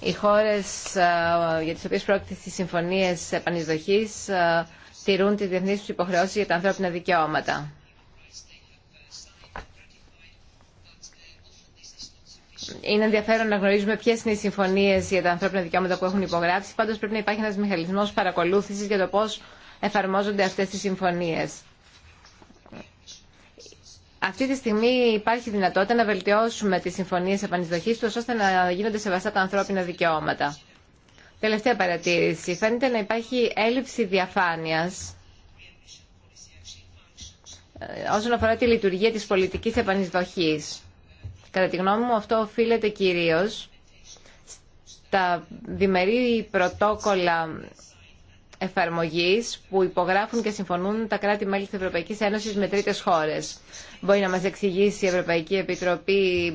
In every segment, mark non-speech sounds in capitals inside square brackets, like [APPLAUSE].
Οι χώρες ε, για τις οποίες πρόκειται στις συμφωνίες επανεισδοχής ε, τηρούν τις διεθνείς τους υποχρεώσεις για τα ανθρώπινα δικαιώματα. Είναι ενδιαφέρον να γνωρίζουμε ποιε είναι οι συμφωνίε για τα ανθρώπινα δικαιώματα που έχουν υπογράψει. Πάντω πρέπει να υπάρχει ένα μηχανισμό παρακολούθηση για το πώ εφαρμόζονται αυτέ τι συμφωνίε. Αυτή τη στιγμή υπάρχει δυνατότητα να βελτιώσουμε τις συμφωνίες επανεισδοχής του ώστε να γίνονται σεβαστά τα ανθρώπινα δικαιώματα. Τελευταία παρατήρηση. Φαίνεται να υπάρχει έλλειψη διαφάνειας ε, όσον αφορά τη λειτουργία της πολιτικής επανεισδοχής. Κατά τη γνώμη μου αυτό οφείλεται κυρίως στα διμερή πρωτόκολλα εφαρμογής που υπογράφουν και συμφωνούν τα κράτη-μέλη της Ευρωπαϊκής ένωση με τρίτες χώρες. Μπορεί να μα εξηγήσει η Ευρωπαϊκή Επιτροπή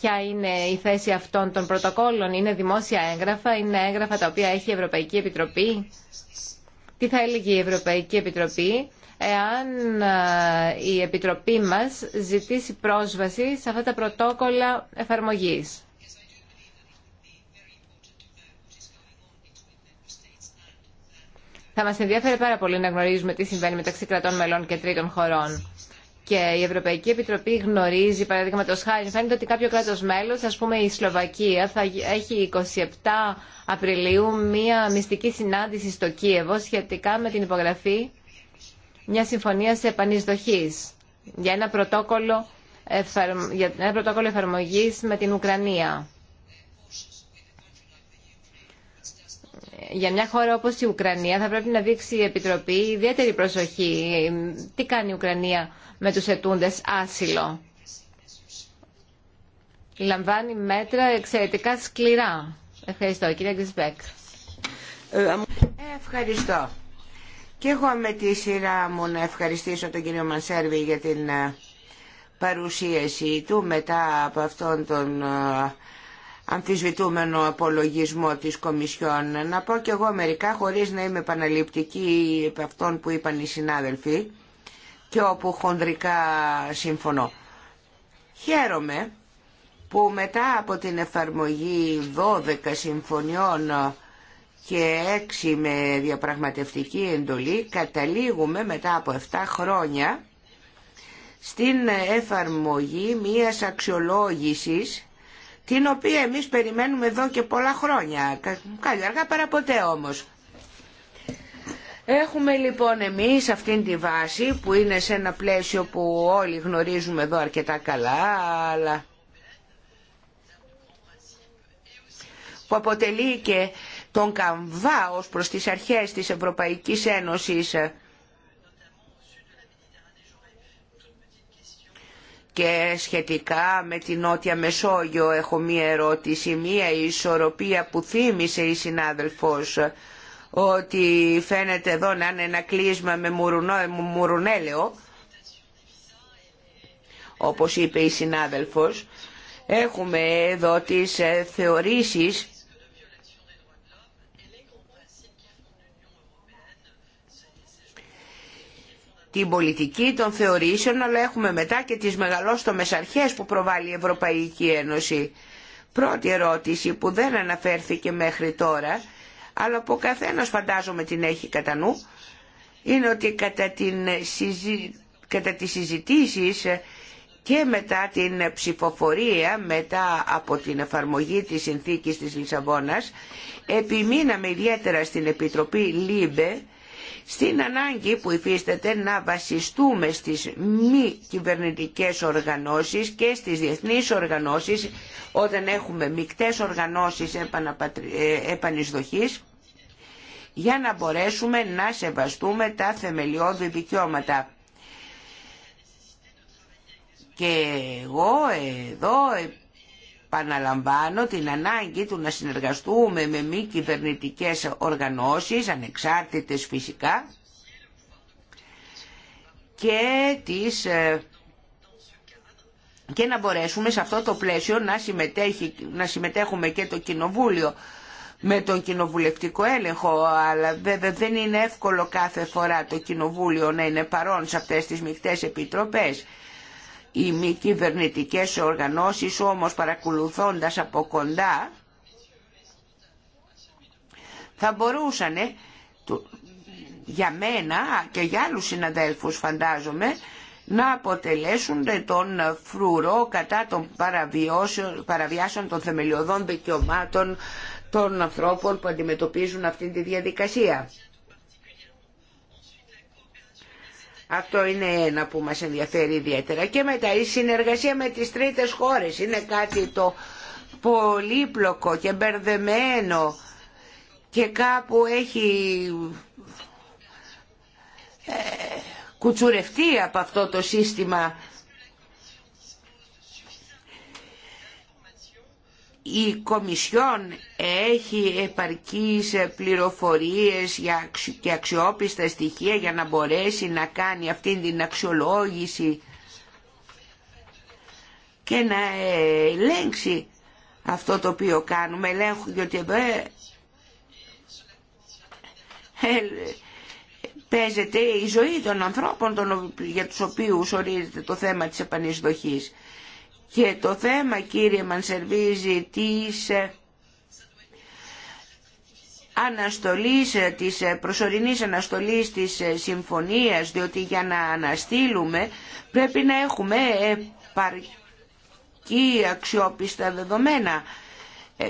ποια είναι η θέση αυτών των πρωτοκόλων. Είναι δημόσια έγγραφα, είναι έγγραφα τα οποία έχει η Ευρωπαϊκή Επιτροπή. Τι θα έλεγε η Ευρωπαϊκή Επιτροπή εάν ε, η Επιτροπή μας ζητήσει πρόσβαση σε αυτά τα πρωτόκολλα εφαρμογής. Θα μας ενδιαφέρει πάρα πολύ να γνωρίζουμε τι συμβαίνει μεταξύ κρατών μελών και τρίτων χωρών. Και η Ευρωπαϊκή Επιτροπή γνωρίζει, παραδείγματο χάρη, φαίνεται ότι κάποιο κράτο μέλο, α πούμε η Σλοβακία, θα έχει 27 Απριλίου μία μυστική συνάντηση στο Κίεβο σχετικά με την υπογραφή μια συμφωνία επανεισδοχή για ένα πρωτόκολλο για ένα πρωτόκολλο εφαρμογής με την Ουκρανία. για μια χώρα όπως η Ουκρανία θα πρέπει να δείξει η Επιτροπή ιδιαίτερη προσοχή. Τι κάνει η Ουκρανία με τους ετούντες άσυλο. Λαμβάνει μέτρα εξαιρετικά σκληρά. Ευχαριστώ. Κυρία Γκρισμπέκ. Ευχαριστώ. Και εγώ με τη σειρά μου να ευχαριστήσω τον κύριο Μανσέρβη για την ε, παρουσίαση του μετά από αυτόν τον ε, αμφισβητούμενο απολογισμό της Κομισιόν. Να πω και εγώ μερικά χωρίς να είμαι επαναληπτική από αυτόν που είπαν οι συνάδελφοι και όπου χοντρικά συμφωνώ. Χαίρομαι που μετά από την εφαρμογή 12 συμφωνιών και 6 με διαπραγματευτική εντολή καταλήγουμε μετά από 7 χρόνια στην εφαρμογή μιας αξιολόγησης την οποία εμείς περιμένουμε εδώ και πολλά χρόνια. Καλή αργά παρά ποτέ όμως. Έχουμε λοιπόν εμείς αυτήν τη βάση που είναι σε ένα πλαίσιο που όλοι γνωρίζουμε εδώ αρκετά καλά, αλλά που αποτελεί και τον καμβά ως προς τις αρχές της Ευρωπαϊκής Ένωσης ε, και σχετικά με την Νότια Μεσόγειο έχω μία ερώτηση, μία ισορροπία που θύμισε η συνάδελφος ότι φαίνεται εδώ να είναι ένα κλείσμα με μουρουνέλαιο, όπως είπε η συνάδελφος. Έχουμε εδώ τις θεωρήσεις την πολιτική των θεωρήσεων, αλλά έχουμε μετά και τις μεγαλόστομες αρχές που προβάλλει η Ευρωπαϊκή Ένωση. Πρώτη ερώτηση που δεν αναφέρθηκε μέχρι τώρα, αλλά που καθένα καθένας φαντάζομαι την έχει κατά νου, είναι ότι κατά, την κατά τις συζητήσεις και μετά την ψηφοφορία, μετά από την εφαρμογή της συνθήκης της Λισαβόνας, επιμείναμε ιδιαίτερα στην Επιτροπή ΛΥΜΠΕ στην ανάγκη που υφίσταται να βασιστούμε στις μη κυβερνητικές οργανώσεις και στις διεθνείς οργανώσεις όταν έχουμε μικτές οργανώσεις ε, επανεισδοχής για να μπορέσουμε να σεβαστούμε τα θεμελιώδη δικαιώματα. Και εγώ εδώ Παναλαμβάνω την ανάγκη του να συνεργαστούμε με μη κυβερνητικέ οργανώσεις, ανεξάρτητες φυσικά, και, τις, ε, και να μπορέσουμε σε αυτό το πλαίσιο να, συμμετέχει, να συμμετέχουμε και το Κοινοβούλιο με τον κοινοβουλευτικό έλεγχο, αλλά βέβαια δεν είναι εύκολο κάθε φορά το Κοινοβούλιο να είναι παρόν σε αυτές τις μικτές επιτροπές οι μη κυβερνητικέ οργανώσεις όμως παρακολουθώντας από κοντά θα μπορούσαν για μένα και για άλλους συναδέλφους φαντάζομαι να αποτελέσουν τον φρουρό κατά των παραβιάσεων των θεμελιωδών δικαιωμάτων των ανθρώπων που αντιμετωπίζουν αυτή τη διαδικασία. Αυτό είναι ένα που μας ενδιαφέρει ιδιαίτερα. Και μετά η συνεργασία με τις τρίτες χώρες είναι κάτι το πολύπλοκο και μπερδεμένο και κάπου έχει ε, κουτσουρευτεί από αυτό το σύστημα η Κομισιόν έχει επαρκείς πληροφορίες και αξιόπιστα στοιχεία για να μπορέσει να κάνει αυτή την αξιολόγηση και να ελέγξει αυτό το οποίο κάνουμε. Ελέγχουν γιατί εδώ ε, ε, παίζεται η ζωή των ανθρώπων για τους οποίους ορίζεται το θέμα της επανεισδοχής. Και το θέμα κύριε Μανσερβίζη της ε, αναστολής, ε, της ε, προσωρινής αναστολής της συμφωνίας, διότι για να αναστείλουμε πρέπει να έχουμε επαρκή αξιόπιστα δεδομένα.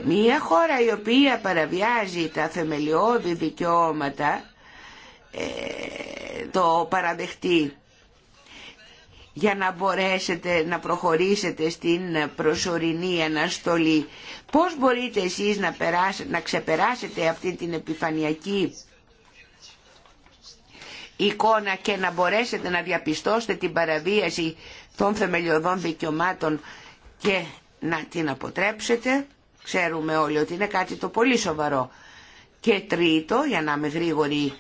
Μία χώρα η οποία παραβιάζει τα θεμελιώδη δικαιώματα το παραδεχτεί για να μπορέσετε να προχωρήσετε στην προσωρινή αναστολή. Πώς μπορείτε εσείς να, περάσετε, να ξεπεράσετε αυτή την επιφανειακή εικόνα και να μπορέσετε να διαπιστώσετε την παραβίαση των θεμελιωδών δικαιωμάτων και να την αποτρέψετε. Ξέρουμε όλοι ότι είναι κάτι το πολύ σοβαρό. Και τρίτο, για να είμαι γρήγορη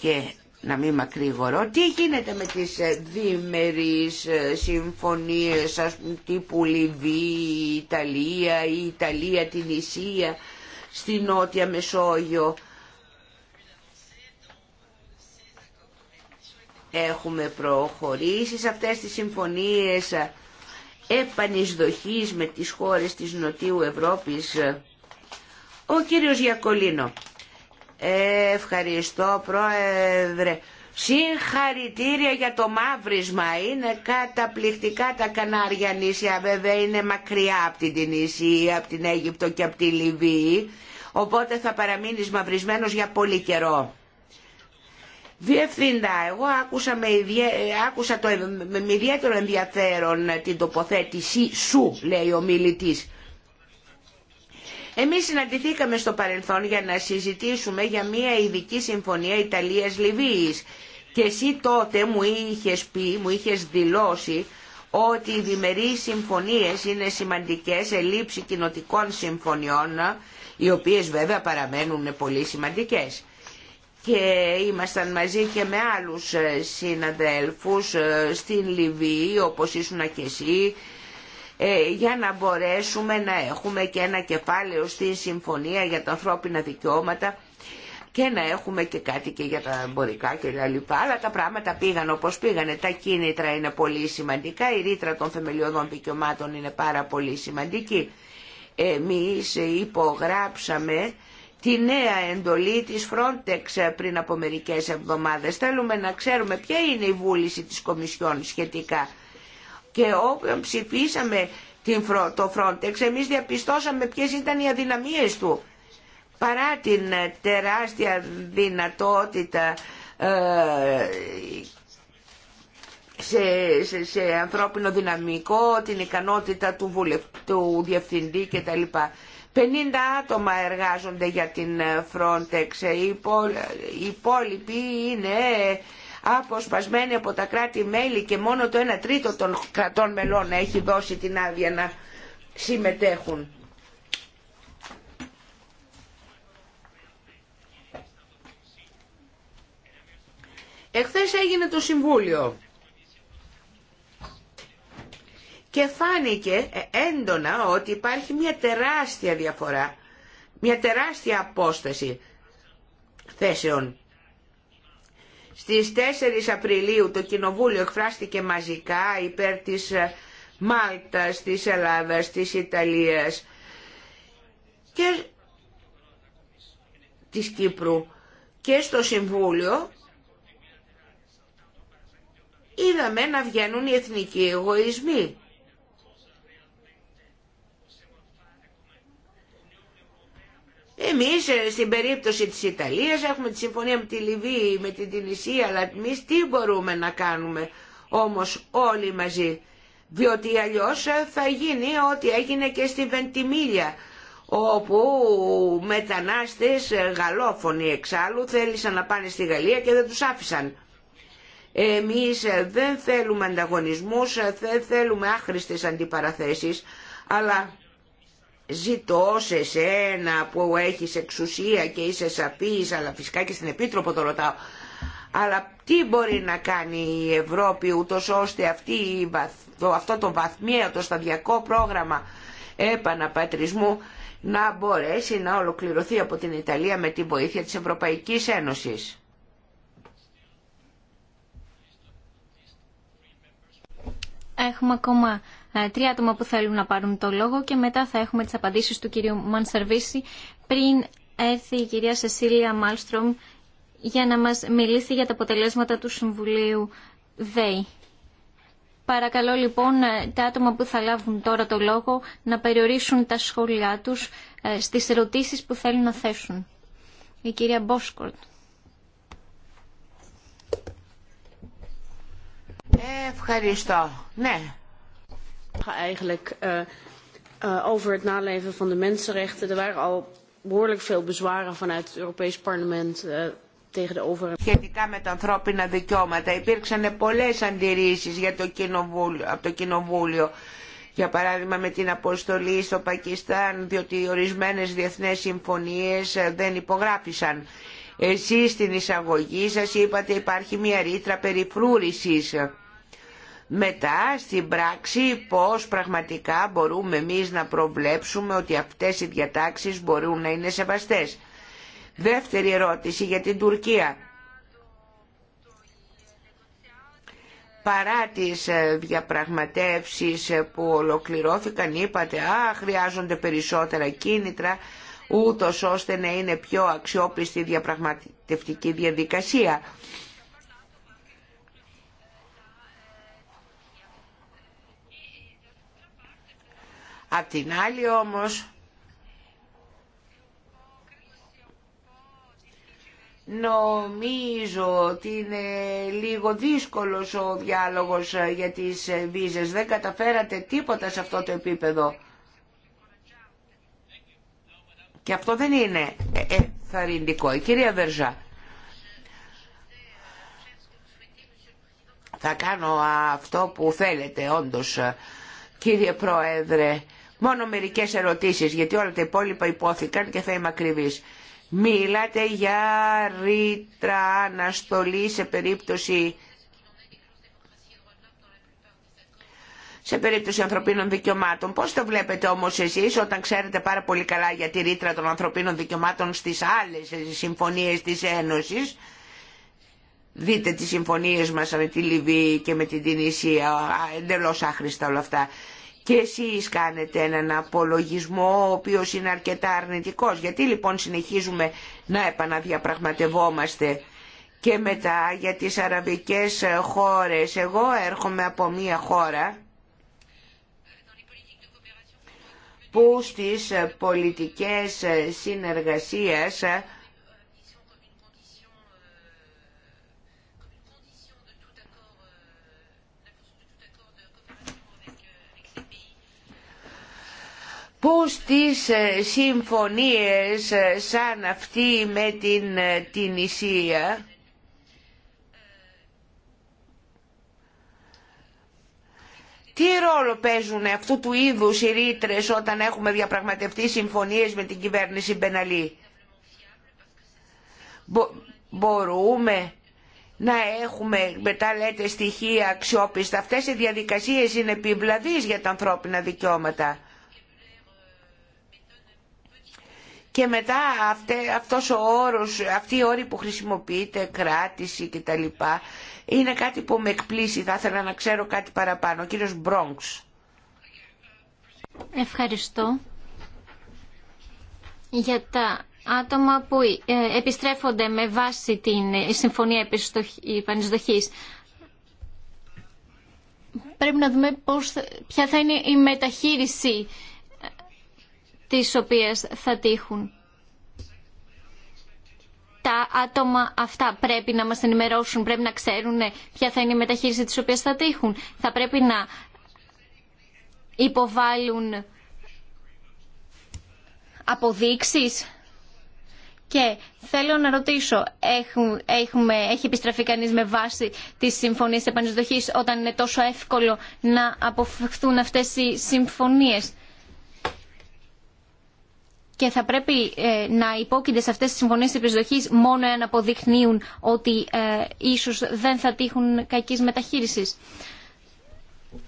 και να μην μακρηγορώ, τι γίνεται με τις ε, διμερείς ε, συμφωνίες ας πούμε, τύπου Λιβύη, Ιταλία ή Ιταλία την Ισία στη Νότια Μεσόγειο. Έχουμε προχωρήσει σε αυτές τις συμφωνίες ε, επανεισδοχής με τις χώρες της Νοτιού Ευρώπης. Ο κύριος Γιακολίνο. Ευχαριστώ πρόεδρε. Συγχαρητήρια για το μαύρισμα. Είναι καταπληκτικά τα Κανάρια νησιά. Βέβαια είναι μακριά από την Τινησία, από την Αίγυπτο και από τη Λιβύη. Οπότε θα παραμείνεις μαυρισμένος για πολύ καιρό. Διευθύντα, εγώ άκουσα, με άκουσα το... με ιδιαίτερο ενδιαφέρον την τοποθέτησή σου, λέει ο μιλητής. Εμείς συναντηθήκαμε στο παρελθόν για να συζητήσουμε για μια ειδική συμφωνία Ιταλίας-Λιβύης και εσύ τότε μου είχες πει, μου είχες δηλώσει ότι οι διμερείς συμφωνίες είναι σημαντικές λήψη κοινοτικών συμφωνιών οι οποίες βέβαια παραμένουν πολύ σημαντικές και ήμασταν μαζί και με άλλους ε, συναδέλφους ε, στην Λιβύη όπως ήσουν και εσύ ε, για να μπορέσουμε να έχουμε και ένα κεφάλαιο στη Συμφωνία για τα ανθρώπινα δικαιώματα και να έχουμε και κάτι και για τα εμπορικά κλπ. Αλλά τα πράγματα πήγαν όπως πήγανε. Τα κίνητρα είναι πολύ σημαντικά, η ρήτρα των θεμελιωδών δικαιωμάτων είναι πάρα πολύ σημαντική. Εμείς υπογράψαμε τη νέα εντολή της Frontex πριν από μερικές εβδομάδες. Θέλουμε να ξέρουμε ποια είναι η βούληση της Κομισιόν σχετικά και όποιον ψηφίσαμε το Frontex εμείς διαπιστώσαμε ποιες ήταν οι αδυναμίες του παρά την ε, τεράστια δυνατότητα ε, σε, σε, ανθρώπινο δυναμικό, την ικανότητα του, βουλευ, του διευθυντή κτλ. 50 άτομα εργάζονται για την ε, Frontex, οι υπόλοιποι είναι αποσπασμένοι από τα κράτη-μέλη και μόνο το 1 τρίτο των κρατών μελών έχει δώσει την άδεια να συμμετέχουν. Εχθές έγινε το Συμβούλιο και φάνηκε ε, έντονα ότι υπάρχει μια τεράστια διαφορά, μια τεράστια απόσταση θέσεων στις 4 Απριλίου το Κοινοβούλιο εκφράστηκε μαζικά υπέρ της ε, Μάλτας, της Ελλάδας, της Ιταλίας και της Κύπρου και στο Συμβούλιο είδαμε να βγαίνουν οι εθνικοί εγωισμοί. Εμείς ε, στην περίπτωση της Ιταλίας έχουμε τη συμφωνία με τη Λιβύη, με την Τινησία, αλλά εμεί τι μπορούμε να κάνουμε όμως όλοι μαζί. Διότι αλλιώς ε, θα γίνει ό,τι έγινε και στη Βεντιμίλια, όπου μετανάστες ε, γαλλόφωνοι εξάλλου θέλησαν να πάνε στη Γαλλία και δεν τους άφησαν. Εμείς δεν θέλουμε ανταγωνισμούς, δεν θέλουμε άχρηστες αντιπαραθέσεις, αλλά ζητώ σε σένα που έχεις εξουσία και είσαι σαφής αλλά φυσικά και στην Επίτροπο το ρωτάω αλλά τι μπορεί να κάνει η Ευρώπη ούτω ώστε αυτή, το, αυτό το βαθμιαίο, το σταδιακό πρόγραμμα επαναπατρισμού να μπορέσει να ολοκληρωθεί από την Ιταλία με τη βοήθεια της Ευρωπαϊκής Ένωσης. Έχουμε ε, τρία άτομα που θέλουν να πάρουν το λόγο και μετά θα έχουμε τις απαντήσεις του κυρίου Μανσαρβίση πριν έρθει η κυρία Σεσίλια Μάλστρομ για να μας μιλήσει για τα αποτελέσματα του Συμβουλίου ΔΕΗ. Παρακαλώ λοιπόν ε, τα άτομα που θα λάβουν τώρα το λόγο να περιορίσουν τα σχόλιά τους ε, στις ερωτήσεις που θέλουν να θέσουν. Η κυρία Μπόσκορτ. Ευχαριστώ. Ναι, Σχετικά με τα ανθρώπινα δικαιώματα υπήρξαν πολλέ αντιρρήσει για το από το Κοινοβούλιο. Για παράδειγμα με την αποστολή στο Πακιστάν, διότι ορισμένες διεθνές συμφωνίες ε, δεν υπογράφησαν. Εσείς στην εισαγωγή σας είπατε υπάρχει μια ρήτρα περιφρούρησης μετά στην πράξη πώς πραγματικά μπορούμε εμείς να προβλέψουμε ότι αυτές οι διατάξεις μπορούν να είναι σεβαστές. Δεύτερη ερώτηση για την Τουρκία. Παρά τις ε, διαπραγματεύσεις ε, που ολοκληρώθηκαν είπατε «Α, χρειάζονται περισσότερα κίνητρα» ούτως ώστε να είναι πιο αξιόπιστη διαπραγματευτική διαδικασία. Απ' την άλλη όμως Νομίζω ότι είναι λίγο δύσκολος ο διάλογος για τις βίζες. Δεν καταφέρατε τίποτα σε αυτό το επίπεδο. Και αυτό δεν είναι εθαρρυντικό. Ε, Η κυρία Βερζά. Θα κάνω αυτό που θέλετε όντως κύριε Πρόεδρε Μόνο μερικές ερωτήσεις, γιατί όλα τα υπόλοιπα υπόθηκαν και θα είμαι ακριβής. Μιλάτε για ρήτρα αναστολή σε περίπτωση σε περίπτωση ανθρωπίνων δικαιωμάτων. Πώς το βλέπετε όμως εσείς όταν ξέρετε πάρα πολύ καλά για τη ρήτρα των ανθρωπίνων δικαιωμάτων στις άλλες συμφωνίες της Ένωση. Δείτε τις συμφωνίες μας με τη Λιβύη και με την Τινησία, εντελώς άχρηστα όλα αυτά και εσείς κάνετε έναν απολογισμό ο οποίος είναι αρκετά αρνητικός. Γιατί λοιπόν συνεχίζουμε να επαναδιαπραγματευόμαστε και μετά για τις αραβικές χώρες. Εγώ έρχομαι από μία χώρα που στις πολιτικές συνεργασίες που στις ε, συμφωνίες ε, σαν αυτή με ε, την Ισία Τι ρόλο παίζουν αυτού του είδους οι ρήτρε όταν έχουμε διαπραγματευτεί συμφωνίες με την κυβέρνηση Μπεναλή. μπορούμε να έχουμε μετά λέτε στοιχεία αξιόπιστα. Αυτές οι διαδικασίες είναι επιβλαβείς για τα ανθρώπινα δικαιώματα. και μετά αυτή αυτός ο όρος, αυτή η όροι που χρησιμοποιείται, κράτηση κτλ. Είναι κάτι που με εκπλήσει, θα ήθελα να ξέρω κάτι παραπάνω. Ο κύριος Μπρόγκς. Ευχαριστώ για τα άτομα που ε, επιστρέφονται με βάση την συμφωνία επανεισδοχής. Πρέπει να δούμε πώς, ποια θα είναι η μεταχείριση τις οποίες θα τύχουν. Τα άτομα αυτά πρέπει να μας ενημερώσουν, πρέπει να ξέρουν ε, ποια θα είναι η μεταχείριση της οποίας θα τύχουν. Θα πρέπει να υποβάλουν αποδείξεις. Και θέλω να ρωτήσω, έχουμε, έχει επιστραφεί κανείς με βάση τις συμφωνίες επανεισδοχής όταν είναι τόσο εύκολο να αποφευχθούν αυτές οι συμφωνίες και θα πρέπει ε, να υπόκεινται σε αυτές τις συμφωνίες επισδοχής μόνο εάν αποδεικνύουν ότι ε, ίσως δεν θα τύχουν κακής μεταχείρισης.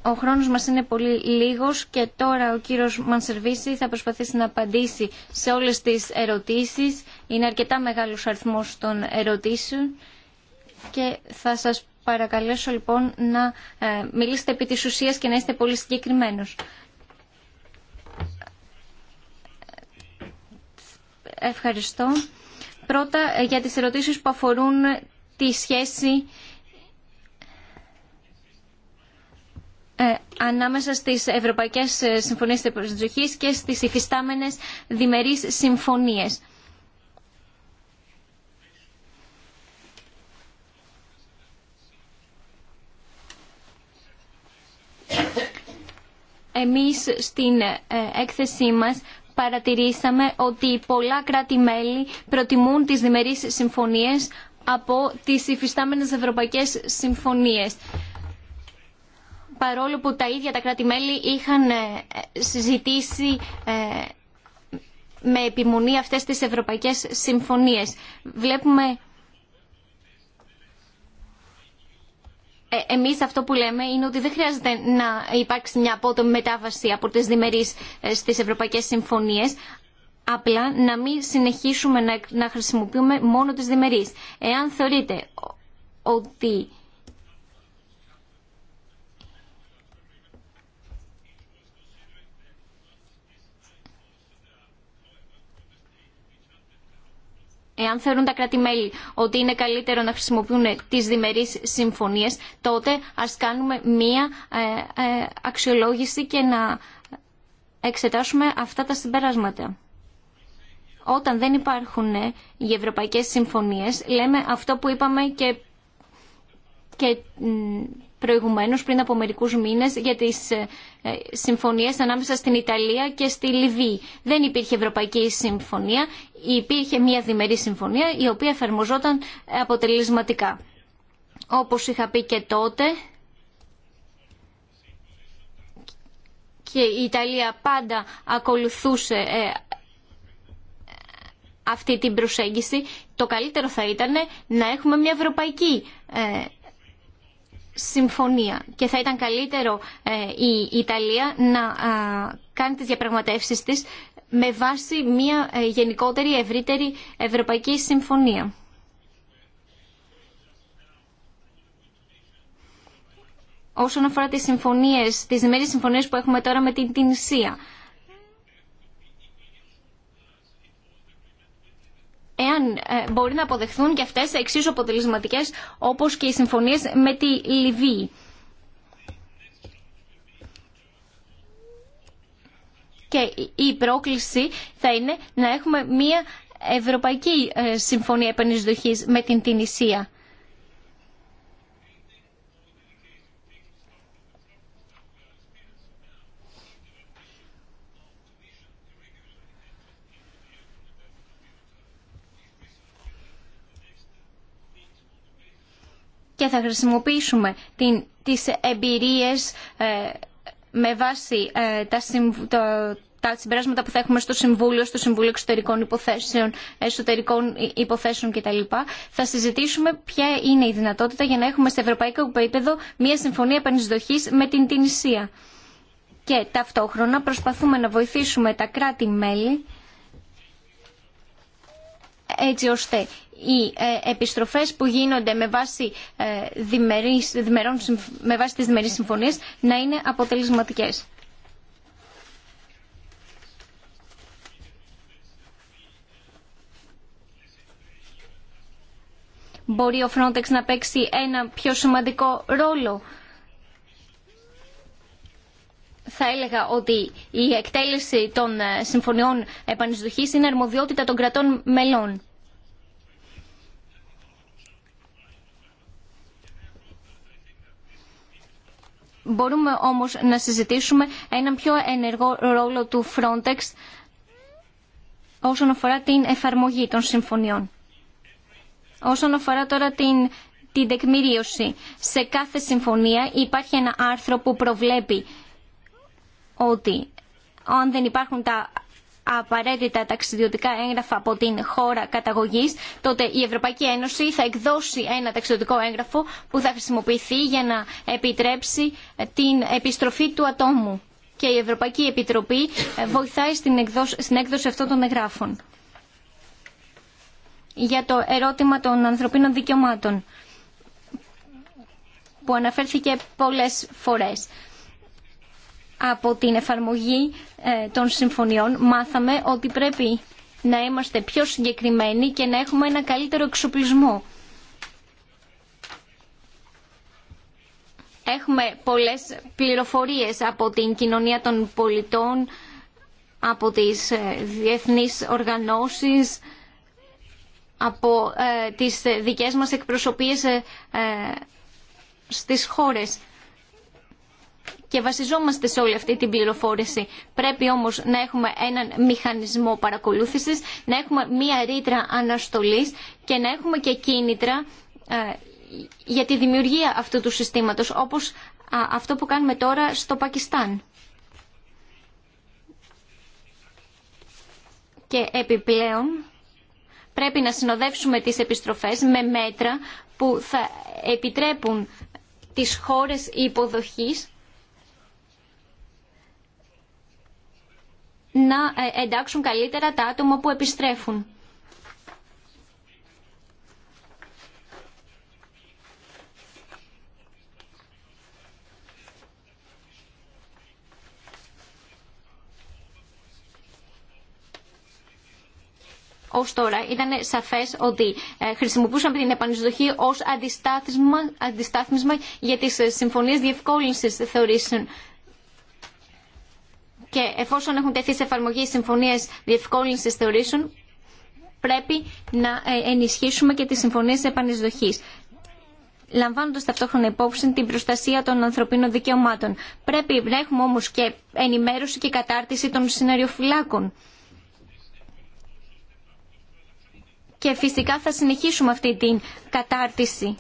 Ο χρόνος μας είναι πολύ λίγος και τώρα ο κύριος Μανσερβίση θα προσπαθήσει να απαντήσει σε όλες τις ερωτήσεις. Είναι αρκετά μεγάλος αριθμός των ερωτήσεων και θα σας παρακαλέσω λοιπόν να ε, μιλήσετε επί της ουσίας και να είστε πολύ συγκεκριμένος. Ευχαριστώ. Πρώτα ε, για τις ερωτήσεις που αφορούν τη σχέση ε, ανάμεσα στις Ευρωπαϊκές ε, Συμφωνίες Προσδοχής και στις υφιστάμενες διμερείς συμφωνίες. Εμείς στην έκθεσή μας παρατηρήσαμε ότι πολλά κράτη-μέλη προτιμούν τις διμερείς συμφωνίες από τις υφιστάμενες ευρωπαϊκές συμφωνίες. Παρόλο που τα ίδια τα κράτη-μέλη είχαν ε, συζητήσει ε, με επιμονή αυτές τις ευρωπαϊκές συμφωνίες. Βλέπουμε Ε, εμείς αυτό που λέμε είναι ότι δεν χρειάζεται να υπάρξει μια απότομη μετάβαση από τις διμερείς ε, στις ευρωπαϊκές συμφωνίες, απλά να μην συνεχίσουμε να, χρησιμοποιούμε μόνο τις διμερείς. Εάν θεωρείτε ότι εάν θεωρούν τα κράτη-μέλη ότι είναι καλύτερο να χρησιμοποιούν τις διμερείς συμφωνίες, τότε ας κάνουμε μία ε, ε, αξιολόγηση και να εξετάσουμε αυτά τα συμπεράσματα. Όταν δεν υπάρχουν ε, οι ευρωπαϊκές συμφωνίες, λέμε αυτό που είπαμε και, και πριν από μερικούς μήνες για τις ε, ε, συμφωνίες ανάμεσα στην Ιταλία και στη Λιβύη. Δεν υπήρχε Ευρωπαϊκή Συμφωνία, υπήρχε μια διμερή συμφωνία η οποία εφαρμοζόταν αποτελεσματικά. Όπως είχα πει και τότε, και η Ιταλία πάντα ακολουθούσε ε, αυτή την προσέγγιση, το καλύτερο θα ήταν να έχουμε μια ευρωπαϊκή συμφωνία και θα ήταν καλύτερο ε, η Ιταλία να κάνει τις διαπραγματεύσεις της με βάση μια ε, γενικότερη ευρύτερη ευρωπαϊκή συμφωνία. Όσον αφορά τις συμφωνίες, τις συμφωνίες που έχουμε τώρα με την Τινσία. εάν ε, μπορεί να αποδεχθούν και αυτές εξίσου αποτελεσματικές όπως και οι συμφωνίες με τη Λιβύη. Και η πρόκληση θα είναι να έχουμε μία ευρωπαϊκή ε, συμφωνία επενδυσδοχής με την Τινησία. και θα χρησιμοποιήσουμε την, τις εμπειρίες ε, με βάση ε, τα, το, τα συμπεράσματα που θα έχουμε στο Συμβούλιο, στο Συμβούλιο Εξωτερικών Υποθέσεων, Εσωτερικών Υποθέσεων κτλ. Θα συζητήσουμε ποια είναι η δυνατότητα για να έχουμε σε ευρωπαϊκό επίπεδο μια συμφωνία επανεισδοχής με την Τινησία. Και ταυτόχρονα προσπαθούμε να βοηθήσουμε τα κράτη-μέλη έτσι ώστε οι ε, επιστροφές που γίνονται με βάση, ε, διμερείς, με βάση τις διμερείς συμφωνίες να είναι αποτελεσματικές. Μπορεί ο Frontex να παίξει ένα πιο σημαντικό ρόλο. Θα έλεγα ότι η εκτέλεση των ε, συμφωνιών επανεισδοχής είναι αρμοδιότητα των κρατών μελών. Μπορούμε όμως να συζητήσουμε έναν πιο ενεργό ρόλο του Frontex όσον αφορά την εφαρμογή των συμφωνιών. Όσον αφορά τώρα την, την τεκμηρίωση, σε κάθε συμφωνία υπάρχει ένα άρθρο που προβλέπει ότι αν δεν υπάρχουν τα απαραίτητα ταξιδιωτικά έγγραφα από την χώρα καταγωγής, τότε η Ευρωπαϊκή Ένωση θα εκδώσει ένα ταξιδιωτικό έγγραφο που θα χρησιμοποιηθεί για να επιτρέψει την επιστροφή του ατόμου. Και η Ευρωπαϊκή Επιτροπή ε, βοηθάει στην έκδοση αυτών των εγγράφων. Για το ερώτημα των ανθρωπίνων δικαιωμάτων που αναφέρθηκε πολλές φορές από την εφαρμογή ε, των συμφωνιών μάθαμε ότι πρέπει να είμαστε πιο συγκεκριμένοι και να έχουμε ένα καλύτερο εξοπλισμό. Έχουμε πολλές πληροφορίες από την κοινωνία των πολιτών, από τις ε, διεθνείς οργανώσεις, από ε, τις δικές μας εκπροσωπείες στις χώρες και βασιζόμαστε σε όλη αυτή την πληροφόρηση. Πρέπει όμως να έχουμε έναν μηχανισμό παρακολούθησης, να έχουμε μία ρήτρα αναστολής και να έχουμε και κίνητρα ε, για τη δημιουργία αυτού του συστήματος, όπως αυτό που κάνουμε τώρα στο Πακιστάν. Και επιπλέον πρέπει να συνοδεύσουμε τις επιστροφές με μέτρα που θα επιτρέπουν τις χώρες υποδοχής να ε, εντάξουν καλύτερα τα άτομα που επιστρέφουν. ω τώρα ήταν σαφέ ότι ε, χρησιμοποιούσαν την επανεισδοχή ω αντιστάθμισμα, για τι ε, συμφωνίε διευκόλυνση θεωρήσεων και εφόσον έχουν τεθεί σε εφαρμογή οι συμφωνίες διευκόλυνσης θεωρήσεων, πρέπει να ε, ενισχύσουμε και τις συμφωνίες επανεισδοχής λαμβάνοντας ταυτόχρονα υπόψη την προστασία των ανθρωπίνων δικαιωμάτων. Πρέπει να έχουμε όμως και ενημέρωση και κατάρτιση των συναριοφυλάκων. Και φυσικά θα συνεχίσουμε αυτή την κατάρτιση.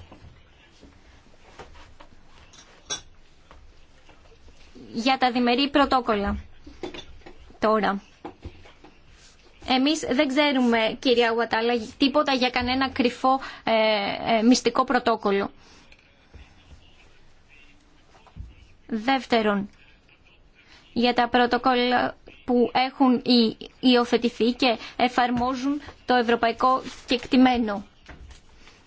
για τα διμερεί πρωτόκολλα τώρα. Εμείς δεν ξέρουμε, κυρία Ουατάλα, τίποτα για κανένα κρυφό ε, ε, μυστικό πρωτόκολλο. Δεύτερον, για τα πρωτοκόλλα που έχουν υιοθετηθεί και εφαρμόζουν το ευρωπαϊκό κεκτημένο.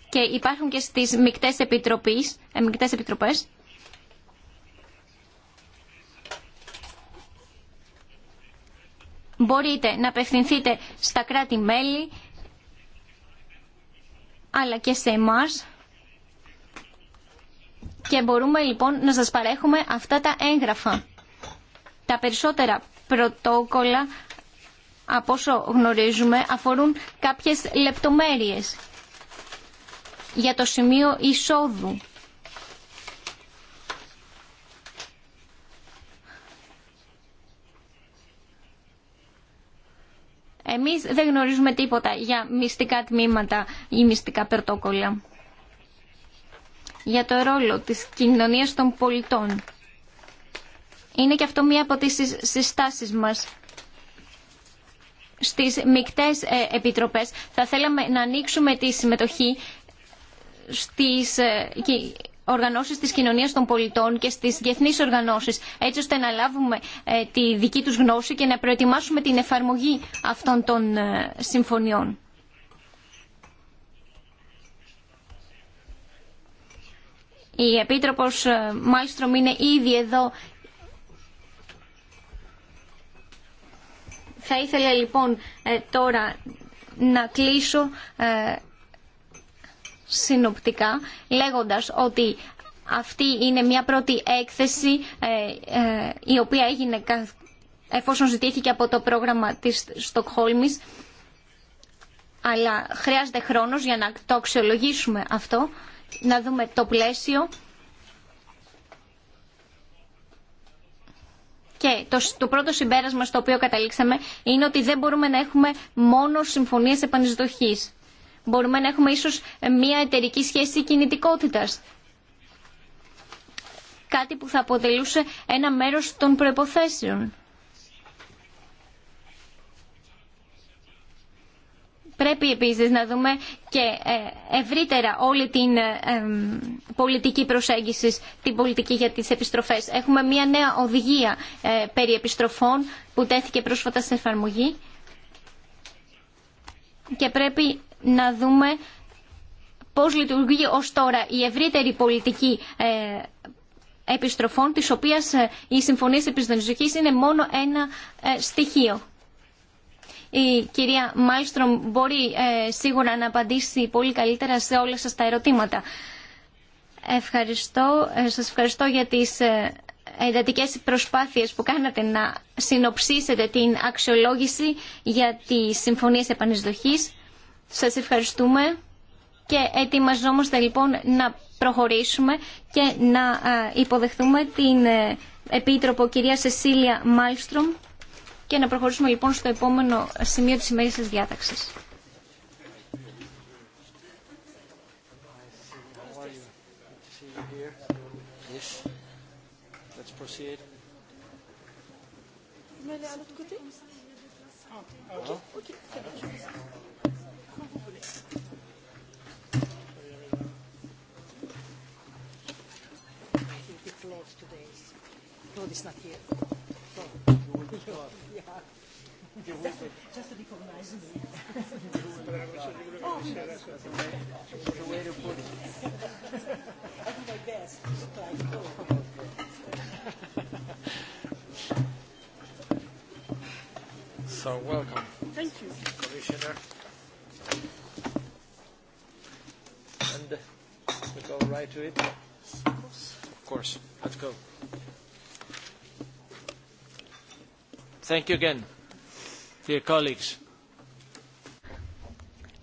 Και υπάρχουν και στις μικτές, επιτροπής, ε, επιτροπές μπορείτε να απευθυνθείτε στα κράτη-μέλη αλλά και σε εμάς και μπορούμε λοιπόν να σας παρέχουμε αυτά τα έγγραφα. Τα περισσότερα πρωτόκολλα από όσο γνωρίζουμε αφορούν κάποιες λεπτομέρειες για το σημείο εισόδου Εμείς δεν γνωρίζουμε τίποτα για μυστικά τμήματα ή μυστικά περτόκολλα. Για το ρόλο της κοινωνίας των πολιτών. Είναι και αυτό μία από τις συστάσεις μας στις μικτές ε, επιτροπές θα θέλαμε να ανοίξουμε τη συμμετοχή στις ε, οργανώσεις της κοινωνίας των πολιτών και στις διεθνείς οργανώσεις έτσι ώστε να λάβουμε ε, τη δική τους γνώση και να προετοιμάσουμε την εφαρμογή αυτών των ε, συμφωνιών. Η Επίτροπος ε, Μάλστρομ είναι ήδη εδώ. Θα ήθελα λοιπόν τώρα να κλείσω συνοπτικά λέγοντας ότι αυτή είναι μια πρώτη έκθεση ε, ε, η οποία έγινε εφόσον ζητήθηκε από το πρόγραμμα της Στοκχόλμης αλλά χρειάζεται χρόνος για να το αξιολογήσουμε αυτό, να δούμε το πλαίσιο Και το, το πρώτο συμπέρασμα στο οποίο καταλήξαμε είναι ότι δεν μπορούμε να έχουμε μόνο συμφωνίες επανεισδοχής. Μπορούμε να έχουμε ίσως μια εταιρική σχέση κινητικότητας. Κάτι που θα αποτελούσε ένα μέρος των προϋποθέσεων. Πρέπει επίσης να δούμε και ε, ευρύτερα όλη την ε, πολιτική προσέγγιση, την πολιτική για τις επιστροφές. Έχουμε μια νέα οδηγία ε, περί επιστροφών που τέθηκε πρόσφατα σε εφαρμογή και πρέπει να δούμε πώς λειτουργεί ως τώρα η ευρύτερη πολιτική ε, επιστροφών, της οποίας ε, οι συμφωνίες επιστροφής είναι μόνο ένα ε, στοιχείο. Η κυρία Μάλστρομ μπορεί σίγουρα να απαντήσει πολύ καλύτερα σε όλα σας τα ερωτήματα. Ευχαριστώ. Σας ευχαριστώ για τις εντατικές προσπάθειες που κάνατε να συνοψίσετε την αξιολόγηση για τις συμφωνίες επανεισδοχής. Σας ευχαριστούμε και ετοιμαζόμαστε λοιπόν να προχωρήσουμε και να υποδεχθούμε την ε, Επίτροπο κυρία Σεσίλια Μάλστρομ και να προχωρήσουμε λοιπόν στο επόμενο σημείο της ημέρης της διάταξης. Ναι, ναι, So welcome. Thank you. Commissioner. And we go right to it. Of course. Let's go. Thank you again, dear colleagues.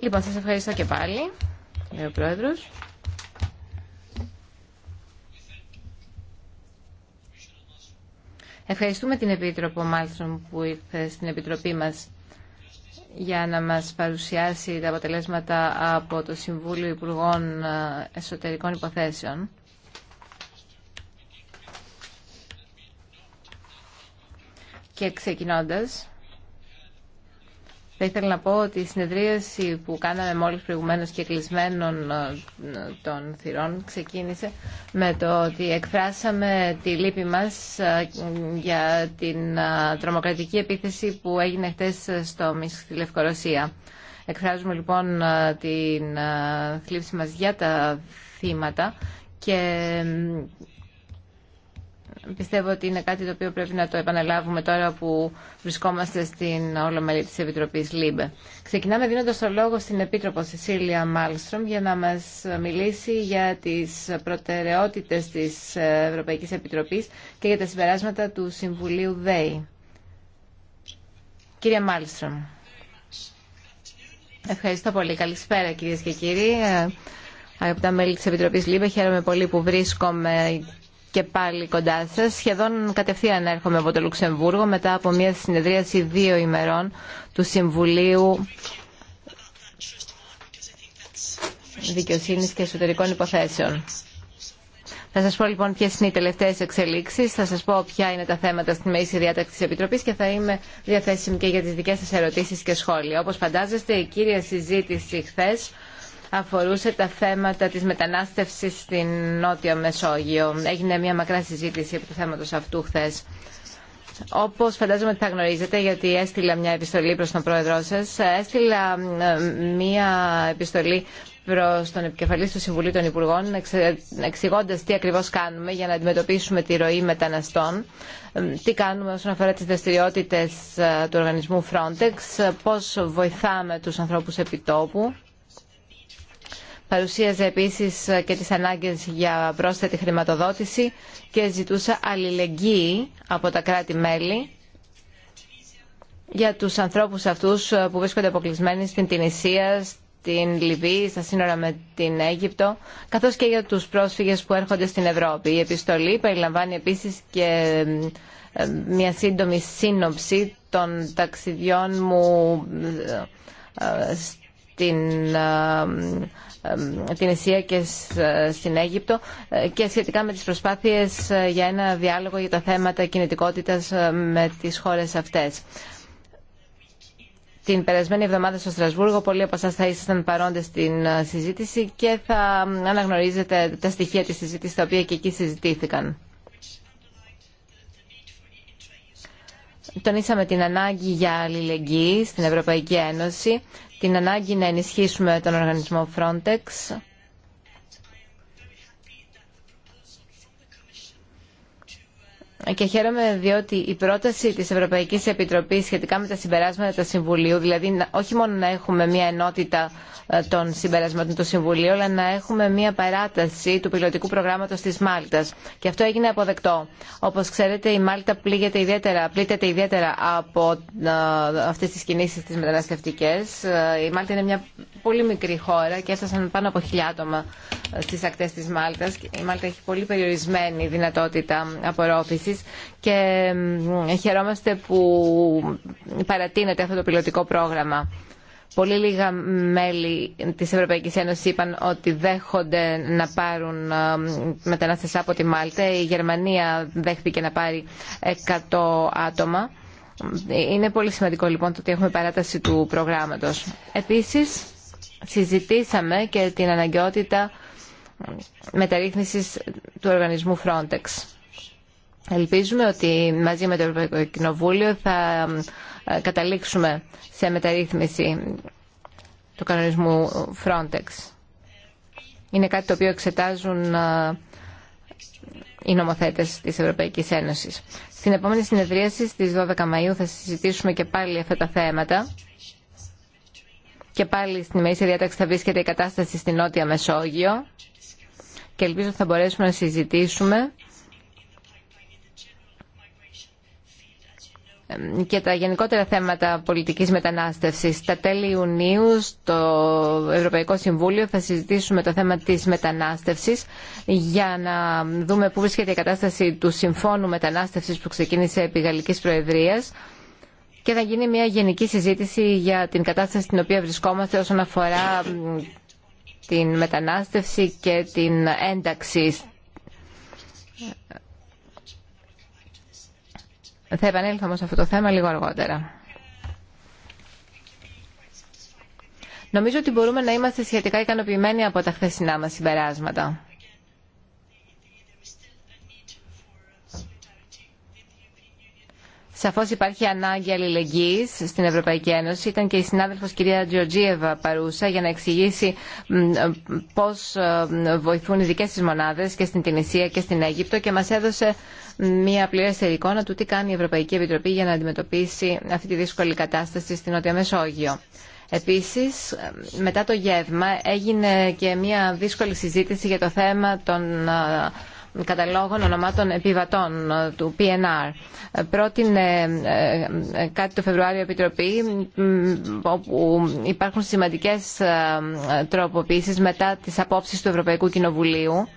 Λοιπόν, σας ευχαριστώ και πάλι, λέει ο Πρόεδρος. Ευχαριστούμε την Επίτροπο Μάλτσον που ήρθε στην Επιτροπή μας για να μας παρουσιάσει τα αποτελέσματα από το Συμβούλιο Υπουργών Εσωτερικών Υποθέσεων. Και ξεκινώντας, θα ήθελα να πω ότι η συνεδρίαση που κάναμε μόλις προηγουμένως και κλεισμένων ε, των θυρών ξεκίνησε με το ότι εκφράσαμε τη λύπη μας ε, για την ε, τρομοκρατική επίθεση που έγινε χτες στο Μίσχ στη Λευκορωσία. Εκφράζουμε λοιπόν την θλίψη μας για τα θύματα και Πιστεύω ότι είναι κάτι το οποίο πρέπει να το επαναλάβουμε τώρα που βρισκόμαστε στην όλο μελή της Επιτροπής ΛΥΜΠΕ. Ξεκινάμε δίνοντας το λόγο στην Επίτροπο Σεσίλια Μάλστρομ για να μας μιλήσει για τις προτεραιότητες της Ευρωπαϊκής Επιτροπής και για τα συμπεράσματα του Συμβουλίου ΔΕΗ. Κύριε Μάλστρομ. Ευχαριστώ πολύ. Καλησπέρα κυρίες και κύριοι. Αγαπητά μέλη της Επιτροπής ΛΥΜΠΕ, χαίρομαι πολύ που βρίσκομαι και πάλι κοντά σας. Σχεδόν κατευθείαν έρχομαι από το Λουξεμβούργο μετά από μια συνεδρίαση δύο ημερών του Συμβουλίου δικαιοσύνη και Εσωτερικών Υποθέσεων. Θα σα πω λοιπόν ποιε είναι οι τελευταίες εξελίξεις, θα σας πω ποια είναι τα θέματα στην μέση διάταξη τη Επιτροπής και θα είμαι διαθέσιμη και για τι δικέ σα ερωτήσει και σχόλια. Όπω φαντάζεστε, η κύρια συζήτηση χθε αφορούσε τα θέματα της μετανάστευσης στην Νότια Μεσόγειο. Έγινε μια μακρά συζήτηση από το θέματος αυτού χθε. Όπως φαντάζομαι ότι θα γνωρίζετε, γιατί έστειλα μια επιστολή προς τον πρόεδρό σας, έστειλα ε, μια επιστολή προ τον επικεφαλή του Συμβουλίου των Υπουργών, εξηγώντα τι ακριβώ κάνουμε για να αντιμετωπίσουμε τη ροή μεταναστών, ε, τι κάνουμε όσον αφορά τι δραστηριότητε ε, του οργανισμού Frontex, πώ βοηθάμε του ανθρώπου επιτόπου Παρουσίαζε επίσης ε, και τις ανάγκες για πρόσθετη χρηματοδότηση και ζητούσε αλληλεγγύη από τα κράτη-μέλη για τους ανθρώπους αυτούς ε, που βρίσκονται αποκλεισμένοι στην Τινησία, στην Λιβύη, στα σύνορα με την Αίγυπτο, καθώς και για τους πρόσφυγες που έρχονται στην Ευρώπη. Η επιστολή περιλαμβάνει επίσης και ε, μια σύντομη σύνοψη των ταξιδιών μου στην την Ισία και στην Αίγυπτο ε, και σχετικά με τις προσπάθειες ε, για ένα διάλογο για τα θέματα κινητικότητας ε, με τις χώρες αυτές. Την περασμένη εβδομάδα στο Στρασβούργο πολλοί από εσά θα ήσασταν παρόντες στην συζήτηση και θα αναγνωρίζετε τα στοιχεία της συζήτησης τα οποία και εκεί συζητήθηκαν. Τονίσαμε την ανάγκη για αλληλεγγύη στην Ευρωπαϊκή Ένωση, την ανάγκη να ενισχύσουμε τον οργανισμό Frontex και χαίρομαι διότι η πρόταση της Ευρωπαϊκής Επιτροπής σχετικά με τα συμπεράσματα του Συμβουλίου, δηλαδή όχι μόνο να έχουμε μια ενότητα ε, των συμπεράσματων του Συμβουλίου, αλλά να έχουμε μια παράταση του πιλωτικού προγράμματος της Μάλτας. Και αυτό έγινε αποδεκτό. Όπως ξέρετε, η Μάλτα πλήγεται ιδιαίτερα, πλήττεται ιδιαίτερα από ε, αυτές τις κινήσεις τις μεταναστευτικές. Ε, η Μάλτα είναι μια πολύ μικρή χώρα και έφτασαν πάνω από άτομα ε, στις ακτές της Μάλτας. Η Μάλτα έχει πολύ περιορισμένη δυνατότητα απορρόφησης και χαιρόμαστε που παρατείνεται αυτό το πιλωτικό πρόγραμμα. Πολύ λίγα μέλη της Ευρωπαϊκής Ένωσης είπαν ότι δέχονται να πάρουν ε, μετανάστες από τη Μάλτα. Η Γερμανία δέχτηκε να πάρει 100 άτομα. Ε, είναι πολύ σημαντικό λοιπόν το ότι έχουμε παράταση του προγράμματος. Επίσης, συζητήσαμε και την αναγκαιότητα μεταρρύθμισης του οργανισμού Frontex. Ελπίζουμε ότι μαζί με το Ευρωπαϊκό Κοινοβούλιο θα ε, καταλήξουμε σε μεταρρύθμιση του κανονισμού Frontex. Είναι κάτι το οποίο εξετάζουν ε, οι νομοθέτες της Ευρωπαϊκής Ένωσης. Στην επόμενη συνεδρίαση στις 12 Μαΐου θα συζητήσουμε και πάλι αυτά τα θέματα και πάλι στην ημερήσια διάταξη θα βρίσκεται η κατάσταση στην Νότια Μεσόγειο και ελπίζω θα μπορέσουμε να συζητήσουμε και τα γενικότερα θέματα πολιτικής μετανάστευσης. Στα τέλη Ιουνίου στο Ευρωπαϊκό Συμβούλιο θα συζητήσουμε το θέμα της μετανάστευσης για να δούμε πού βρίσκεται η κατάσταση του Συμφώνου Μετανάστευσης που ξεκίνησε επί Γαλλικής Προεδρίας και θα γίνει μια γενική συζήτηση για την κατάσταση στην οποία βρισκόμαστε όσον αφορά την μετανάστευση και την ένταξη. Θα επανέλθω όμως σε αυτό το θέμα λίγο αργότερα. Νομίζω ότι μπορούμε να είμαστε σχετικά ικανοποιημένοι από τα χθεσινά μας συμπεράσματα. Σαφώ υπάρχει ανάγκη αλληλεγγύη στην Ευρωπαϊκή Ένωση. Ήταν και η συνάδελφος κυρία Τζορτζίεβα παρούσα για να εξηγήσει ε, πώ ε, βοηθούν οι δικέ της μονάδε και στην Τινησία και στην Αίγυπτο και μα έδωσε μια πλήρεστερη εικόνα του τι κάνει η Ευρωπαϊκή Επιτροπή για να αντιμετωπίσει αυτή τη δύσκολη κατάσταση στην Νότια Μεσόγειο. Επίσης, ε, μετά το γεύμα έγινε και μια δύσκολη συζήτηση για το θέμα των καταλόγων ονομάτων επιβατών ε, του PNR. Πρότεινε ε, ε, κάτι το Φεβρουάριο Επιτροπή όπου υπάρχουν σημαντικές τροποποίησεις μετά τις απόψεις του Ευρωπαϊκού Κοινοβουλίου.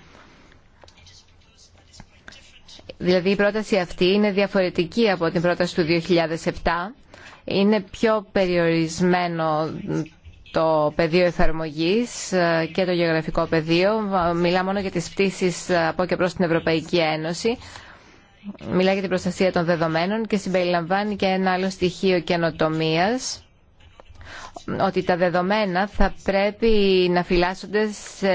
Δηλαδή η πρόταση αυτή είναι διαφορετική από την πρόταση του 2007. Είναι πιο περιορισμένο το πεδίο εφαρμογή ε, και το γεωγραφικό πεδίο. Μιλά μόνο για τι πτήσει ε, από και προς την Ευρωπαϊκή Ένωση. Μιλά για την προστασία των δεδομένων και συμπεριλαμβάνει και ένα άλλο στοιχείο καινοτομία ότι τα δεδομένα θα πρέπει να φυλάσσονται σε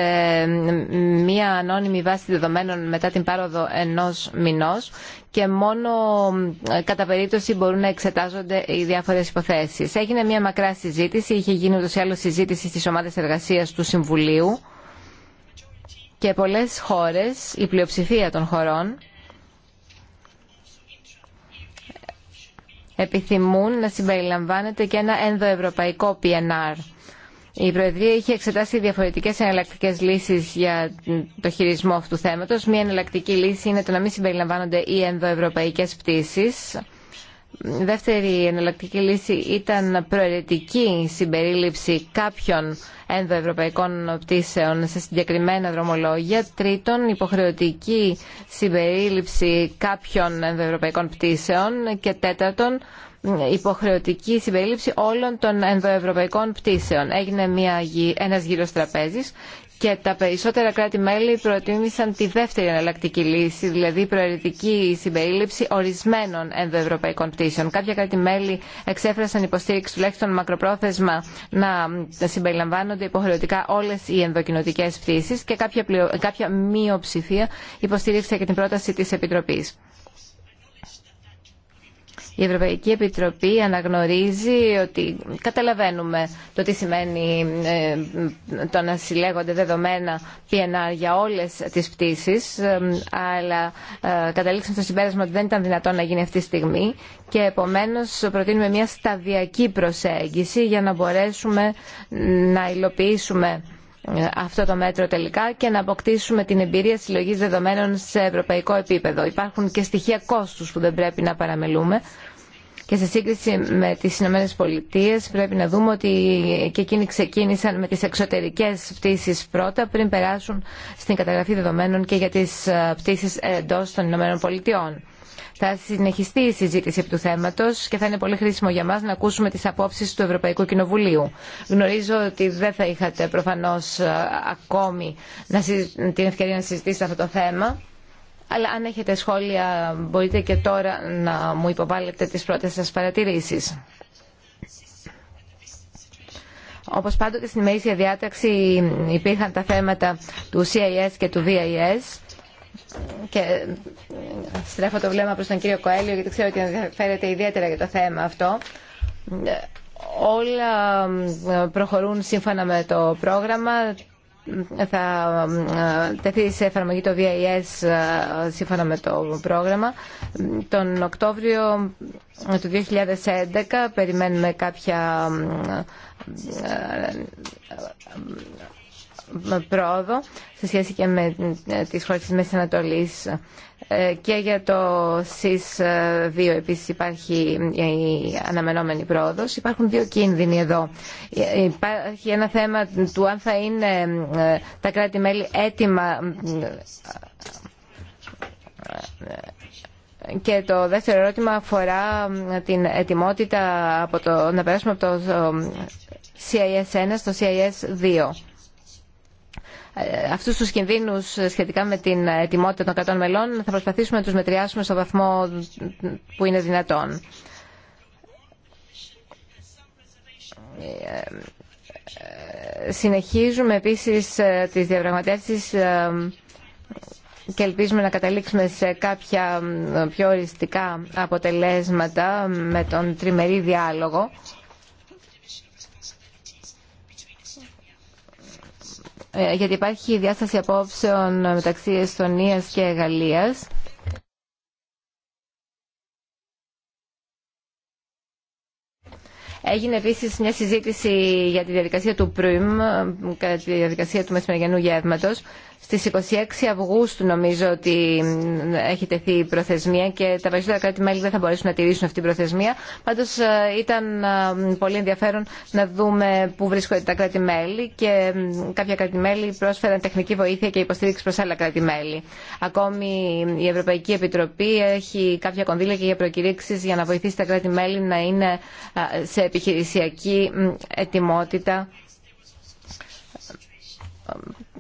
μία ανώνυμη βάση δεδομένων μετά την πάροδο ενός μηνός και μόνο ε, κατά περίπτωση μπορούν να εξετάζονται οι διάφορες υποθέσεις. Έγινε μία μακρά συζήτηση, είχε γίνει ούτως ή άλλως συζήτηση στις ομάδες εργασίας του Συμβουλίου και πολλές χώρες, η πλειοψηφία των χωρών, επιθυμούν να συμπεριλαμβάνεται και ένα ενδοευρωπαϊκό PNR. Η Προεδρία είχε εξετάσει διαφορετικέ εναλλακτικέ λύσει για το χειρισμό αυτού του θέματο. Μία εναλλακτική λύση είναι το να μην συμπεριλαμβάνονται οι ενδοευρωπαϊκέ πτήσει δεύτερη εναλλακτική λύση ήταν προαιρετική συμπερίληψη κάποιων ενδοευρωπαϊκών πτήσεων σε συγκεκριμένα δρομολόγια. Τρίτον, υποχρεωτική συμπερίληψη κάποιων ενδοευρωπαϊκών πτήσεων. Και τέταρτον, υποχρεωτική συμπερίληψη όλων των ενδοευρωπαϊκών πτήσεων. Έγινε μια, ένας γύρος και τα περισσότερα κράτη-μέλη προτίμησαν τη δεύτερη εναλλακτική λύση, δηλαδή προαιρετική συμπερίληψη ορισμένων ενδοευρωπαϊκών πτήσεων. Κάποια κράτη-μέλη εξέφρασαν υποστήριξη τουλάχιστον μακροπρόθεσμα να συμπεριλαμβάνονται υποχρεωτικά όλε οι ενδοκινοτικέ πτήσει και κάποια, μειοψηφία υποστήριξε και την πρόταση τη Επιτροπή. Η Ευρωπαϊκή Επιτροπή αναγνωρίζει ότι καταλαβαίνουμε το τι σημαίνει ε, το να συλλέγονται δεδομένα PNR για όλες τις πτήσεις, ε, αλλά ε, καταλήξαμε στο συμπέρασμα ότι δεν ήταν δυνατόν να γίνει αυτή τη στιγμή και επομένως προτείνουμε μια σταδιακή προσέγγιση για να μπορέσουμε να υλοποιήσουμε αυτό το μέτρο τελικά και να αποκτήσουμε την εμπειρία συλλογής δεδομένων σε ευρωπαϊκό επίπεδο. Υπάρχουν και στοιχεία κόστους που δεν πρέπει να παραμελούμε και σε σύγκριση με τι Ηνωμένε Πολιτείε, πρέπει να δούμε ότι και εκείνοι ξεκίνησαν με τι εξωτερικέ πτήσει πρώτα πριν περάσουν στην καταγραφή δεδομένων και για τι ε, πτήσει εντό των Ηνωμένων Πολιτειών. Θα συνεχιστεί η συζήτηση του θέματο και θα είναι πολύ χρήσιμο για μα να ακούσουμε τι απόψει του Ευρωπαϊκού Κοινοβουλίου. Γνωρίζω ότι δεν θα είχατε προφανώ ε, ακόμη την ευκαιρία να συζητήσετε αυτό το θέμα αλλά αν έχετε σχόλια μπορείτε και τώρα να μου υποβάλλετε τις πρώτες σας παρατηρήσεις. Όπως πάντοτε στην ημερήσια διάταξη υπήρχαν τα θέματα του CIS και του VIS και στρέφω το βλέμμα προς τον κύριο Κοέλιο γιατί ξέρω ότι ενδιαφέρεται ιδιαίτερα για το θέμα αυτό. Όλα προχωρούν σύμφωνα με το πρόγραμμα θα τεθεί σε εφαρμογή το VIS σύμφωνα με το πρόγραμμα. Τον Οκτώβριο του 2011 περιμένουμε κάποια πρόοδο σε σχέση και με τις χώρες της Μέσης Ανατολής. Ε, και για το ΣΥΣ 2 ε, επίσης υπάρχει η αναμενόμενη πρόοδος. Υπάρχουν δύο κίνδυνοι εδώ. Υπάρχει ένα θέμα του αν θα είναι ε, τα κράτη-μέλη έτοιμα και το δεύτερο ερώτημα αφορά την ετοιμότητα από το, να περάσουμε από το CIS 1 στο CIS 2. Ε, Αυτού του κινδύνου ε, σχετικά με την ετοιμότητα των κρατών μελών θα προσπαθήσουμε να του μετριάσουμε στο βαθμό που είναι δυνατόν. Ε, συνεχίζουμε επίσης τις διαπραγματεύσεις και ελπίζουμε να καταλήξουμε σε κάποια πιο οριστικά αποτελέσματα με τον τριμερή διάλογο. Ε, γιατί υπάρχει διάσταση απόψεων μεταξύ Εστονίας και Γαλλίας. Έγινε επίσης μια συζήτηση για τη διαδικασία του ΠΡΟΥΜ, ε, κατά τη διαδικασία του μεσημεριανού γεύματος. Στις 26 Αυγούστου νομίζω ότι έχει τεθεί η προθεσμία και τα περισσότερα κράτη-μέλη δεν θα μπορέσουν να τηρήσουν αυτή την προθεσμία. Πάντως ε, ήταν ε, πολύ ενδιαφέρον να δούμε πού βρίσκονται τα κράτη-μέλη και κάποια κράτη-μέλη πρόσφεραν τεχνική βοήθεια και υποστήριξη προς άλλα κράτη-μέλη. Ακόμη η Ευρωπαϊκή Επιτροπή έχει κάποια κονδύλια και για προκηρύξεις για να βοηθήσει τα κράτη-μέλη να είναι ε, σε επιχειρησιακή ετοιμότητα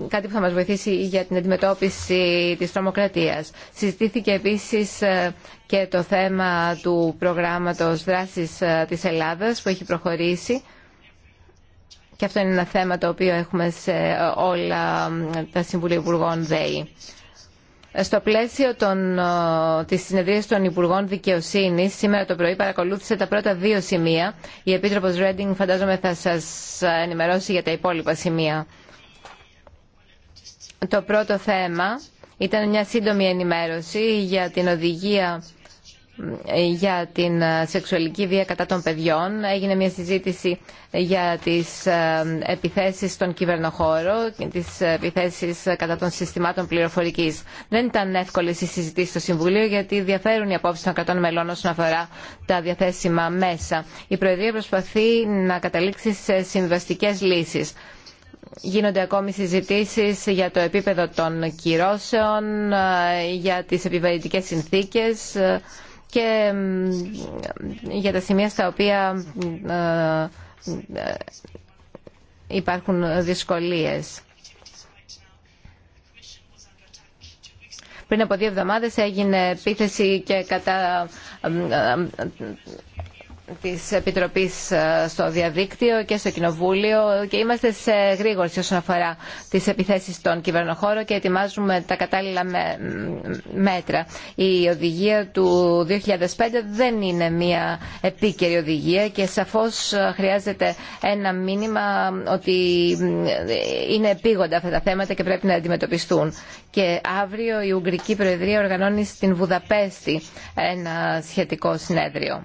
κάτι που θα μας βοηθήσει για την αντιμετώπιση της τρομοκρατίας. Συζητήθηκε επίσης ε, και το θέμα του προγράμματος δράσης ε, της Ελλάδας που έχει προχωρήσει και αυτό είναι ένα θέμα το οποίο έχουμε σε ε, όλα τα Συμβουλία Υπουργών ΔΕΗ. Στο πλαίσιο των, της συνεδρίας των Υπουργών Δικαιοσύνης, σήμερα το πρωί παρακολούθησε τα πρώτα δύο σημεία. Η Επίτροπος Ρέντινγκ φαντάζομαι θα σας ενημερώσει για τα υπόλοιπα σημεία. Το πρώτο θέμα ήταν μια σύντομη ενημέρωση για την οδηγία για την ε, σεξουαλική βία κατά των παιδιών. Έγινε μια συζήτηση για τις ε, επιθέσεις στον κυβερνοχώρο και τις επιθέσεις κατά των συστημάτων πληροφορικής. Δεν ήταν εύκολη η συζήτηση στο Συμβουλίο γιατί διαφέρουν οι απόψεις των κρατών μελών όσον αφορά τα διαθέσιμα μέσα. Η Προεδρία προσπαθεί να καταλήξει σε συμβαστικές λύσεις. Γίνονται ακόμη συζητήσεις για το επίπεδο των κυρώσεων, για τις επιβαρυντικές συνθήκες και για τα σημεία στα οποία ε, υπάρχουν δυσκολίες. Πριν από δύο εβδομάδες έγινε επίθεση και κατά ε, της Επιτροπής ε, στο διαδίκτυο και στο Κοινοβούλιο και είμαστε σε γρήγορση όσον αφορά τις επιθέσεις στον κυβερνοχώρο και ετοιμάζουμε τα κατάλληλα μέτρα. Η οδηγία του 2005 δεν είναι μια επίκαιρη οδηγία και σαφώς ε, χρειάζεται ένα μήνυμα ότι είναι επίγοντα αυτά τα θέματα και πρέπει να αντιμετωπιστούν. Και αύριο η Ουγγρική Προεδρία οργανώνει στην Βουδαπέστη ένα σχετικό συνέδριο.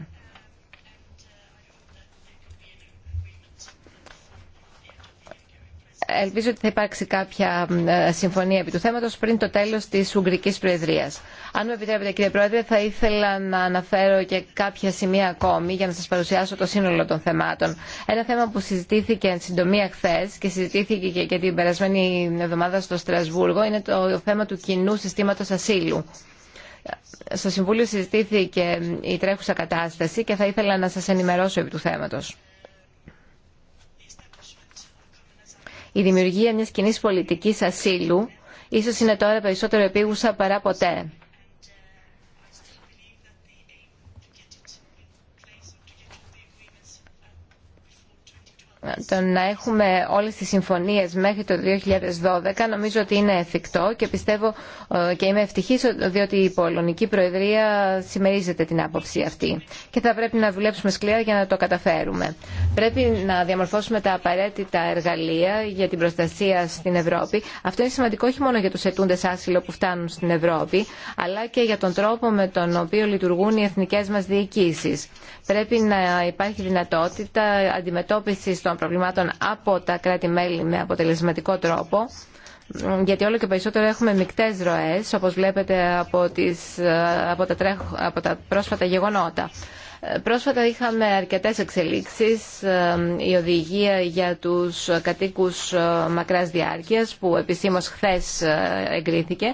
ελπίζω ότι θα υπάρξει κάποια ε, συμφωνία επί του θέματος πριν το τέλος της Ουγγρικής Προεδρίας. Αν μου επιτρέπετε κύριε Πρόεδρε θα ήθελα να αναφέρω και κάποια σημεία ακόμη για να σας παρουσιάσω το σύνολο των θεμάτων. Ένα θέμα που συζητήθηκε εν συντομία χθε και συζητήθηκε και την περασμένη εβδομάδα στο Στρασβούργο είναι το θέμα του κοινού συστήματος ασύλου. Στο Συμβούλιο συζητήθηκε η τρέχουσα κατάσταση και θα ήθελα να σας ενημερώσω επί του θέματο. Η δημιουργία μιας κοινή πολιτικής ασύλου ίσως είναι τώρα περισσότερο επίγουσα παρά ποτέ. το να έχουμε όλες τις συμφωνίες μέχρι το 2012 νομίζω ότι είναι εφικτό και πιστεύω ε, και είμαι ευτυχής διότι η Πολωνική Προεδρία συμμερίζεται την άποψη αυτή και θα πρέπει να δουλέψουμε σκληρά για να το καταφέρουμε. Πρέπει να διαμορφώσουμε τα απαραίτητα εργαλεία για την προστασία στην Ευρώπη. Αυτό είναι σημαντικό όχι μόνο για τους ετούντες άσυλο που φτάνουν στην Ευρώπη αλλά και για τον τρόπο με τον οποίο λειτουργούν οι εθνικές μας διοικήσεις. Πρέπει να υπάρχει δυνατότητα αντιμετώπισης των προβλημάτων από τα κράτη-μέλη με αποτελεσματικό τρόπο γιατί όλο και περισσότερο έχουμε μικτές ροέ, όπως βλέπετε από, τις, από, τα, από τα πρόσφατα γεγονότα. Πρόσφατα είχαμε αρκετές εξελίξεις, ε, η οδηγία για τους κατοίκους ε, μακράς διάρκειας που επισήμως χθες ε, εγκρίθηκε,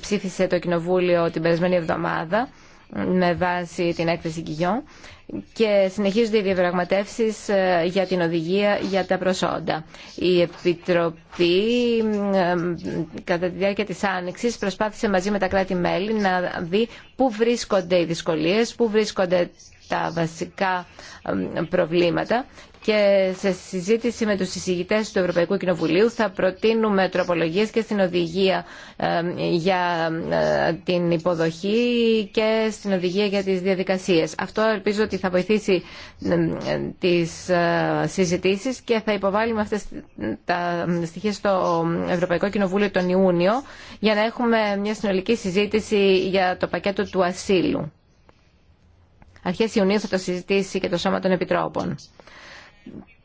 ψήφισε το Κοινοβούλιο την περασμένη εβδομάδα με βάση την έκθεση Κιγιόν και συνεχίζονται οι διαπραγματεύσει ε, για την οδηγία για τα προσόντα. Η Επιτροπή κατά τη διάρκεια της Άνοιξης προσπάθησε μαζί με τα κράτη-μέλη να δει πού βρίσκονται οι δυσκολίες, πού βρίσκονται τα βασικά προβλήματα και σε συζήτηση με τους συζητητές του Ευρωπαϊκού Κοινοβουλίου θα προτείνουμε τροπολογίες και στην οδηγία για ε, την υποδοχή και στην οδηγία για τις διαδικασίες. Αυτό ελπίζω ότι θα βοηθήσει τις ε, συζητήσεις και θα υποβάλουμε αυτές τα στοιχεία στο Ευρωπαϊκό Κοινοβούλιο τον Ιούνιο για να έχουμε μια συνολική συζήτηση για το πακέτο του ασύλου αρχές Ιουνίου θα το συζητήσει και το Σώμα των Επιτρόπων.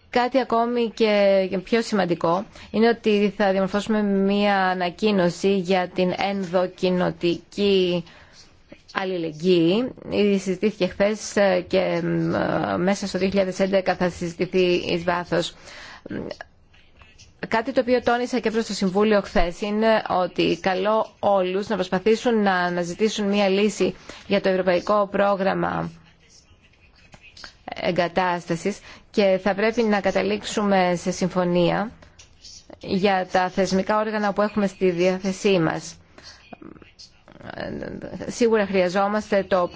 Κάτι ακόμη και πιο σημαντικό είναι ότι θα διαμορφώσουμε μία ανακοίνωση για την ενδοκινοτική αλληλεγγύη. Η συζητήθηκε χθε και μέσα στο 2011 θα συζητηθεί εις βάθος. Κάτι το οποίο τόνισα και προς το Συμβούλιο χθε είναι ότι καλό όλους να προσπαθήσουν να αναζητήσουν μία λύση για το ευρωπαϊκό πρόγραμμα εγκατάστασης και θα πρέπει να καταλήξουμε σε συμφωνία για τα θεσμικά όργανα που έχουμε στη διάθεσή μας. Σίγουρα χρειαζόμαστε το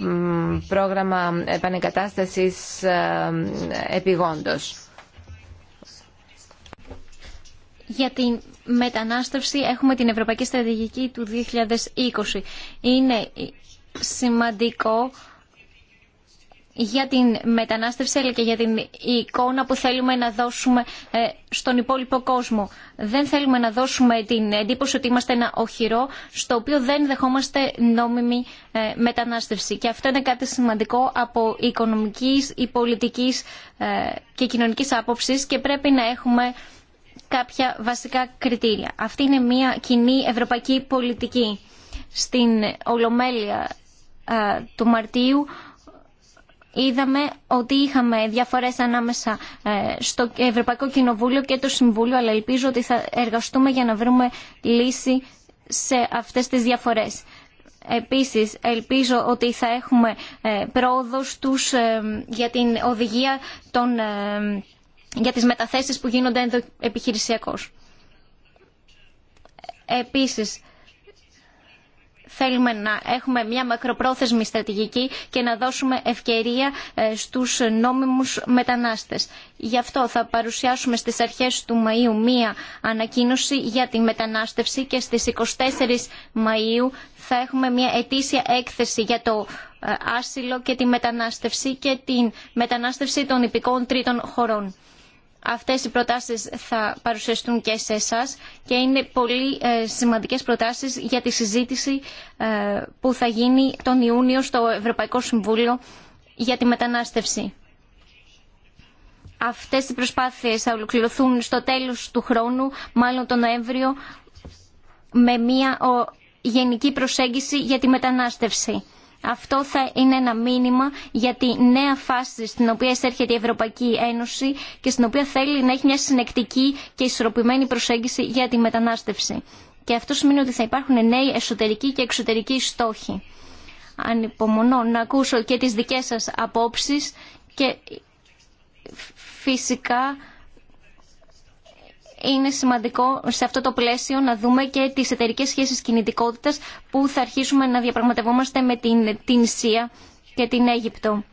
πρόγραμμα επανεγκατάστασης ε, επιγόντως. Για την μετανάστευση έχουμε την Ευρωπαϊκή Στρατηγική του 2020. Είναι σημαντικό για την μετανάστευση αλλά και για την εικόνα που θέλουμε να δώσουμε ε, στον υπόλοιπο κόσμο. Δεν θέλουμε να δώσουμε την εντύπωση ότι είμαστε ένα οχυρό στο οποίο δεν δεχόμαστε νόμιμη ε, μετανάστευση. Και αυτό είναι κάτι σημαντικό από οικονομικής, η πολιτικής ε, και κοινωνικής άποψης και πρέπει να έχουμε κάποια βασικά κριτήρια. Αυτή είναι μια κοινή ευρωπαϊκή πολιτική. Στην Ολομέλεια του Μαρτίου είδαμε ότι είχαμε διαφορές ανάμεσα ε, στο Ευρωπαϊκό Κοινοβούλιο και το Συμβούλιο, αλλά ελπίζω ότι θα εργαστούμε για να βρούμε λύση σε αυτές τις διαφορές. Επίσης, ελπίζω ότι θα έχουμε ε, πρόοδο τους ε, για την οδηγία των, για τις μεταθέσεις που γίνονται επιχειρησιακώς. Επίσης, Θέλουμε να έχουμε μια μακροπρόθεσμη στρατηγική και να δώσουμε ευκαιρία ε, στους νόμιμους μετανάστες. Γι' αυτό θα παρουσιάσουμε στις αρχές του Μαΐου μία ανακοίνωση για τη μετανάστευση και στις 24 Μαΐου θα έχουμε μια ετήσια έκθεση για το ε, άσυλο και τη μετανάστευση και την μετανάστευση των υπηκών τρίτων χωρών. Αυτές οι προτάσεις θα παρουσιαστούν και σε εσά και είναι πολύ ε, σημαντικές προτάσεις για τη συζήτηση ε, που θα γίνει τον Ιούνιο στο Ευρωπαϊκό Συμβούλιο για τη μετανάστευση. Αυτές οι προσπάθειες θα ολοκληρωθούν στο τέλος του χρόνου, μάλλον τον Νοέμβριο, με μια γενική προσέγγιση για τη μετανάστευση. Αυτό θα είναι ένα μήνυμα για τη νέα φάση στην οποία εισέρχεται η Ευρωπαϊκή Ένωση και στην οποία θέλει να έχει μια συνεκτική και ισορροπημένη προσέγγιση για τη μετανάστευση. Και αυτό σημαίνει ότι θα υπάρχουν νέοι εσωτερικοί και εξωτερικοί στόχοι. Ανυπομονώ να ακούσω και τις δικές σας απόψεις και φυσικά είναι σημαντικό σε αυτό το πλαίσιο να δούμε και τις εταιρικέ σχέσεις κινητικότητας που θα αρχίσουμε να διαπραγματευόμαστε με την, την και την Αίγυπτο.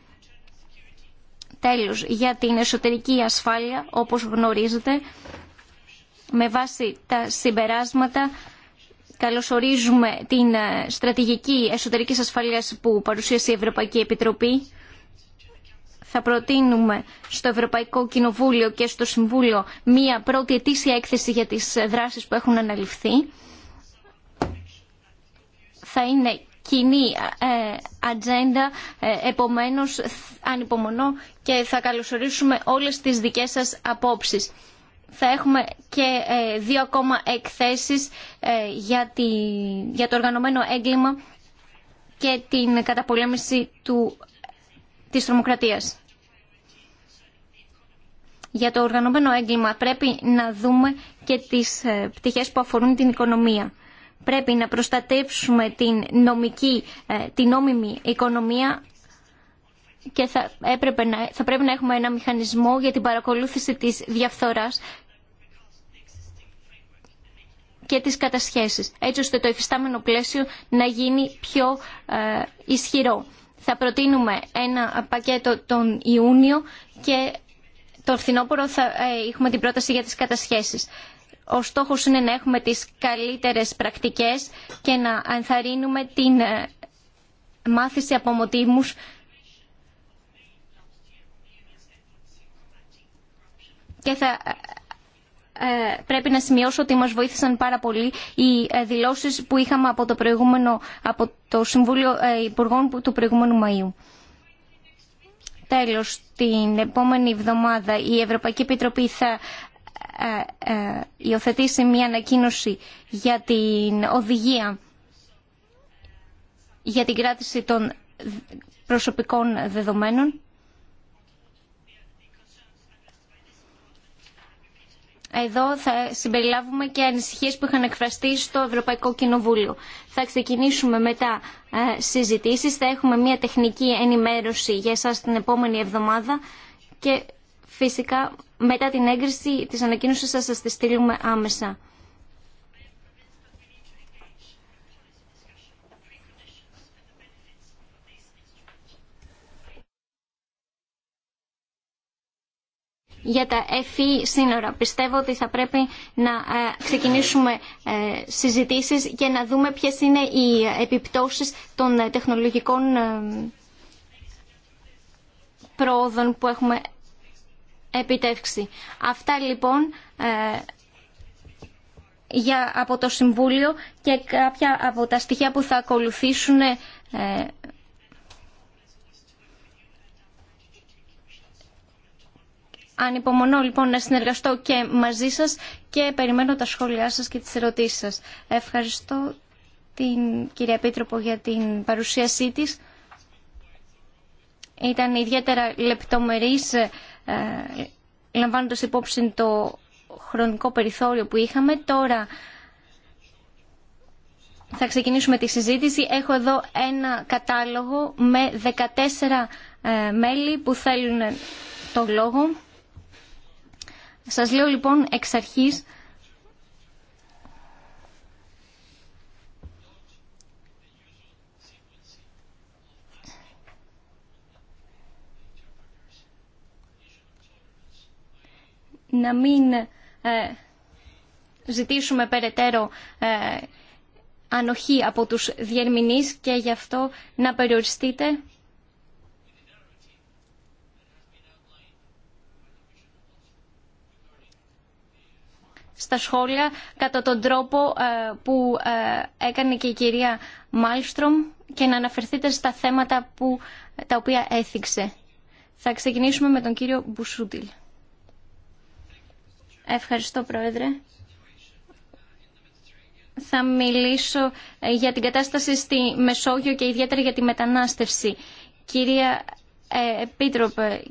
Τέλος, για την εσωτερική ασφάλεια, όπως γνωρίζετε, με βάση τα συμπεράσματα καλωσορίζουμε την ε, στρατηγική εσωτερικής ασφαλείας που παρουσίασε η Ευρωπαϊκή Επιτροπή θα προτείνουμε στο Ευρωπαϊκό Κοινοβούλιο και στο Συμβούλιο μία πρώτη ετήσια έκθεση για τις δράσεις που έχουν αναλυφθεί. Θα είναι κοινή ε, ατζέντα, ε, επομένως ανυπομονώ και θα καλωσορίσουμε όλες τις δικές σας απόψεις. Θα έχουμε και ε, δύο ακόμα εκθέσεις για το οργανωμένο έγκλημα και την καταπολέμηση του, της τρομοκρατίας για το οργανωμένο έγκλημα πρέπει να δούμε και τις ε, πτυχές που αφορούν την οικονομία. Πρέπει να προστατεύσουμε την νομική, ε, την νόμιμη οικονομία και θα, πρέπει να έχουμε ένα μηχανισμό για την παρακολούθηση της διαφθοράς και τις κατασχέσεις, έτσι ώστε το εφιστάμενο πλαίσιο να γίνει πιο ε, ισχυρό. Θα προτείνουμε ένα πακέτο τον Ιούνιο και το φθινόπωρο θα ε, έχουμε την πρόταση για τις κατασχέσεις. Ο στόχος είναι να έχουμε τις καλύτερες πρακτικές και να ενθαρρύνουμε την ε, μάθηση από μοτίμους και θα ε, πρέπει να σημειώσω ότι μας βοήθησαν πάρα πολύ οι δηλώσει που είχαμε από το, Συμβούλιο Υπουργών του προηγούμενου Μαΐου. Τέλος, την επόμενη εβδομάδα η Ευρωπαϊκή Επιτροπή θα ε, ε, υιοθετήσει μια ανακοίνωση για την οδηγία για την κράτηση των προσωπικών δεδομένων. Εδώ θα συμπεριλάβουμε και ανησυχίε που είχαν εκφραστεί στο Ευρωπαϊκό Κοινοβούλιο. Θα ξεκινήσουμε μετά ε, συζητήσεις, θα έχουμε μια τεχνική ενημέρωση για εσά την επόμενη εβδομάδα και φυσικά μετά την έγκριση της ανακοίνωσης θα σας τη στείλουμε άμεσα. για τα ΕΦΗ e σύνορα. Πιστεύω ότι θα πρέπει να ε, ξεκινήσουμε ε, συζητήσεις και να δούμε ποιες είναι οι επιπτώσεις των ε, τεχνολογικών πρόοδων που έχουμε επιτεύξει. Αυτά λοιπόν για, από το Συμβούλιο και κάποια από τα στοιχεία που θα ακολουθήσουν Ανυπομονώ λοιπόν να συνεργαστώ και μαζί σας και περιμένω τα σχόλιά σας και τις ερωτήσεις σας. Ευχαριστώ την κυρία Πίτροπο για την παρουσίασή της. Ήταν ιδιαίτερα λεπτομερής, ε, λαμβάνοντας υπόψη το χρονικό περιθώριο που είχαμε. Τώρα θα ξεκινήσουμε τη συζήτηση. Έχω εδώ ένα κατάλογο με 14 ε, μέλη που θέλουν το λόγο. Σας λέω λοιπόν εξ αρχής να μην ε, ζητήσουμε περαιτέρω ε, ανοχή από τους διερμηνείς και γι' αυτό να περιοριστείτε στα σχόλια κατά τον τρόπο ε, που ε, έκανε και η κυρία Μάλστρομ και να αναφερθείτε στα θέματα που, τα οποία έθιξε. Θα ξεκινήσουμε με τον κύριο Μπουσούτιλ. Ευχαριστώ, Πρόεδρε. Θα μιλήσω ε, για την κατάσταση στη Μεσόγειο και ιδιαίτερα για τη μετανάστευση. Κυρία Επίτροπε,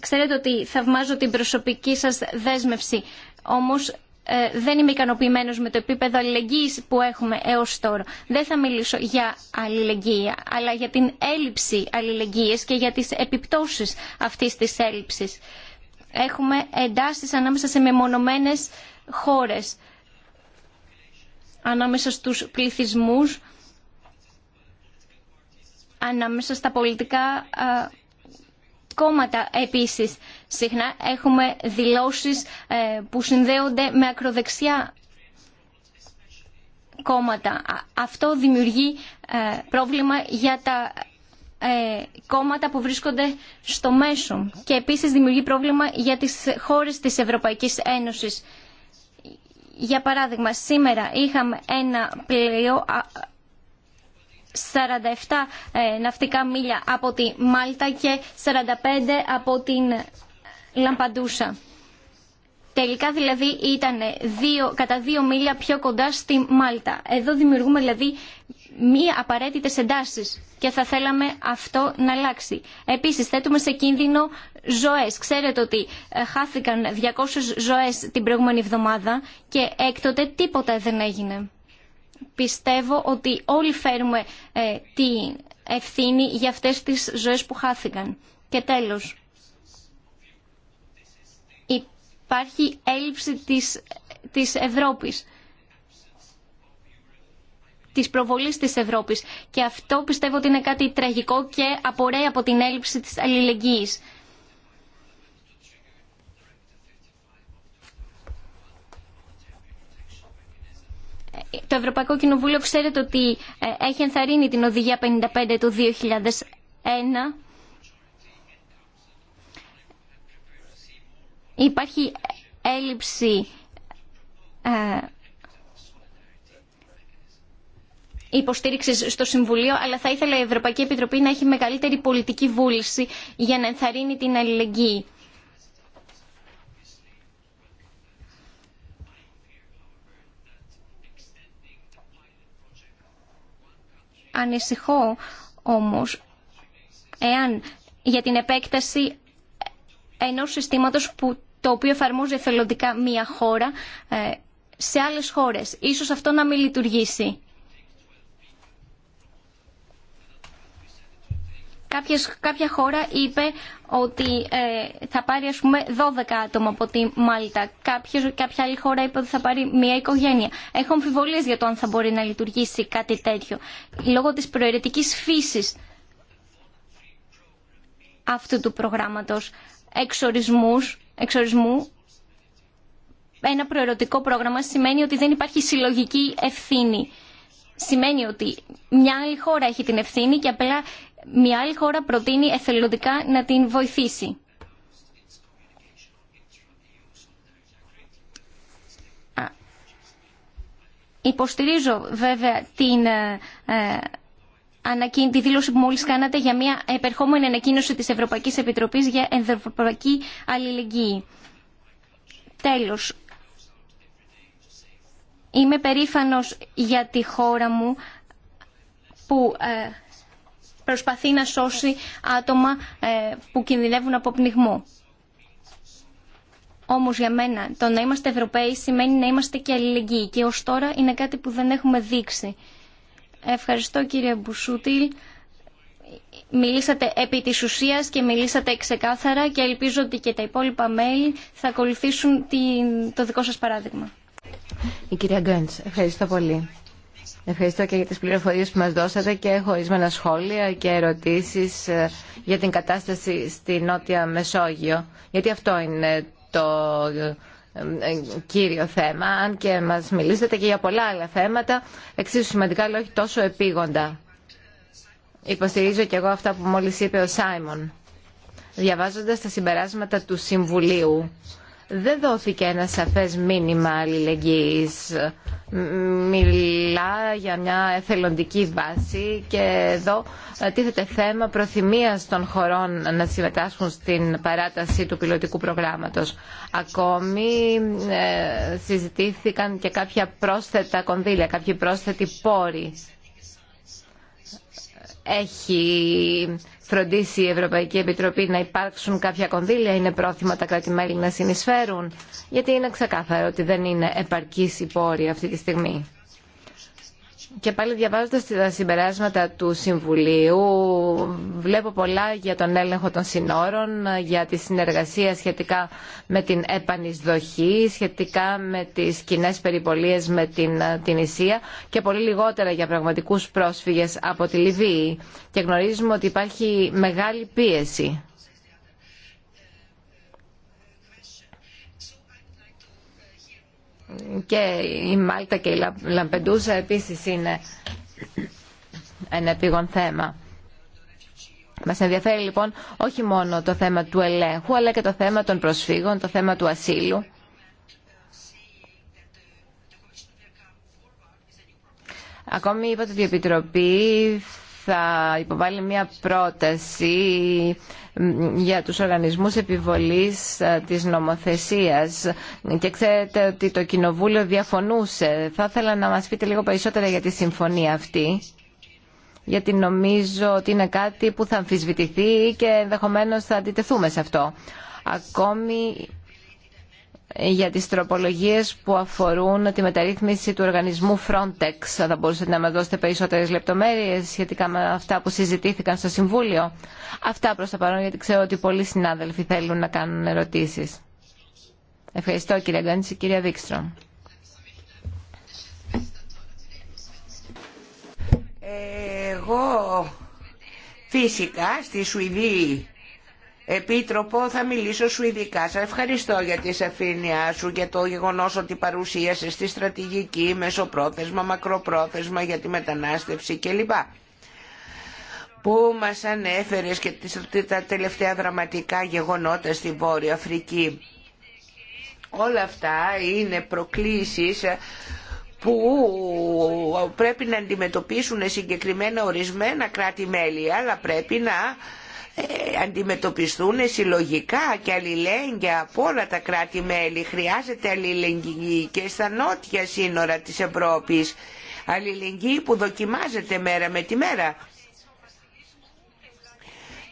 ξέρετε ότι θαυμάζω την προσωπική σας δέσμευση. Όμως ε, δεν είμαι ικανοποιημένο με το επίπεδο αλληλεγγύη που έχουμε έω τώρα. Δεν θα μιλήσω για αλληλεγγύη, αλλά για την έλλειψη αλληλεγγύη και για τι επιπτώσει αυτή τη έλλειψη. Έχουμε εντάσει ανάμεσα σε μεμονωμένε χώρε, ανάμεσα στου πληθυσμού, ανάμεσα στα πολιτικά κόμματα επίσης συχνά έχουμε δηλώσεις ε, που συνδέονται με ακροδεξιά κόμματα. Αυτό δημιουργεί ε, πρόβλημα για τα ε, κόμματα που βρίσκονται στο μέσο και επίσης δημιουργεί πρόβλημα για τις χώρες της Ευρωπαϊκής Ένωσης. Για παράδειγμα, σήμερα είχαμε ένα πλοίο 47 ε, ναυτικά μίλια από τη Μάλτα και 45 από την Λαμπαντούσα. Τελικά δηλαδή ήταν δύο, κατά δύο μίλια πιο κοντά στη Μάλτα. Εδώ δημιουργούμε δηλαδή μη απαραίτητες εντάσει και θα θέλαμε αυτό να αλλάξει. Επίσης θέτουμε σε κίνδυνο ζωέ. Ξέρετε ότι ε, χάθηκαν 200 ζωέ την προηγούμενη εβδομάδα και έκτοτε τίποτα δεν έγινε πιστεύω ότι όλοι φέρουμε ε, τη ευθύνη για αυτές τις ζωές που χάθηκαν. Και τέλος, υπάρχει έλλειψη της, της Ευρώπης της προβολής της Ευρώπης. Και αυτό πιστεύω ότι είναι κάτι τραγικό και απορρέει από την έλλειψη της αλληλεγγύης. Το Ευρωπαϊκό Κοινοβούλιο ξέρετε ότι ε, έχει ενθαρρύνει την οδηγία 55 του 2001. Υπάρχει έλλειψη ε, υποστήριξη στο Συμβουλίο, αλλά θα ήθελα η Ευρωπαϊκή Επιτροπή να έχει μεγαλύτερη πολιτική βούληση για να ενθαρρύνει την αλληλεγγύη. Ανησυχώ όμως εάν για την επέκταση ενός συστήματος που το οποίο εφαρμόζει εθελοντικά μία χώρα ε, σε άλλες χώρες. Ίσως αυτό να μην λειτουργήσει. Κάποιες, κάποια χώρα είπε ότι ε, θα πάρει 12 άτομα από τη Μάλτα. κάποια άλλη χώρα είπε ότι θα πάρει μια οικογένεια. Έχω αμφιβολίες για το αν θα μπορεί να λειτουργήσει κάτι τέτοιο. Λόγω της προαιρετικής φύσης αυτού του προγράμματος εξορισμούς, εξορισμού ένα προαιρετικό πρόγραμμα σημαίνει ότι δεν υπάρχει συλλογική ευθύνη σημαίνει ότι μια άλλη χώρα έχει την ευθύνη και απλά μια άλλη χώρα προτείνει εθελοντικά να την βοηθήσει. Υποστηρίζω βέβαια την ε, ε, τη δήλωση που μόλις κάνατε για μια επερχόμενη ανακοίνωση της Ευρωπαϊκής Επιτροπής για Ευρωπαϊκή αλληλεγγύη. Τέλος, Είμαι περήφανος για τη χώρα μου που ε, προσπαθεί να σώσει άτομα ε, που κινδυνεύουν από πνιγμό. Όμως για μένα το να είμαστε Ευρωπαίοι σημαίνει να είμαστε και αλληλεγγύοι και ως τώρα είναι κάτι που δεν έχουμε δείξει. Ευχαριστώ κύριε Μπουσούτιλ. Μιλήσατε επί της ουσίας και μιλήσατε ξεκάθαρα και ελπίζω ότι και τα υπόλοιπα μέλη θα ακολουθήσουν το δικό σας παράδειγμα. Η κυρία Γκέντς, ευχαριστώ πολύ. Ευχαριστώ και για τις πληροφορίες που μας δώσατε και έχω ορισμένα σχόλια και ερωτήσεις ε, για την κατάσταση στη Νότια Μεσόγειο. Γιατί αυτό είναι το ε, ε, κύριο θέμα, αν και μας μιλήσατε και για πολλά άλλα θέματα, εξίσου σημαντικά αλλά όχι τόσο επίγοντα. Υποστηρίζω και εγώ αυτά που μόλις είπε ο Σάιμον, διαβάζοντας τα συμπεράσματα του Συμβουλίου δεν δόθηκε ένα σαφές μήνυμα αλληλεγγύης. Μιλά για μια εθελοντική βάση και εδώ ε, τίθεται θέμα προθυμίας των χωρών να συμμετάσχουν στην παράταση του πιλωτικού προγράμματος. Ακόμη ε, συζητήθηκαν και κάποια πρόσθετα κονδύλια, κάποιοι πρόσθετοι πόροι. Έχει φροντίσει η Ευρωπαϊκή Επιτροπή να υπάρξουν κάποια κονδύλια, είναι πρόθυμα τα κράτη-μέλη να συνεισφέρουν, γιατί είναι ξεκάθαρο ότι δεν είναι επαρκής η πόρη αυτή τη στιγμή. Και πάλι διαβάζοντας τα συμπεράσματα του Συμβουλίου, βλέπω πολλά για τον έλεγχο των συνόρων, για τη συνεργασία σχετικά με την επανεισδοχή, σχετικά με τις κοινέ περιπολίες με την, την Ισία και πολύ λιγότερα για πραγματικούς πρόσφυγες από τη Λιβύη. Και γνωρίζουμε ότι υπάρχει μεγάλη πίεση. και η Μάλτα και η Λαμπεντούζα επίσης είναι ένα επίγον θέμα. Μας ενδιαφέρει λοιπόν όχι μόνο το θέμα του ελέγχου αλλά και το θέμα των προσφύγων, το θέμα του ασύλου. Ακόμη είπατε ότι η Επιτροπή θα υποβάλει μια πρόταση για τους οργανισμούς επιβολής ε, της νομοθεσίας και ξέρετε ότι το Κοινοβούλιο διαφωνούσε. Θα ήθελα να μας πείτε λίγο περισσότερα για τη συμφωνία αυτή γιατί νομίζω ότι είναι κάτι που θα αμφισβητηθεί και ενδεχομένως θα αντιτεθούμε σε αυτό. Ακόμη ε, για τις τροπολογίες που αφορούν τη μεταρρύθμιση του οργανισμού Frontex. Θα μπορούσατε να μας δώσετε περισσότερες λεπτομέρειες σχετικά με αυτά που συζητήθηκαν στο Συμβούλιο. Αυτά προς τα παρόν γιατί ξέρω ότι πολλοί συνάδελφοι θέλουν να κάνουν ερωτήσεις. Ευχαριστώ κύριε Γκάντση, κυρία Δίκστρο. Εγώ φυσικά στη Σουηδία Επίτροπο, θα μιλήσω σου ειδικά. Σα ευχαριστώ για τη σαφήνειά σου, για το γεγονό ότι παρουσίασε τη στρατηγική, μεσοπρόθεσμα, μακροπρόθεσμα για τη μετανάστευση κλπ. Που μας ανέφερες και τα τελευταία δραματικά γεγονότα στη Βόρεια Αφρική. Όλα αυτά είναι προκλήσεις που πρέπει να αντιμετωπίσουν συγκεκριμένα ορισμένα κράτη-μέλη, αλλά πρέπει να ε, αντιμετωπιστούν συλλογικά και αλληλέγγυα από όλα τα κράτη-μέλη. Χρειάζεται αλληλεγγύη και στα νότια σύνορα της Ευρώπης. Αλληλεγγύη που δοκιμάζεται μέρα με τη μέρα.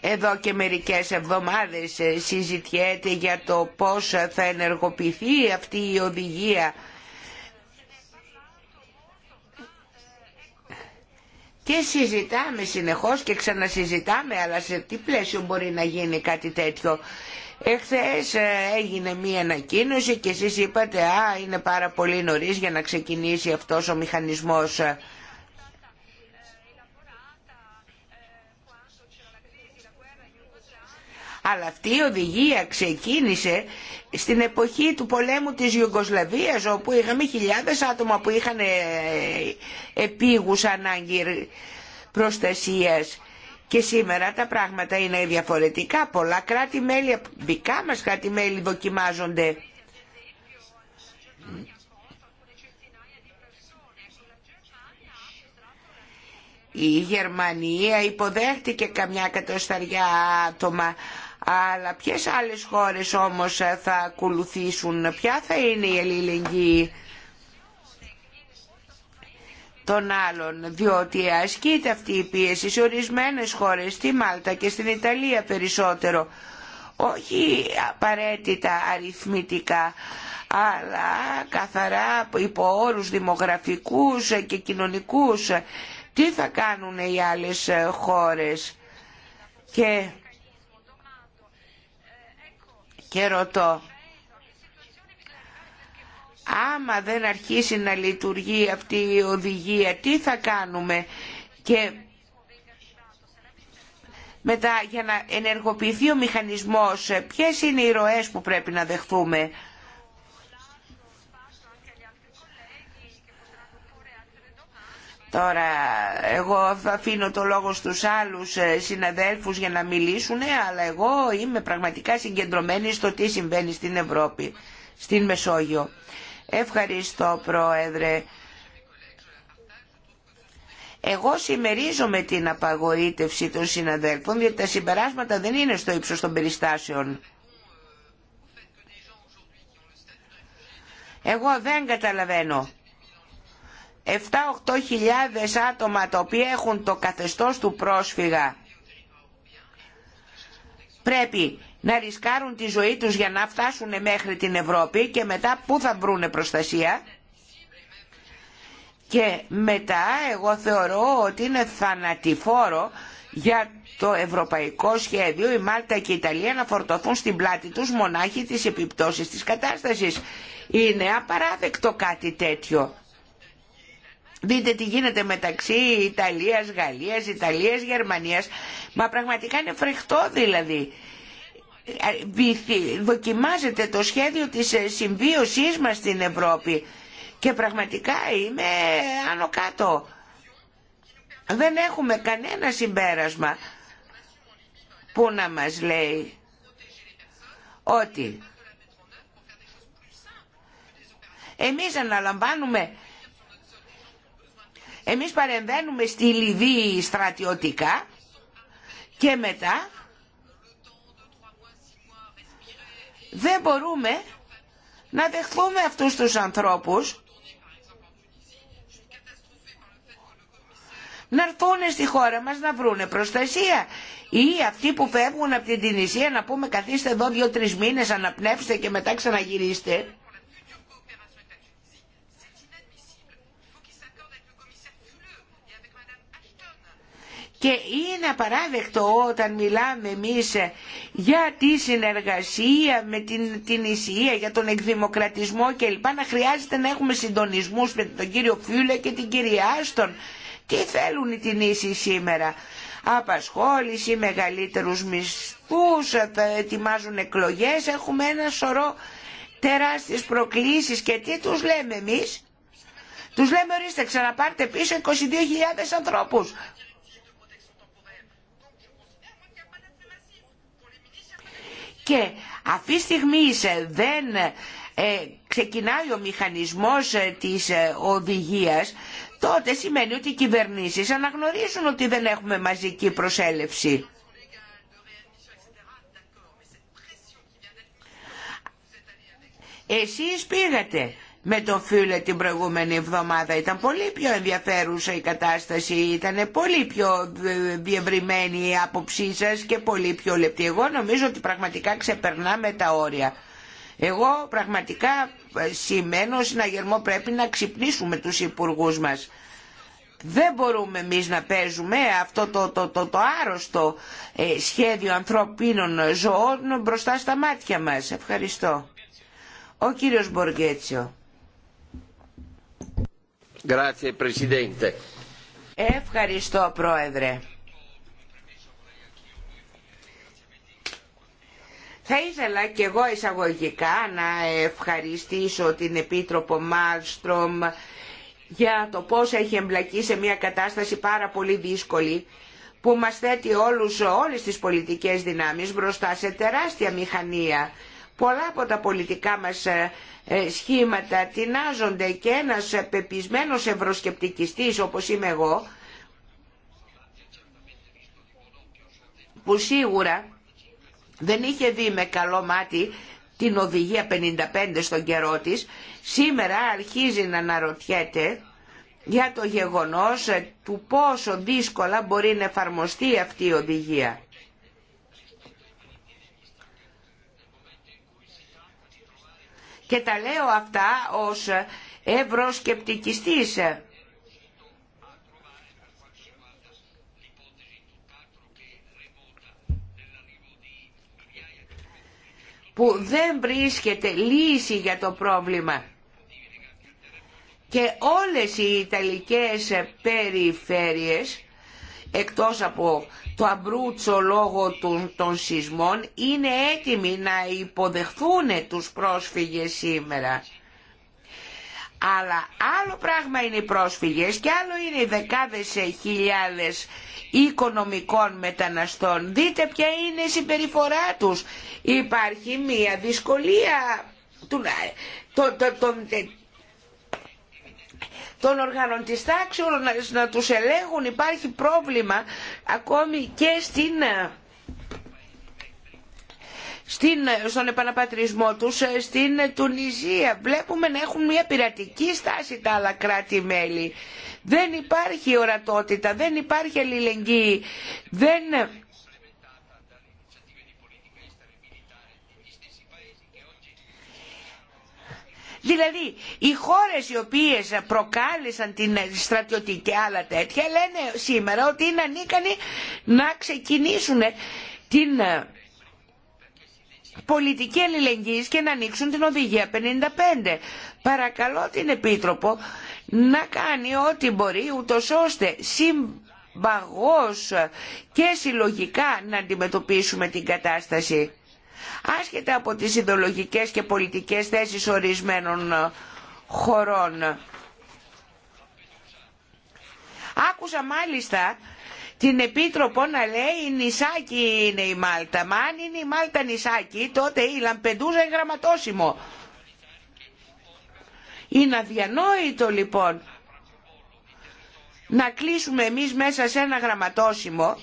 Εδώ και μερικές εβδομάδες συζητιέται για το πώς θα ενεργοποιηθεί αυτή η οδηγία Και συζητάμε συνεχώς και ξανασυζητάμε, αλλά σε τι πλαίσιο μπορεί να γίνει κάτι τέτοιο. Εχθές ε, έγινε μία ανακοίνωση και εσείς είπατε «Α, είναι πάρα πολύ νωρίς για να ξεκινήσει αυτός ο μηχανισμός». Ε, Αλλά αυτή η οδηγία ξεκίνησε στην εποχή του πολέμου της Ιουγκοσλαβίας όπου είχαμε χιλιάδες άτομα που είχαν ε, επίγους ανάγκη προστασίας. Και σήμερα τα πράγματα είναι διαφορετικά. Πολλά κράτη-μέλη, δικά μας κράτη-μέλη δοκιμάζονται. Η Γερμανία υποδέχτηκε καμιά κατοσταριά άτομα αλλά ποιες άλλες χώρες όμως ε, θα ακολουθήσουν, ποια θα είναι η αλληλεγγύη των άλλων, διότι ασκείται αυτή η πίεση σε ορισμένες χώρες, στη Μάλτα και στην Ιταλία περισσότερο, όχι απαραίτητα αριθμητικά, αλλά καθαρά υπό όρους δημογραφικούς και κοινωνικούς, τι θα κάνουν οι άλλες ε, χώρες. Και και ρωτώ, άμα δεν αρχίσει να λειτουργεί αυτή η οδηγία, τι θα κάνουμε και μετά για να ενεργοποιηθεί ο μηχανισμός, ποιες είναι οι ροές που πρέπει να δεχθούμε. Τώρα εγώ αφήνω το λόγο στους άλλους ε, συναδέλφους για να μιλήσουν, αλλά εγώ είμαι πραγματικά συγκεντρωμένη στο τι συμβαίνει στην Ευρώπη, στην Μεσόγειο. Ευχαριστώ Πρόεδρε. Εγώ συμμερίζομαι την απαγοήτευση των συναδέλφων, διότι τα συμπεράσματα δεν είναι στο ύψος των περιστάσεων. Εγώ δεν καταλαβαίνω 7-8 χιλιάδες άτομα τα οποία έχουν το καθεστώς του πρόσφυγα πρέπει να ρισκάρουν τη ζωή τους για να φτάσουν μέχρι την Ευρώπη και μετά πού θα βρούνε προστασία. Και μετά εγώ θεωρώ ότι είναι θανατηφόρο για το ευρωπαϊκό σχέδιο η Μάλτα και η Ιταλία να φορτωθούν στην πλάτη τους μονάχη τις επιπτώσεις της κατάστασης. Είναι απαράδεκτο κάτι τέτοιο. Δείτε τι γίνεται μεταξύ Ιταλίας, Γαλλίας, Ιταλίας, Γερμανίας. Μα πραγματικά είναι φρεχτό δηλαδή. Ε, Δοκιμάζεται το σχέδιο της ε, συμβίωσής μας στην Ευρώπη. Και πραγματικά είμαι άνω κάτω. Δεν έχουμε κανένα συμπέρασμα που να μας λέει ότι εμείς αναλαμβάνουμε εμείς παρεμβαίνουμε στη Λιβύη στρατιωτικά και μετά δεν μπορούμε να δεχθούμε αυτούς τους ανθρώπους να έρθουν στη χώρα μας να βρούνε προστασία. Ή αυτοί που φεύγουν από την Τινησία να πούμε καθίστε εδώ δύο-τρεις μήνες, αναπνεύστε και μετά ξαναγυρίστε. Και είναι απαράδεκτο όταν μιλάμε εμείς για τη συνεργασία με την, την Ισία, για τον εκδημοκρατισμό κλπ. Να χρειάζεται να έχουμε συντονισμούς με τον κύριο Φιούλε και την κυρία Άστον. Τι θέλουν οι Τινήσοι σήμερα. Απασχόληση, μεγαλύτερους μισθούς, θα ετοιμάζουν εκλογές. Έχουμε ένα σωρό τεράστιες προκλήσεις και τι τους λέμε εμείς. Τους λέμε ορίστε ξαναπάρτε πίσω 22.000 ανθρώπους. και αυτή τη στιγμή δεν ε, ξεκινάει ο μηχανισμός ε, της ε, οδηγίας, τότε σημαίνει ότι οι κυβερνήσεις αναγνωρίζουν ότι δεν έχουμε μαζική προσέλευση. Εσείς πήγατε με το Φίλε την προηγούμενη εβδομάδα. Ήταν πολύ πιο ενδιαφέρουσα η κατάσταση, ήταν πολύ πιο ε, διευρυμένη η άποψή σα και πολύ πιο λεπτή. Εγώ νομίζω ότι πραγματικά ξεπερνάμε τα όρια. Εγώ πραγματικά ε, σημαίνω συναγερμό πρέπει να ξυπνήσουμε τους υπουργούς μας. Δεν μπορούμε εμεί να παίζουμε αυτό το, το, το, το άρρωστο ε, σχέδιο ανθρωπίνων ζωών μπροστά στα μάτια μας. Ευχαριστώ. Ο κύριος Μποργέτσιο. Ευχαριστώ Πρόεδρε. Θα ήθελα και εγώ εισαγωγικά να ευχαριστήσω την Επίτροπο Μάλστρομ για το πώς έχει εμπλακεί σε μια κατάσταση πάρα πολύ δύσκολη που μας θέτει όλους, όλες τις πολιτικές δυνάμεις μπροστά σε τεράστια μηχανία πολλά από τα πολιτικά μας ε, ε, σχήματα τεινάζονται και ένας πεπισμένος ευρωσκεπτικιστής όπως είμαι εγώ που σίγουρα δεν είχε δει με καλό μάτι την οδηγία 55 στον καιρό της, σήμερα αρχίζει να αναρωτιέται για το γεγονός του πόσο δύσκολα μπορεί να εφαρμοστεί αυτή η οδηγία. Και τα λέω αυτά ως ευρωσκεπτικιστής. που δεν βρίσκεται λύση για το πρόβλημα. Και όλες οι Ιταλικές περιφέρειες εκτός από το αμπρούτσο λόγω των σεισμών είναι έτοιμοι να υποδεχθούν τους πρόσφυγες σήμερα. Αλλά άλλο πράγμα είναι οι πρόσφυγες και άλλο είναι οι δεκάδες χιλιάδες οικονομικών μεταναστών. Δείτε ποια είναι η συμπεριφορά τους. Υπάρχει μια δυσκολία των οργάνων της τάξης να τους ελέγχουν υπάρχει πρόβλημα ακόμη και στην ε, στην, ε, στον επαναπατρισμό τους ε, στην Τουνιζία. Βλέπουμε να έχουν μια πειρατική στάση τα άλλα κράτη-μέλη. Δεν υπάρχει ορατότητα, δεν υπάρχει αλληλεγγύη, δεν Δηλαδή οι χώρες οι οποίες προκάλεσαν την στρατιωτική και άλλα τέτοια λένε σήμερα ότι είναι ανίκανοι να ξεκινήσουν την ε, πολιτική αλληλεγγύης και να ανοίξουν την οδηγία 55. Παρακαλώ την Επίτροπο να κάνει ό,τι μπορεί ούτως ώστε συμπαγώς και συλλογικά να αντιμετωπίσουμε την κατάσταση άσχετα από τις ιδεολογικές και πολιτικές θέσεις ορισμένων ε, χωρών. Άκουσα μάλιστα την Επίτροπο να λέει η νησάκι είναι η Μάλτα. Μα αν είναι η Μάλτα νησάκι τότε η Λαμπεντούζα είναι γραμματόσημο. Είναι αδιανόητο λοιπόν να κλείσουμε εμείς μέσα σε ένα γραμματόσημο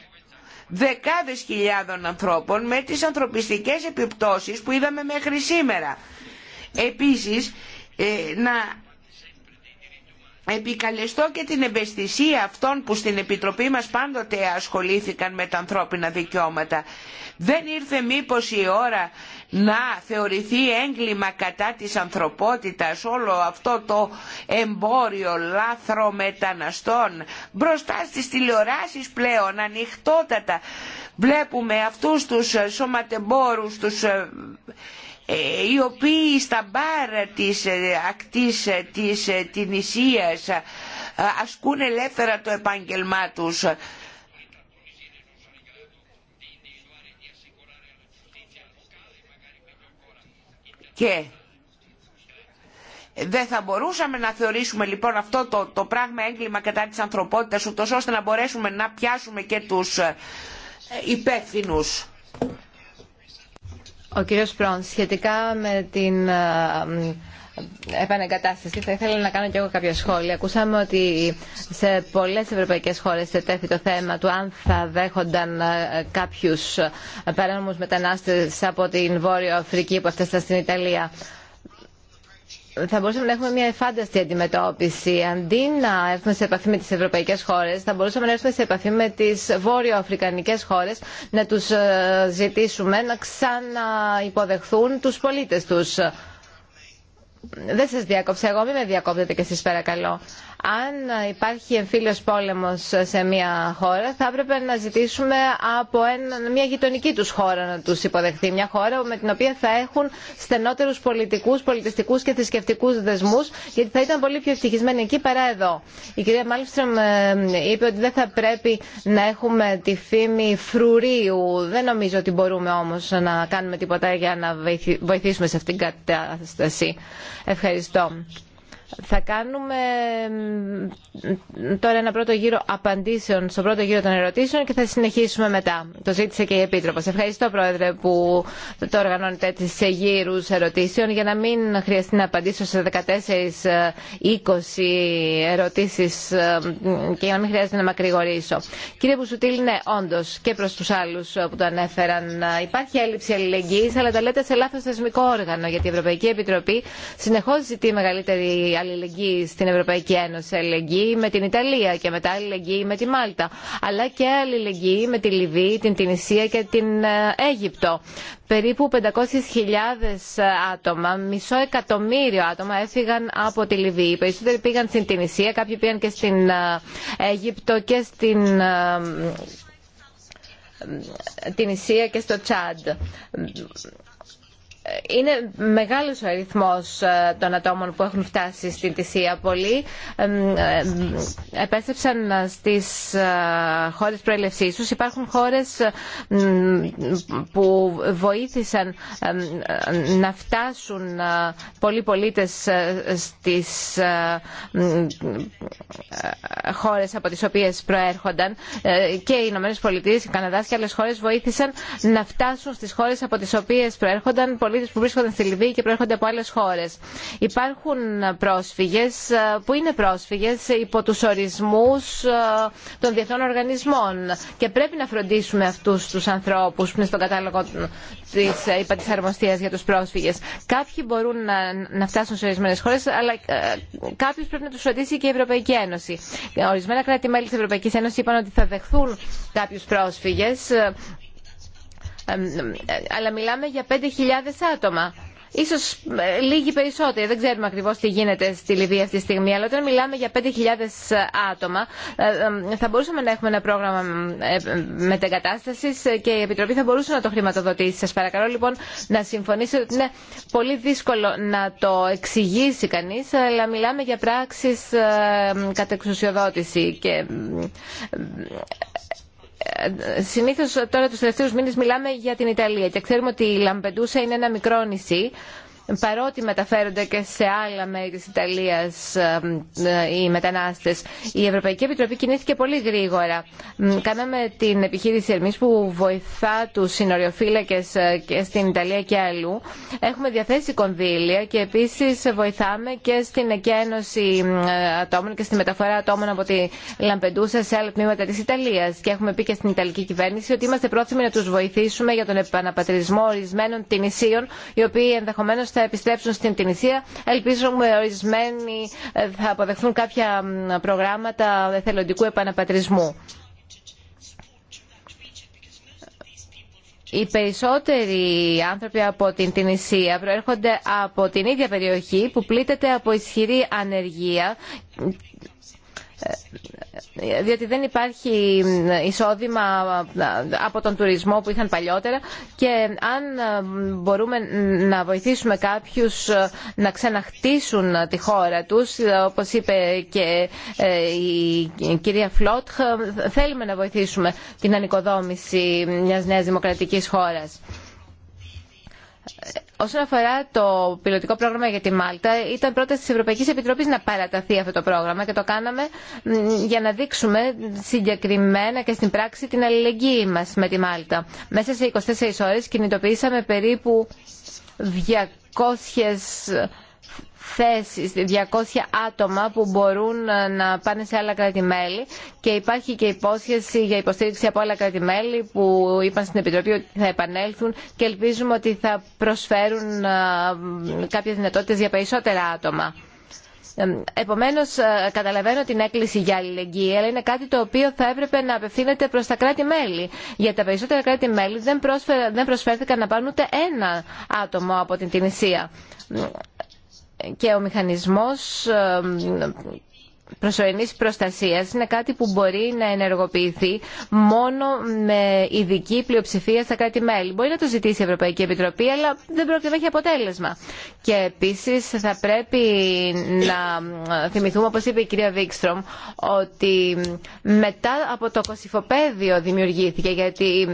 δεκάδες χιλιάδων ανθρώπων με τις ανθρωπιστικές επιπτώσεις που είδαμε μέχρι σήμερα. Επίσης, ε, να επικαλεστώ και την ευαισθησία αυτών που στην επιτροπή μας πάντοτε ασχολήθηκαν με τα ανθρώπινα δικαιώματα. δεν ήρθε μήπως η ώρα να θεωρηθεί έγκλημα κατά της ανθρωπότητας όλο αυτό το εμπόριο λάθρο μεταναστών μπροστά στις τηλεοράσεις πλέον ανοιχτότατα βλέπουμε αυτούς τους ε, σωματεμπόρους τους ε, ε, οι οποίοι στα μπάρ της ακτής της Τινησίας ασκούν ελεύθερα το επάγγελμά τους Και δεν θα μπορούσαμε να θεωρήσουμε λοιπόν αυτό το, το πράγμα έγκλημα κατά της ανθρωπότητας ούτως ώστε να μπορέσουμε να πιάσουμε και τους ε, υπεύθυνου. Ο κύριος σχετικά με την ε, επανεγκατάσταση. Θα ήθελα να κάνω κι εγώ κάποια σχόλια. Ακούσαμε ότι σε πολλέ ευρωπαϊκέ χώρε τέθη το θέμα του αν θα δέχονταν ε, κάποιου ε, παρανομού μετανάστε από την Βόρεια Αφρική που έφτασαν στην Ιταλία θα μπορούσαμε να έχουμε μια εφάνταστη αντιμετώπιση. Αντί να έρθουμε σε επαφή με τι ευρωπαϊκέ χώρε, θα μπορούσαμε να έρθουμε σε επαφή με τι βόρειο-αφρικανικέ χώρε, να του ε, ζητήσουμε να ξαναυποδεχθούν του πολίτε του. Δεν σας διάκοψα εγώ, μην με διακόπτετε και εσείς παρακαλώ. Αν υπάρχει εμφύλιος πόλεμος σε μια χώρα, θα έπρεπε να ζητήσουμε από μια γειτονική τους χώρα να τους υποδεχθεί, Μια χώρα με την οποία θα έχουν στενότερους πολιτικούς, πολιτιστικούς και θρησκευτικού δεσμούς, γιατί θα ήταν πολύ πιο ευτυχισμένοι εκεί παρά εδώ. Η κυρία Μάλιστρομ ε, είπε ότι δεν θα πρέπει να έχουμε τη φήμη φρουρίου. Δεν νομίζω ότι μπορούμε όμως να κάνουμε τίποτα για να βοηθήσουμε σε αυτήν την κατάσταση. Ευχαριστώ. Θα κάνουμε τώρα ένα πρώτο γύρο απαντήσεων στο πρώτο γύρο των ερωτήσεων και θα συνεχίσουμε μετά. Το ζήτησε και η Επίτροπος. Ευχαριστώ, Πρόεδρε, που το οργανώνετε έτσι σε γύρους ερωτήσεων για να μην χρειαστεί να απαντήσω σε 14-20 ερωτήσεις και για να μην χρειάζεται να μακρηγορήσω. Κύριε Πουσουτήλη, ναι, όντως και προς τους άλλους που το ανέφεραν υπάρχει έλλειψη αλληλεγγύης, αλλά τα λέτε σε λάθος θεσμικό όργανο, γιατί η Ευρωπαϊκή Επιτροπή συνεχώς ζητεί μεγαλύτερη αλληλεγγύη στην Ευρωπαϊκή Ένωση. Αλληλεγγύη με την Ιταλία και μετά αλληλεγγύη με τη Μάλτα. Αλλά και αλληλεγγύη με τη Λιβύη, την Τινησία και την ε, Αίγυπτο. Περίπου 500.000 άτομα, μισό εκατομμύριο άτομα έφυγαν από τη Λιβύη. Οι περισσότεροι πήγαν στην Τινησία, κάποιοι πήγαν και στην ε, Αίγυπτο και στην ε, Τινησία και στο Τσάντ είναι μεγάλος ο αριθμός ε, των ατόμων που έχουν φτάσει στην θυσία. Πολλοί ε, ε, επέστρεψαν στις χώρες προέλευσής τους. Υπάρχουν χώρες που βοήθησαν να φτάσουν πολλοί πολίτες στις χώρες από τις οποίες προέρχονταν και οι Ηνωμένες Πολιτείες, η Καναδάς και άλλες χώρες βοήθησαν να φτάσουν στις χώρες από τις οποίες προέρχονταν πολλοί πολίτε που βρίσκονται στη Λιβύη και προέρχονται από άλλε χώρε. Υπάρχουν πρόσφυγε ε, που είναι πρόσφυγε υπό του ορισμού ε, των διεθνών οργανισμών και πρέπει να φροντίσουμε αυτού του ανθρώπου που είναι στον κατάλογο τη ε, Αρμοστία για του πρόσφυγε. Κάποιοι μπορούν να, να φτάσουν σε ορισμένε χώρε, αλλά κάποιου πρέπει να του φροντίσει και η Ευρωπαϊκή Ένωση. Ορισμένα κράτη-μέλη τη Ευρωπαϊκή Ένωση είπαν ότι θα δεχθούν κάποιου πρόσφυγε αλλά μιλάμε για 5.000 άτομα. Ίσως ε, λίγοι περισσότεροι, δεν ξέρουμε ακριβώς τι γίνεται στη Λιβύη αυτή τη στιγμή, αλλά όταν μιλάμε για 5.000 άτομα ε, θα μπορούσαμε να έχουμε ένα πρόγραμμα ε, μετεγκατάστασης και η Επιτροπή θα μπορούσε να το χρηματοδοτήσει. Σας παρακαλώ λοιπόν να συμφωνήσετε ότι είναι πολύ δύσκολο να το εξηγήσει κανείς, αλλά μιλάμε για πράξεις κατεξουσιοδότηση και ε, συνήθως τώρα τους τελευταίους μήνες μιλάμε για την Ιταλία και ξέρουμε ότι η Λαμπεντούσα είναι ένα μικρό νησί παρότι μεταφέρονται και σε άλλα μέρη της Ιταλίας ε, οι μετανάστες. Η Ευρωπαϊκή Επιτροπή κινήθηκε πολύ γρήγορα. Κάναμε την επιχείρηση εμείς που βοηθά τους συνοριοφύλακες ε, και στην Ιταλία και αλλού. Έχουμε διαθέσει κονδύλια και επίσης βοηθάμε και στην εκένωση ε, ατόμων και στη μεταφορά ατόμων από τη Λαμπεντούσα σε άλλα τμήματα της Ιταλίας. Και έχουμε πει και στην Ιταλική κυβέρνηση ότι είμαστε πρόθυμοι να τους βοηθήσουμε για τον επαναπατρισμό ορισμένων τυνησίων, οι οποίοι ενδεχομένως θα επιστρέψουν στην Τινησία. Ελπίζουμε ορισμένοι ε, θα αποδεχθούν κάποια προγράμματα εθελοντικού επαναπατρισμού. Οι περισσότεροι άνθρωποι από την Τινησία προέρχονται από την ίδια περιοχή που πλήττεται από ισχυρή ανεργία διότι δεν υπάρχει εισόδημα από τον τουρισμό που είχαν παλιότερα και αν μπορούμε να βοηθήσουμε κάποιους να ξαναχτίσουν τη χώρα τους όπως είπε και ε, η κυρία Φλότχ θέλουμε να βοηθήσουμε την ανοικοδόμηση μιας νέας δημοκρατικής χώρας. Όσον αφορά το πιλωτικό πρόγραμμα για τη Μάλτα, ήταν πρόταση τη Ευρωπαϊκή Επιτροπή να παραταθεί αυτό το πρόγραμμα και το κάναμε για να δείξουμε συγκεκριμένα και στην πράξη την αλληλεγγύη μα με τη Μάλτα. Μέσα σε 24 ώρε κινητοποιήσαμε περίπου 200 θέσεις, 200 άτομα που μπορούν ε, να πάνε σε άλλα κράτη-μέλη και υπάρχει και υπόσχεση για υποστήριξη από άλλα κράτη-μέλη που είπαν στην Επιτροπή ότι θα επανέλθουν και ελπίζουμε ότι θα προσφέρουν ε, κάποιες δυνατότητες για περισσότερα άτομα. Ε, Επομένω, καταλαβαίνω την έκκληση για αλληλεγγύη, αλλά είναι κάτι το οποίο θα έπρεπε να απευθύνεται προ τα κράτη-μέλη. Για τα περισσότερα κράτη-μέλη δεν, δεν προσφέρθηκαν να πάνε ούτε ένα άτομο από την Τινησία και ο μηχανισμός ε, προσωρινή προστασία είναι κάτι που μπορεί να ενεργοποιηθεί μόνο με ειδική πλειοψηφία στα κράτη-μέλη. Μπορεί να το ζητήσει η Ευρωπαϊκή Επιτροπή, αλλά δεν πρόκειται να έχει αποτέλεσμα. Και επίση θα πρέπει να θυμηθούμε, όπω είπε η κυρία Βίξτρομ, ότι μετά από το κοσυφοπαίδιο δημιουργήθηκε, γιατί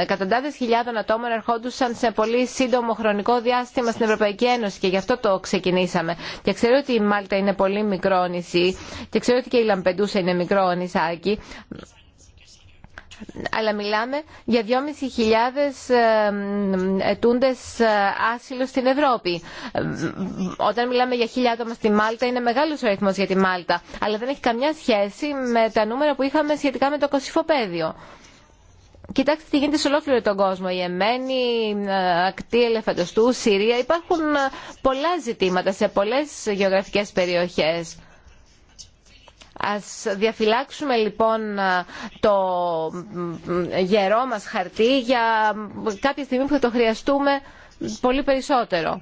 εκατοντάδες χιλιάδων ατόμων ερχόντουσαν σε πολύ σύντομο χρονικό διάστημα στην Ευρωπαϊκή Ένωση και γι' αυτό το ξεκινήσαμε. Και ξέρω ότι η Μάλτα είναι πολύ μικρό και ξέρω ότι και η Λαμπεντούσα είναι μικρό νησάκι, αλλά μιλάμε για 2.500 ετούντες ε, άσυλο στην Ευρώπη. Όταν μιλάμε για χίλια άτομα στη Μάλτα είναι μεγάλος ο αριθμός για τη Μάλτα, αλλά δεν έχει καμιά σχέση με τα νούμερα που είχαμε σχετικά με το κοσυφοπαίδιο. Κοιτάξτε τι γίνεται σε ολόκληρο τον κόσμο. Η Εμένη, ε, Ακτή Ελεφαντοστού, Συρία. Υπάρχουν ε, πολλά ζητήματα σε πολλές γεωγραφικές περιοχές. Ας διαφυλάξουμε λοιπόν το γερό μας χαρτί για κάποια στιγμή που θα το χρειαστούμε πολύ περισσότερο.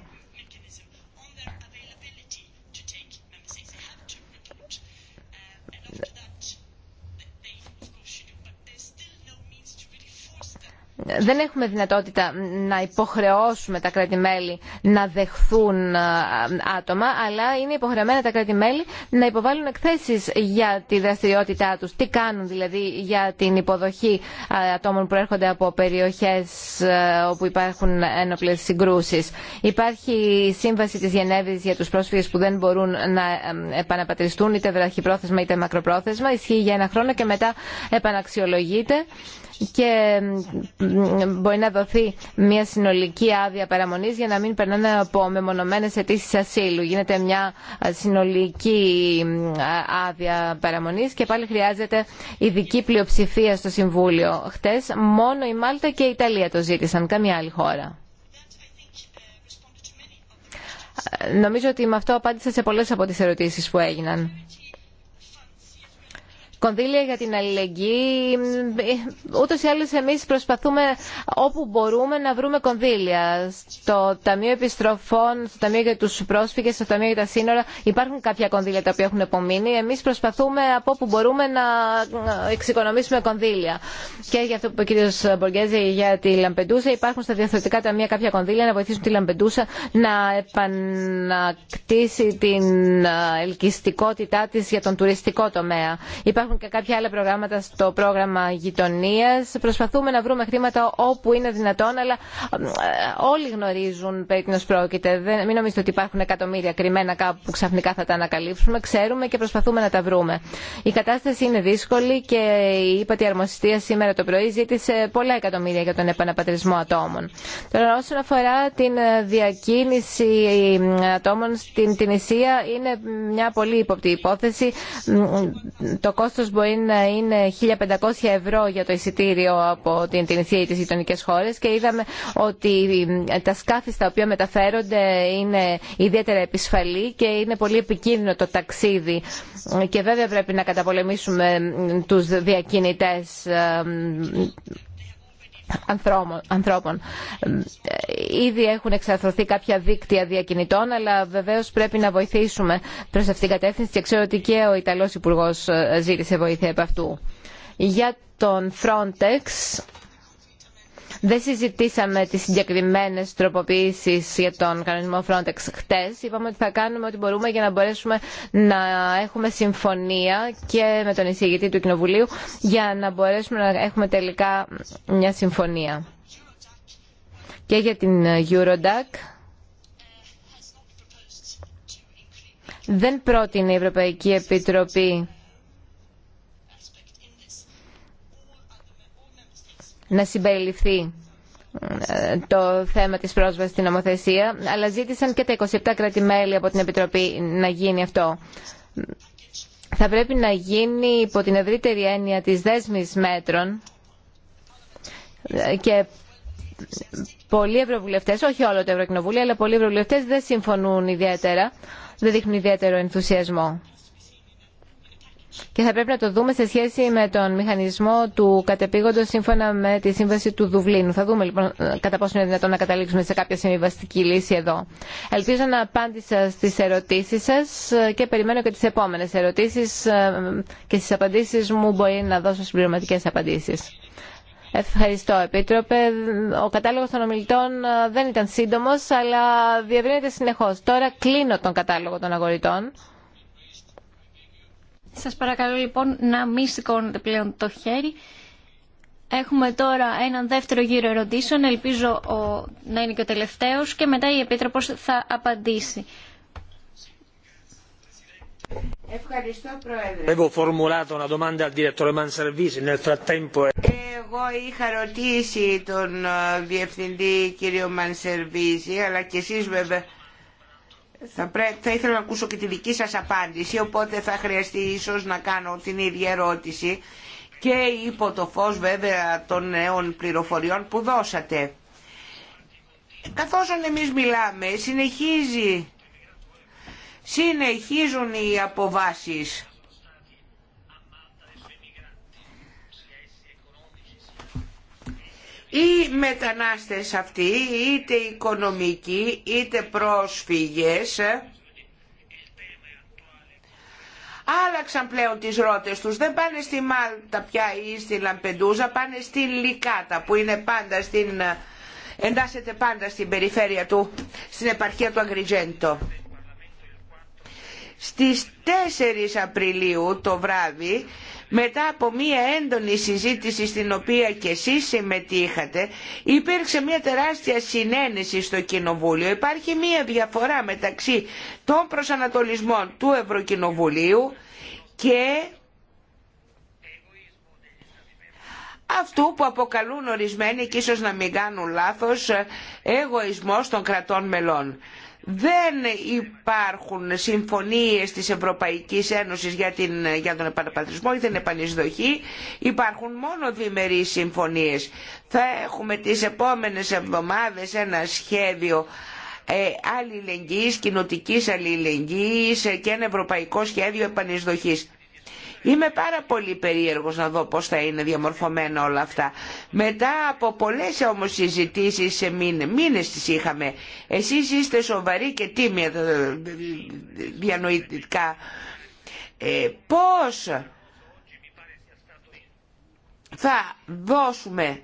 δεν έχουμε δυνατότητα να υποχρεώσουμε τα κράτη-μέλη να δεχθούν ε, άτομα, αλλά είναι υποχρεωμένα τα κράτη-μέλη να υποβάλουν εκθέσεις για τη δραστηριότητά τους. Τι κάνουν δηλαδή για την υποδοχή ε, ατόμων που έρχονται από περιοχές ε, όπου υπάρχουν ένοπλες συγκρούσεις. Υπάρχει η Σύμβαση της Γενέβης για τους πρόσφυγες που δεν μπορούν να επαναπατριστούν είτε βραχυπρόθεσμα είτε μακροπρόθεσμα. Ισχύει για ένα χρόνο και μετά επαναξιολογείται και μπορεί να δοθεί μια συνολική άδεια παραμονή για να μην περνάνε από μεμονωμένε αιτήσει ασύλου. Γίνεται μια συνολική άδεια παραμονή και πάλι χρειάζεται ειδική πλειοψηφία στο Συμβούλιο. Χτες μόνο η Μάλτα και η Ιταλία το ζήτησαν, καμία άλλη χώρα. Νομίζω ότι με αυτό απάντησα σε πολλές από τις ερωτήσεις που έγιναν κονδύλια για την αλληλεγγύη. Ούτω ή άλλω, εμεί προσπαθούμε όπου μπορούμε να βρούμε κονδύλια. Στο Ταμείο Επιστροφών, στο Ταμείο για του πρόσφυγε, στο Ταμείο για τα Σύνορα υπάρχουν κάποια κονδύλια τα οποία έχουν απομείνει. Εμεί προσπαθούμε από όπου μπορούμε να εξοικονομήσουμε κονδύλια. Και για αυτό που είπε ο κ. Μποργέζη για τη Λαμπεντούσα υπάρχουν στα διαθετικά ταμεία κάποια κονδύλια να βοηθήσουν τη Λαμπεντούσα να επανακτήσει την ελκυστικότητά τη για τον τουριστικό τομέα. Υπάρχουν υπάρχουν και κάποια άλλα προγράμματα στο πρόγραμμα γειτονία. Προσπαθούμε να βρούμε χρήματα όπου είναι δυνατόν, αλλά ε, όλοι γνωρίζουν περί τίνο πρόκειται. Δεν, μην νομίζετε ότι υπάρχουν εκατομμύρια κρυμμένα κάπου που ξαφνικά θα τα ανακαλύψουμε. Ξέρουμε και προσπαθούμε να τα βρούμε. Η κατάσταση είναι δύσκολη και η ύπατη αρμοστία σήμερα το πρωί ζήτησε πολλά εκατομμύρια για τον επαναπατρισμό ατόμων. Τώρα, όσον αφορά την ε, διακίνηση ε, ατόμων στην Τινησία, είναι μια πολύ υποπτή υπόθεση. Το κόστος μπορεί να είναι 1.500 ευρώ για το εισιτήριο από την Τινησία ή τις γειτονικές χώρες και είδαμε ότι τα σκάφη στα οποία μεταφέρονται είναι ιδιαίτερα επισφαλή και είναι πολύ επικίνδυνο το ταξίδι. Και βέβαια πρέπει να καταπολεμήσουμε τους διακινητές ε, ανθρώπων. Ήδη έχουν εξαρθρωθεί κάποια δίκτυα διακινητών, αλλά βεβαίω πρέπει να βοηθήσουμε προ αυτήν την κατεύθυνση και ξέρω ότι και ο Ιταλό Υπουργό ε, ζήτησε βοήθεια από αυτού. Για τον Frontex, δεν συζητήσαμε τις συγκεκριμένες τροποποιήσεις για τον κανονισμό Frontex χτες. Είπαμε ότι θα κάνουμε ό,τι μπορούμε για να μπορέσουμε να έχουμε συμφωνία και με τον εισηγητή του Κοινοβουλίου για να μπορέσουμε να έχουμε τελικά μια συμφωνία. Και για την Eurodac δεν πρότεινε η Ευρωπαϊκή Επιτροπή να συμπεριληφθεί ε, το θέμα της πρόσβασης στην νομοθεσία, αλλά ζήτησαν και τα 27 κράτη-μέλη από την Επιτροπή να γίνει αυτό. Θα πρέπει να γίνει υπό την ευρύτερη έννοια της δέσμης μέτρων ε, και πολλοί ευρωβουλευτές, όχι όλο το Ευρωκοινοβούλιο, αλλά πολλοί ευρωβουλευτές δεν συμφωνούν ιδιαίτερα, δεν δείχνουν ιδιαίτερο ενθουσιασμό και θα πρέπει να το δούμε σε σχέση με τον μηχανισμό του κατεπήγοντο σύμφωνα με τη σύμβαση του Δουβλίνου. Θα δούμε λοιπόν κατά πόσο είναι δυνατόν να καταλήξουμε σε κάποια συμβιβαστική λύση εδώ. Ελπίζω να απάντησα στι ερωτήσει σα και περιμένω και τι επόμενε ερωτήσει ε, και στι απαντήσει μου μπορεί να δώσω συμπληρωματικέ απαντήσει. Ευχαριστώ, Επίτροπε. Ο κατάλογο των ομιλητών ε, δεν ήταν σύντομο, αλλά διευρύνεται συνεχώ. Τώρα κλείνω τον κατάλογο των αγορητών. Σας παρακαλώ λοιπόν να μη σηκώνετε πλέον το χέρι. Έχουμε τώρα έναν δεύτερο γύρο ερωτήσεων. Ελπίζω να είναι και ο τελευταίος και μετά η Επίτροπος θα απαντήσει. Ευχαριστώ Πρόεδρε. Eh, Εγώ είχα ρωτήσει τον ε, Διευθυντή κύριο Μανσερβίζη αλλά και εσείς βέβαια θα, πρέ... θα ήθελα να ακούσω και τη δική σας απάντηση, οπότε θα χρειαστεί ίσως να κάνω την ίδια ερώτηση και υπό το φως βέβαια των νέων πληροφοριών που δώσατε. Καθώς εμείς μιλάμε, συνεχίζει, συνεχίζουν οι αποβάσεις. Οι μετανάστες αυτοί είτε οικονομικοί είτε πρόσφυγες άλλαξαν πλέον τις ρότες τους. Δεν πάνε στη Μάλτα πια ή στη Λαμπεντούζα, πάνε στη Λικάτα που είναι πάντα στην, εντάσσεται πάντα στην περιφέρεια του, στην επαρχία του Αγκριτζέντο. Στις 4 Απριλίου το βράδυ μετά από μία έντονη συζήτηση στην οποία και εσείς συμμετείχατε υπήρξε μία τεράστια συνένεση στο Κοινοβούλιο. Υπάρχει μία διαφορά μεταξύ των προσανατολισμών του Ευρωκοινοβουλίου και αυτού που αποκαλούν ορισμένοι και ίσως να μην κάνουν λάθος ε, εγωισμός των κρατών μελών δεν υπάρχουν συμφωνίες της Ευρωπαϊκής Ένωσης για, για τον επαναπατρισμό ή την επανεισδοχή. Υπάρχουν μόνο διμερείς συμφωνίες. Θα έχουμε τις επόμενες εβδομάδες ένα σχέδιο ε, αλληλεγγύης, κοινοτικής αλληλεγγύης ε, και ένα ευρωπαϊκό σχέδιο επανεισδοχής. Είμαι πάρα πολύ περίεργος να δω πώς θα είναι διαμορφωμένα όλα αυτά. Μετά από πολλές όμως συζητήσει σε μήνες, τις είχαμε. Εσείς είστε σοβαροί και τίμια ε, διανοητικά. Ε, πώς θα δώσουμε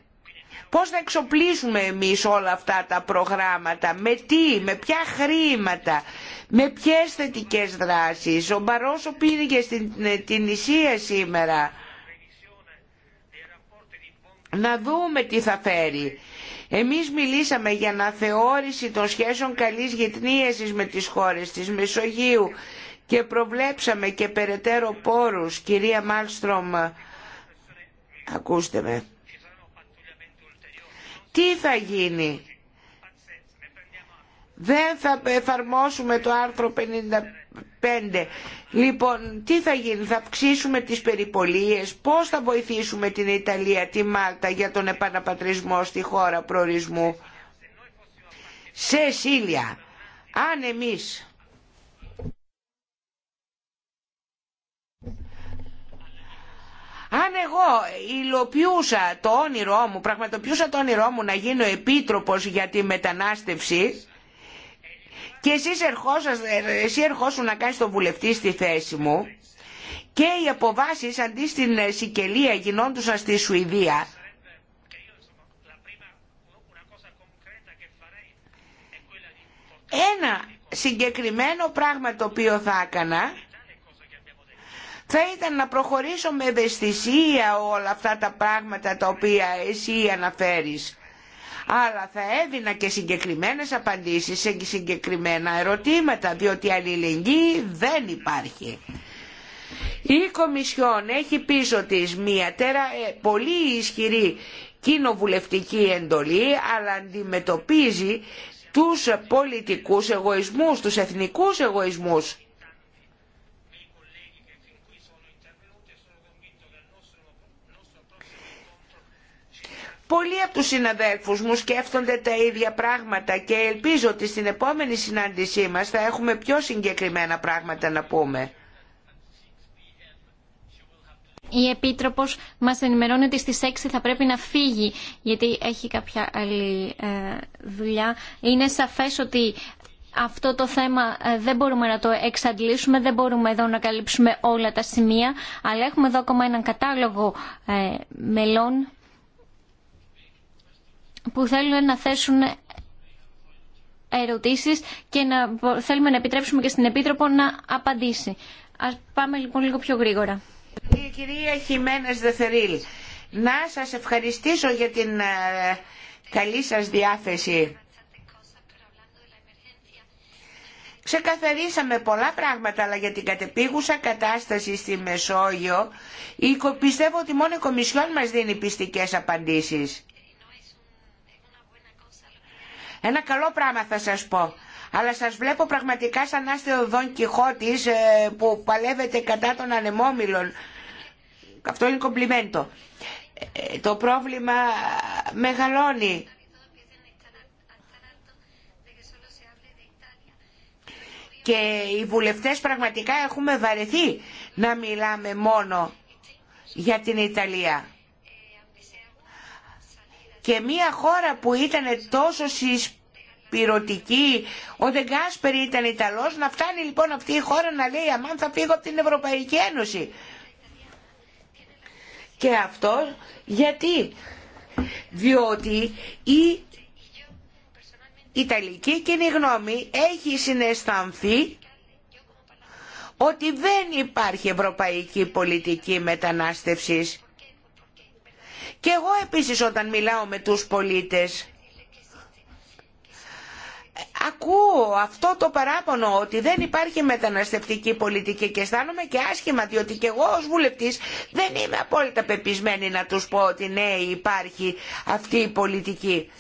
Πώς να εξοπλίσουμε εμείς όλα αυτά τα προγράμματα, με τι, με ποια χρήματα, με ποιες θετικές δράσεις. Ο Μπαρόσο πήρε και στην ε, την Ισία σήμερα. Να δούμε τι θα φέρει. Εμείς μιλήσαμε για αναθεώρηση των σχέσεων καλής γυτνίασης με τις χώρες της Μεσογείου και προβλέψαμε και περαιτέρω πόρους. Κυρία Μάλστρομ, ακούστε με τι θα γίνει. Δεν θα εφαρμόσουμε το άρθρο 55. Λοιπόν, τι θα γίνει, θα αυξήσουμε τις περιπολίες, πώς θα βοηθήσουμε την Ιταλία, τη Μάλτα για τον επαναπατρισμό στη χώρα προορισμού. Σε Σίλια, αν εμείς Αν εγώ υλοποιούσα το όνειρό μου, πραγματοποιούσα το όνειρό μου να γίνω επίτροπος για τη μετανάστευση και εσείς εσύ ερχόσουν να κάνεις τον βουλευτή στη θέση μου και οι αποβάσεις αντί στην Σικελία γινόντουσαν στη Σουηδία ένα συγκεκριμένο πράγμα το οποίο θα έκανα θα ήταν να προχωρήσω με ευαισθησία όλα αυτά τα πράγματα τα οποία εσύ αναφέρεις. Αλλά θα έδινα και συγκεκριμένες απαντήσεις σε συγκεκριμένα ερωτήματα, διότι αλληλεγγύη δεν υπάρχει. Η Κομισιόν έχει πίσω της μία τέρα ε, πολύ ισχυρή κοινοβουλευτική εντολή, αλλά αντιμετωπίζει τους πολιτικούς εγωισμούς, τους εθνικούς εγωισμούς Πολλοί από τους συναδέλφους μου σκέφτονται τα ίδια πράγματα και ελπίζω ότι στην επόμενη συνάντησή μας θα έχουμε πιο συγκεκριμένα πράγματα να πούμε. Η Επίτροπος μας ενημερώνει ότι στις 6 θα πρέπει να φύγει γιατί έχει κάποια άλλη ε, δουλειά. Είναι σαφές ότι αυτό το θέμα ε, δεν μπορούμε να το εξαντλήσουμε, δεν μπορούμε εδώ να καλύψουμε όλα τα σημεία, αλλά έχουμε εδώ ακόμα έναν κατάλογο ε, μελών που θέλουν να θέσουν ερωτήσεις και να θέλουμε να επιτρέψουμε και στην Επίτροπο να απαντήσει. Ας πάμε λοιπόν λίγο πιο γρήγορα. Η κυρία Χιμένες Δεθερίλ, να σας ευχαριστήσω για την ε, καλή σας διάθεση. Ξεκαθαρίσαμε πολλά πράγματα, αλλά για την κατεπίγουσα κατάσταση στη Μεσόγειο, πιστεύω ότι μόνο η Κομισιόν μας δίνει πιστικές απαντήσεις. Ένα καλό πράγμα θα σας πω. Αλλά σας βλέπω πραγματικά σαν να είστε ο Δον Κιχώτης ε, που παλεύετε κατά των ανεμόμυλων. Αυτό είναι κομπλιμέντο. Ε, το πρόβλημα μεγαλώνει. Και οι βουλευτές πραγματικά έχουμε βαρεθεί να μιλάμε μόνο για την Ιταλία και μια χώρα που ήταν τόσο συσπηρωτική, ο Ντεγκάσπερ ήταν Ιταλός, να φτάνει λοιπόν αυτή η χώρα να λέει αμάν θα φύγω από την Ευρωπαϊκή Ένωση. Και αυτό γιατί, διότι η Ιταλική κοινή γνώμη έχει συναισθανθεί ότι δεν υπάρχει ευρωπαϊκή πολιτική μετανάστευσης και εγώ επίσης όταν μιλάω με τους πολίτες ακούω αυτό το παράπονο ότι δεν υπάρχει μεταναστευτική πολιτική και αισθάνομαι και άσχημα διότι και εγώ ως βουλευτής δεν είμαι απόλυτα πεπισμένη να τους πω ότι ναι υπάρχει αυτή η πολιτική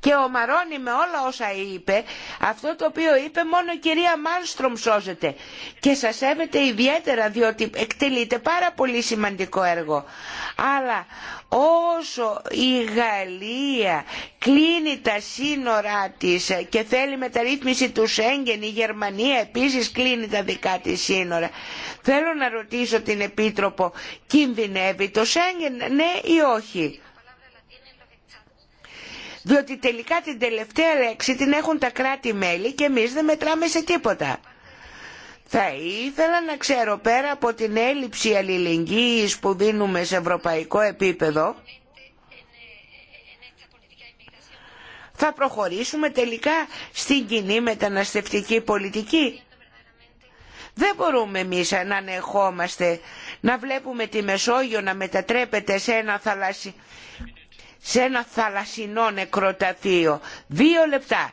και ο Μαρόνι με όλα όσα είπε, αυτό το οποίο είπε μόνο η κυρία Μάνστρομ σώζεται. Και σας σέβεται ιδιαίτερα διότι εκτελείται πάρα πολύ σημαντικό έργο. Αλλά όσο η Γαλλία κλείνει τα σύνορά της και θέλει μεταρρύθμιση του Σέγγεν, η Γερμανία επίσης κλείνει τα δικά της σύνορα. Θέλω να ρωτήσω την Επίτροπο, κινδυνεύει το Σέγγεν ναι ή όχι διότι τελικά την τελευταία λέξη την έχουν τα κράτη-μέλη και εμείς δεν μετράμε σε τίποτα. Θα ήθελα να ξέρω πέρα από την έλλειψη αλληλεγγύης που δίνουμε σε ευρωπαϊκό επίπεδο θα προχωρήσουμε τελικά στην κοινή μεταναστευτική πολιτική. Δεν μπορούμε εμείς να ανεχόμαστε να βλέπουμε τη Μεσόγειο να μετατρέπεται σε ένα θαλασσι σε ένα θαλασσινό νεκροταφείο. Δύο λεπτά.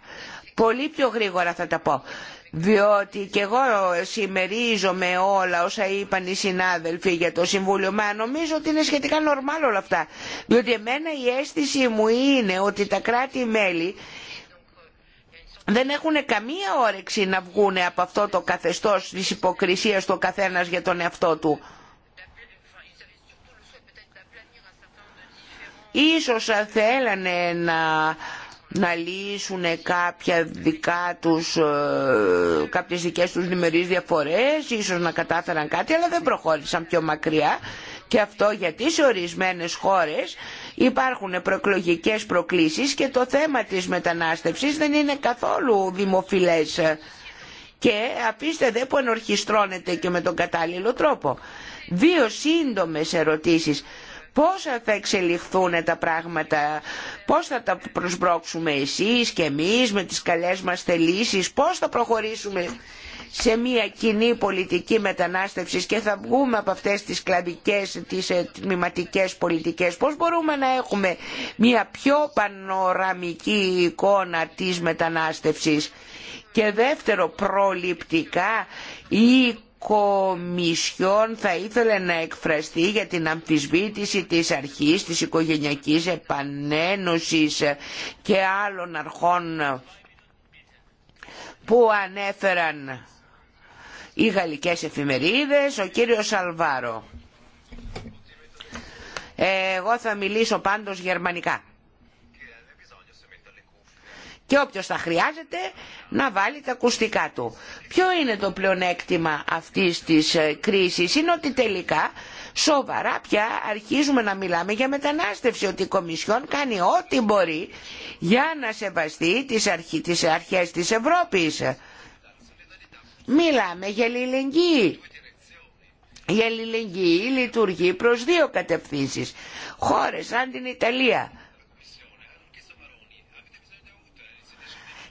Πολύ πιο γρήγορα θα τα πω. Διότι και εγώ συμμερίζομαι όλα όσα είπαν οι συνάδελφοι για το Συμβούλιο, μα νομίζω ότι είναι σχετικά νορμάλ όλα αυτά. Διότι εμένα η αίσθηση μου είναι ότι τα κράτη-μέλη δεν έχουν καμία όρεξη να βγουν από αυτό το καθεστώς της υποκρισίας το καθένας για τον εαυτό του. Ίσως θέλανε να, να λύσουν κάποια δικά τους, ε, κάποιες δικές τους διμερείς διαφορές, ίσως να κατάφεραν κάτι, αλλά δεν προχώρησαν πιο μακριά. Και αυτό γιατί σε ορισμένες χώρες υπάρχουν προεκλογικές προκλήσεις και το θέμα της μετανάστευσης δεν είναι καθόλου δημοφιλές και αφήστε δε που ενορχιστρώνεται και με τον κατάλληλο τρόπο. Δύο σύντομες ερωτήσεις πώς θα εξελιχθούν τα πράγματα, πώς θα τα προσπρώξουμε εσείς και εμείς με τις καλές μας θελήσεις, πώς θα προχωρήσουμε σε μια κοινή πολιτική μετανάστευσης και θα βγούμε από αυτές τις κλαδικές, τις τμηματικές πολιτικές. Πώς μπορούμε να έχουμε μια πιο πανοραμική εικόνα της μετανάστευσης. Και δεύτερο, προληπτικά Κομισιόν θα ήθελε να εκφραστεί για την αμφισβήτηση της αρχής της οικογενειακής επανένωσης και άλλων αρχών που ανέφεραν οι γαλλικές εφημερίδες, ο κύριος Σαλβάρο. Εγώ θα μιλήσω πάντως γερμανικά και όποιος θα χρειάζεται να βάλει τα ακουστικά του. Ποιο είναι το πλεονέκτημα αυτής της ε, κρίσης είναι ότι τελικά σοβαρά πια αρχίζουμε να μιλάμε για μετανάστευση ότι η Κομισιόν κάνει ό,τι μπορεί για να σεβαστεί τις, αρχι... τις αρχές της Ευρώπης. Μιλάμε για αλληλεγγύη. Η αλληλεγγύη λειτουργεί προς δύο κατευθύνσεις. Χώρες σαν την Ιταλία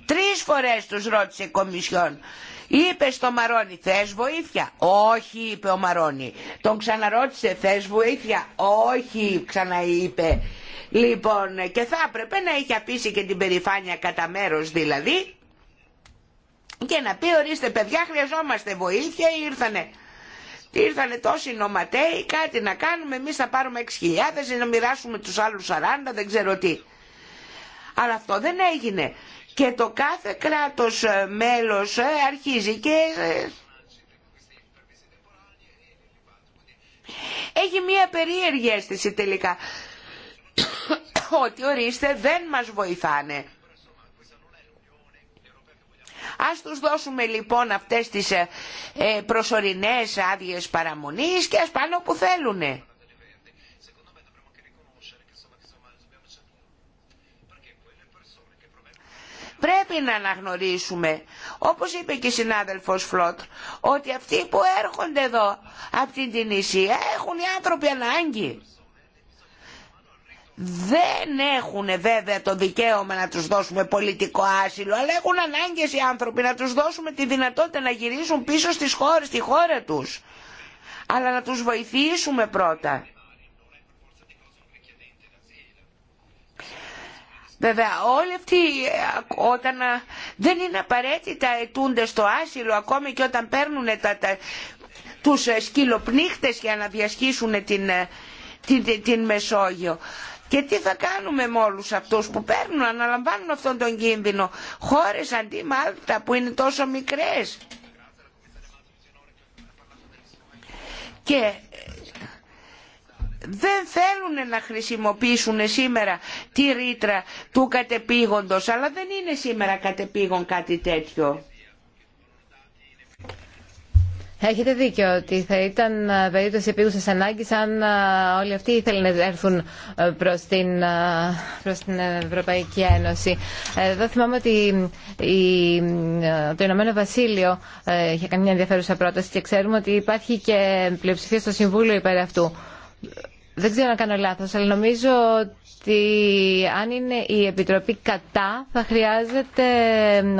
Τρεις φορές τους ρώτησε η Κομισιόν. Είπε στο Μαρόνι θες βοήθεια. Όχι είπε ο Μαρόνι. Τον ξαναρώτησε θες βοήθεια. Όχι ξαναείπε. Λοιπόν και θα έπρεπε να είχε απίσει και την περηφάνεια κατά μέρο δηλαδή. Και να πει ορίστε παιδιά χρειαζόμαστε βοήθεια ήρθανε. Ήρθανε τόσοι νοματέοι, κάτι να κάνουμε, εμεί θα πάρουμε 6.000 να μοιράσουμε τους άλλους 40, δεν ξέρω τι. Αλλά αυτό δεν έγινε και το κάθε κράτος ε, μέλος ε, αρχίζει και ε, έχει μία περίεργη αίσθηση τελικά [COUGHS] ότι ορίστε δεν μας βοηθάνε. Ας τους δώσουμε λοιπόν αυτές τις προσωρινές άδειες παραμονής και ας πάνε όπου θέλουνε. Πρέπει να αναγνωρίσουμε, όπως είπε και η συνάδελφος Φλότ, ότι αυτοί που έρχονται εδώ από την Τινησία έχουν οι άνθρωποι ανάγκη. Δεν έχουν βέβαια το δικαίωμα να τους δώσουμε πολιτικό άσυλο, αλλά έχουν ανάγκες οι άνθρωποι να τους δώσουμε τη δυνατότητα να γυρίσουν πίσω στις χώρες, στη χώρα τους. Αλλά να τους βοηθήσουμε πρώτα. Βέβαια όλοι αυτοί όταν ε, δεν είναι απαραίτητα ετούνται στο άσυλο ακόμη και όταν παίρνουν τα, τα, τους σκυλοπνίχτες για να διασχίσουν ε, την, την, την Μεσόγειο. Και τι θα κάνουμε με όλους αυτούς που παίρνουν, αναλαμβάνουν αυτόν τον κίνδυνο. Χώρες αντί Μάλτα που είναι τόσο μικρές. Και δεν θέλουν να χρησιμοποιήσουν σήμερα τη ρήτρα του κατεπήγοντος, αλλά δεν είναι σήμερα κατεπήγον κάτι τέτοιο. Έχετε δίκιο ότι θα ήταν περίπτωση επίγουσα ανάγκη αν ε, όλοι αυτοί ήθελαν να έρθουν ε, προ την, ε, προς την Ευρωπαϊκή Ένωση. Εδώ θυμάμαι ότι το Ηνωμένο Βασίλειο είχε κάνει μια ενδιαφέρουσα πρόταση και ξέρουμε ότι υπάρχει και πλειοψηφία στο Συμβούλιο υπέρ αυτού δεν ξέρω να κάνω λάθος, αλλά νομίζω ότι αν είναι η Επιτροπή κατά, θα χρειάζεται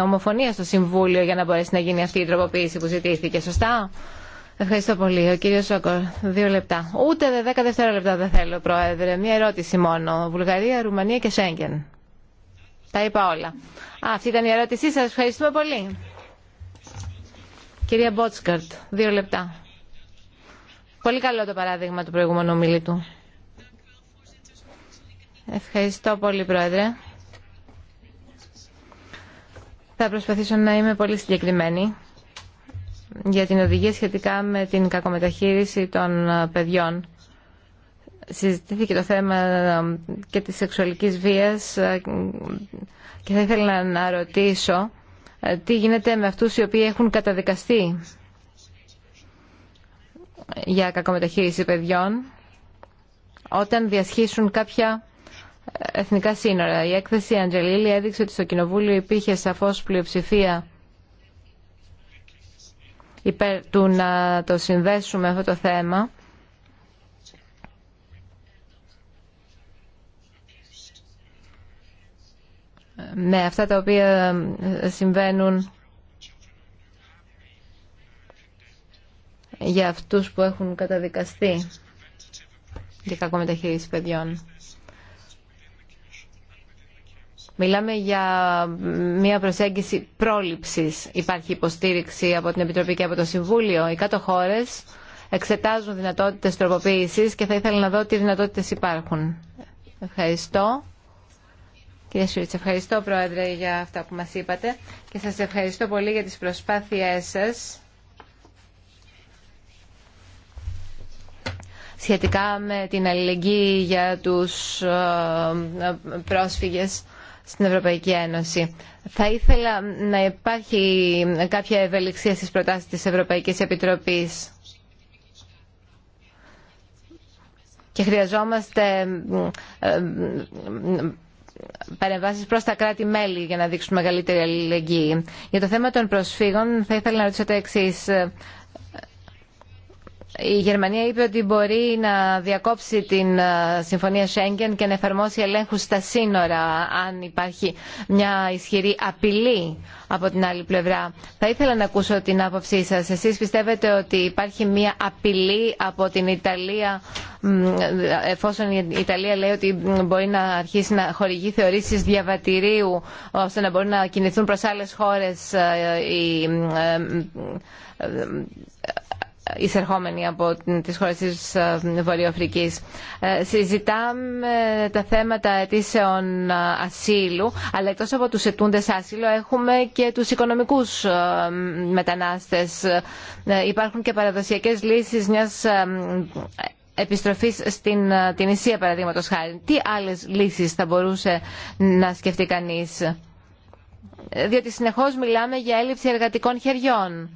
ομοφωνία στο Συμβούλιο για να μπορέσει να γίνει αυτή η τροποποίηση που ζητήθηκε. Σωστά? Ευχαριστώ πολύ. Ο κύριος Σόκορ, δύο λεπτά. Ούτε δέκα δευτερόλεπτα δεν θέλω, Πρόεδρε. Μία ερώτηση μόνο. Βουλγαρία, Ρουμανία και Σέγγεν. Τα είπα όλα. Α, αυτή ήταν η ερώτησή σας. Ευχαριστούμε πολύ. Κυρία Μπότσκαρτ, δύο λεπτά. Πολύ καλό το παράδειγμα του προηγούμενου ομιλητού. Ευχαριστώ πολύ, Πρόεδρε. Θα προσπαθήσω να είμαι πολύ συγκεκριμένη για την οδηγία σχετικά με την κακομεταχείριση των ε, παιδιών. Συζητήθηκε το θέμα ε, και της σεξουαλικής βίας ε, και θα ήθελα να ρωτήσω τι γίνεται με αυτούς οι οποίοι έχουν καταδικαστεί για κακομεταχείριση παιδιών όταν διασχίσουν κάποια εθνικά σύνορα. Η έκθεση Αντζελίλη έδειξε ότι στο Κοινοβούλιο υπήρχε σαφώς πλειοψηφία υπέρ του να το συνδέσουμε αυτό το θέμα με αυτά τα οποία συμβαίνουν για αυτούς που έχουν καταδικαστεί για κακομεταχείριση παιδιών. Μιλάμε για μια προσέγγιση πρόληψης. Υπάρχει υποστήριξη από την Επιτροπή και από το Συμβούλιο. Οι κάτω χώρες εξετάζουν δυνατότητες τροποποίησης και θα ήθελα να δω τι δυνατότητες υπάρχουν. Ευχαριστώ. Κύριε Σουρίτς, ευχαριστώ Πρόεδρε για αυτά που μας είπατε και σας ευχαριστώ πολύ για τις προσπάθειές σας σχετικά με την αλληλεγγύη για τους ε, ε, πρόσφυγες στην Ευρωπαϊκή Ένωση. Θα ήθελα να υπάρχει κάποια ευελιξία στις προτάσεις της Ευρωπαϊκής Επιτροπής. Και χρειαζόμαστε ε, παρεμβάσει προ τα κράτη-μέλη για να δείξουν μεγαλύτερη αλληλεγγύη. Για το θέμα των προσφύγων, θα ήθελα να ρωτήσω το εξή η Γερμανία είπε ότι μπορεί να διακόψει την ε, συμφωνία Σέγγεν και να εφαρμόσει ελέγχους στα σύνορα αν υπάρχει μια ισχυρή απειλή από την άλλη πλευρά. Θα ήθελα να ακούσω την άποψή σας. Εσείς πιστεύετε ότι υπάρχει μια απειλή από την Ιταλία εφόσον η Ιταλία λέει ότι μπορεί να αρχίσει να χορηγεί θεωρήσεις διαβατηρίου ώστε να μπορούν να κινηθούν προς άλλες χώρες ε, οι ε, εισερχόμενοι από τις χώρες της ε, Βορειοαφρικής. Ε, συζητάμε τα θέματα αιτήσεων ε, ασύλου, αλλά εκτός από τους αιτούντες άσύλου έχουμε και τους οικονομικούς μετανάστες. Υπάρχουν και παραδοσιακές λύσεις μιας επιστροφής στην την Ισία, παραδείγματο χάρη. Τι άλλες λύσεις θα μπορούσε να σκεφτεί κανείς. Διότι συνεχώς μιλάμε για έλλειψη εργατικών χεριών.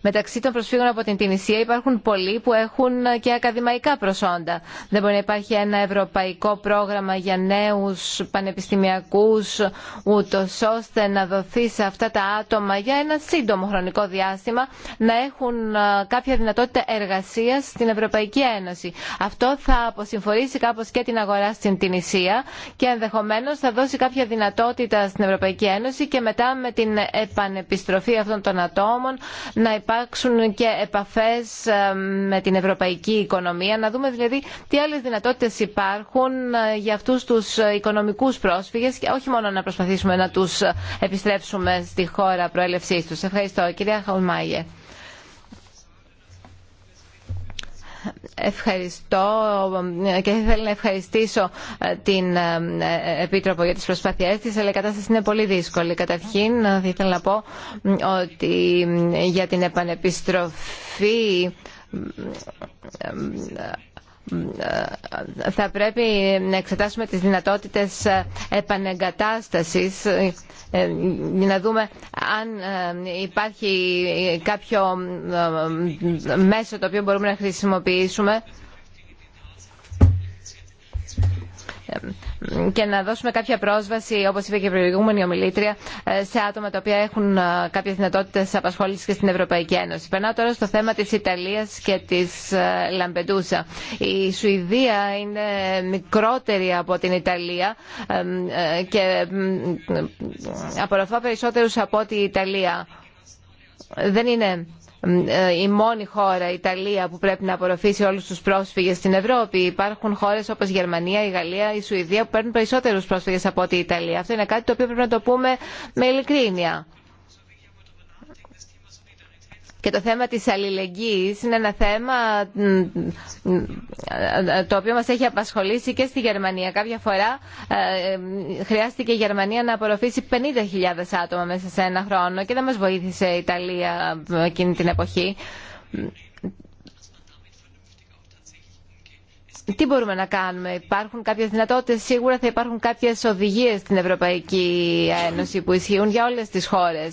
Μεταξύ των προσφύγων από την Τινησία υπάρχουν πολλοί που έχουν και ακαδημαϊκά προσόντα. Δεν μπορεί να υπάρχει ένα ευρωπαϊκό πρόγραμμα για νέους πανεπιστημιακούς ούτω ώστε να δοθεί σε αυτά τα άτομα για ένα σύντομο χρονικό διάστημα να έχουν κάποια δυνατότητα εργασίας στην Ευρωπαϊκή Ένωση. Αυτό θα αποσυμφορήσει κάπως και την αγορά στην Τινησία και ενδεχομένως θα δώσει κάποια δυνατότητα στην Ευρωπαϊκή Ένωση και μετά με την επανεπιστροφή αυτών των ατόμων να υπάρξουν και επαφές ε, με την ευρωπαϊκή οικονομία, να δούμε δηλαδή τι άλλες δυνατότητες υπάρχουν ε, για αυτούς τους ε, οικονομικούς πρόσφυγες και όχι μόνο να προσπαθήσουμε να τους επιστρέψουμε στη χώρα προέλευσής τους. Ευχαριστώ. Κυρία Χαουμάγε. Ευχαριστώ και θέλω να ευχαριστήσω ε, την ε, Επίτροπο για τις προσπάθειές της, αλλά η κατάσταση είναι πολύ δύσκολη. Καταρχήν, ε, θα ήθελα να πω ότι για την επανεπιστροφή θα πρέπει να εξετάσουμε τις δυνατότητες ε, επανεγκατάστασης ε, ε, για να δούμε αν υπάρχει κάποιο μέσο το οποίο μπορούμε να χρησιμοποιήσουμε ε, και να δώσουμε κάποια πρόσβαση, όπω είπε και η προηγούμενη ομιλήτρια, ε, σε άτομα τα οποία έχουν ε, κάποιε δυνατότητε απασχόληση και στην Ευρωπαϊκή Ένωση. Περνάω τώρα στο θέμα τη Ιταλία και τη Λαμπεντούσα. Η Σουηδία είναι μικρότερη από την Ιταλία και απορροφά περισσότερου από ότι η Ιταλία. Δεν είναι ε, η μόνη χώρα, η Ιταλία, που πρέπει να απορροφήσει όλους τους πρόσφυγες στην Ευρώπη. Υπάρχουν χώρες όπως η Γερμανία, η Γαλλία, η Σουηδία που παίρνουν περισσότερους πρόσφυγες από ότι η Ιταλία. Αυτό είναι κάτι το οποίο πρέπει να το πούμε με ειλικρίνεια. Και το θέμα της αλληλεγγύης είναι ένα θέμα ε, ε, το οποίο μας έχει απασχολήσει και στη Γερμανία. Κάποια φορά ε, χρειάστηκε η Γερμανία να απορροφήσει 50.000 άτομα μέσα σε ένα χρόνο και δεν μας βοήθησε η Ιταλία εκείνη την εποχή. Τι μπορούμε να κάνουμε, υπάρχουν κάποιε δυνατότητε, σίγουρα θα υπάρχουν κάποιε οδηγίε στην Ευρωπαϊκή Ένωση που ισχύουν για όλε τι χώρε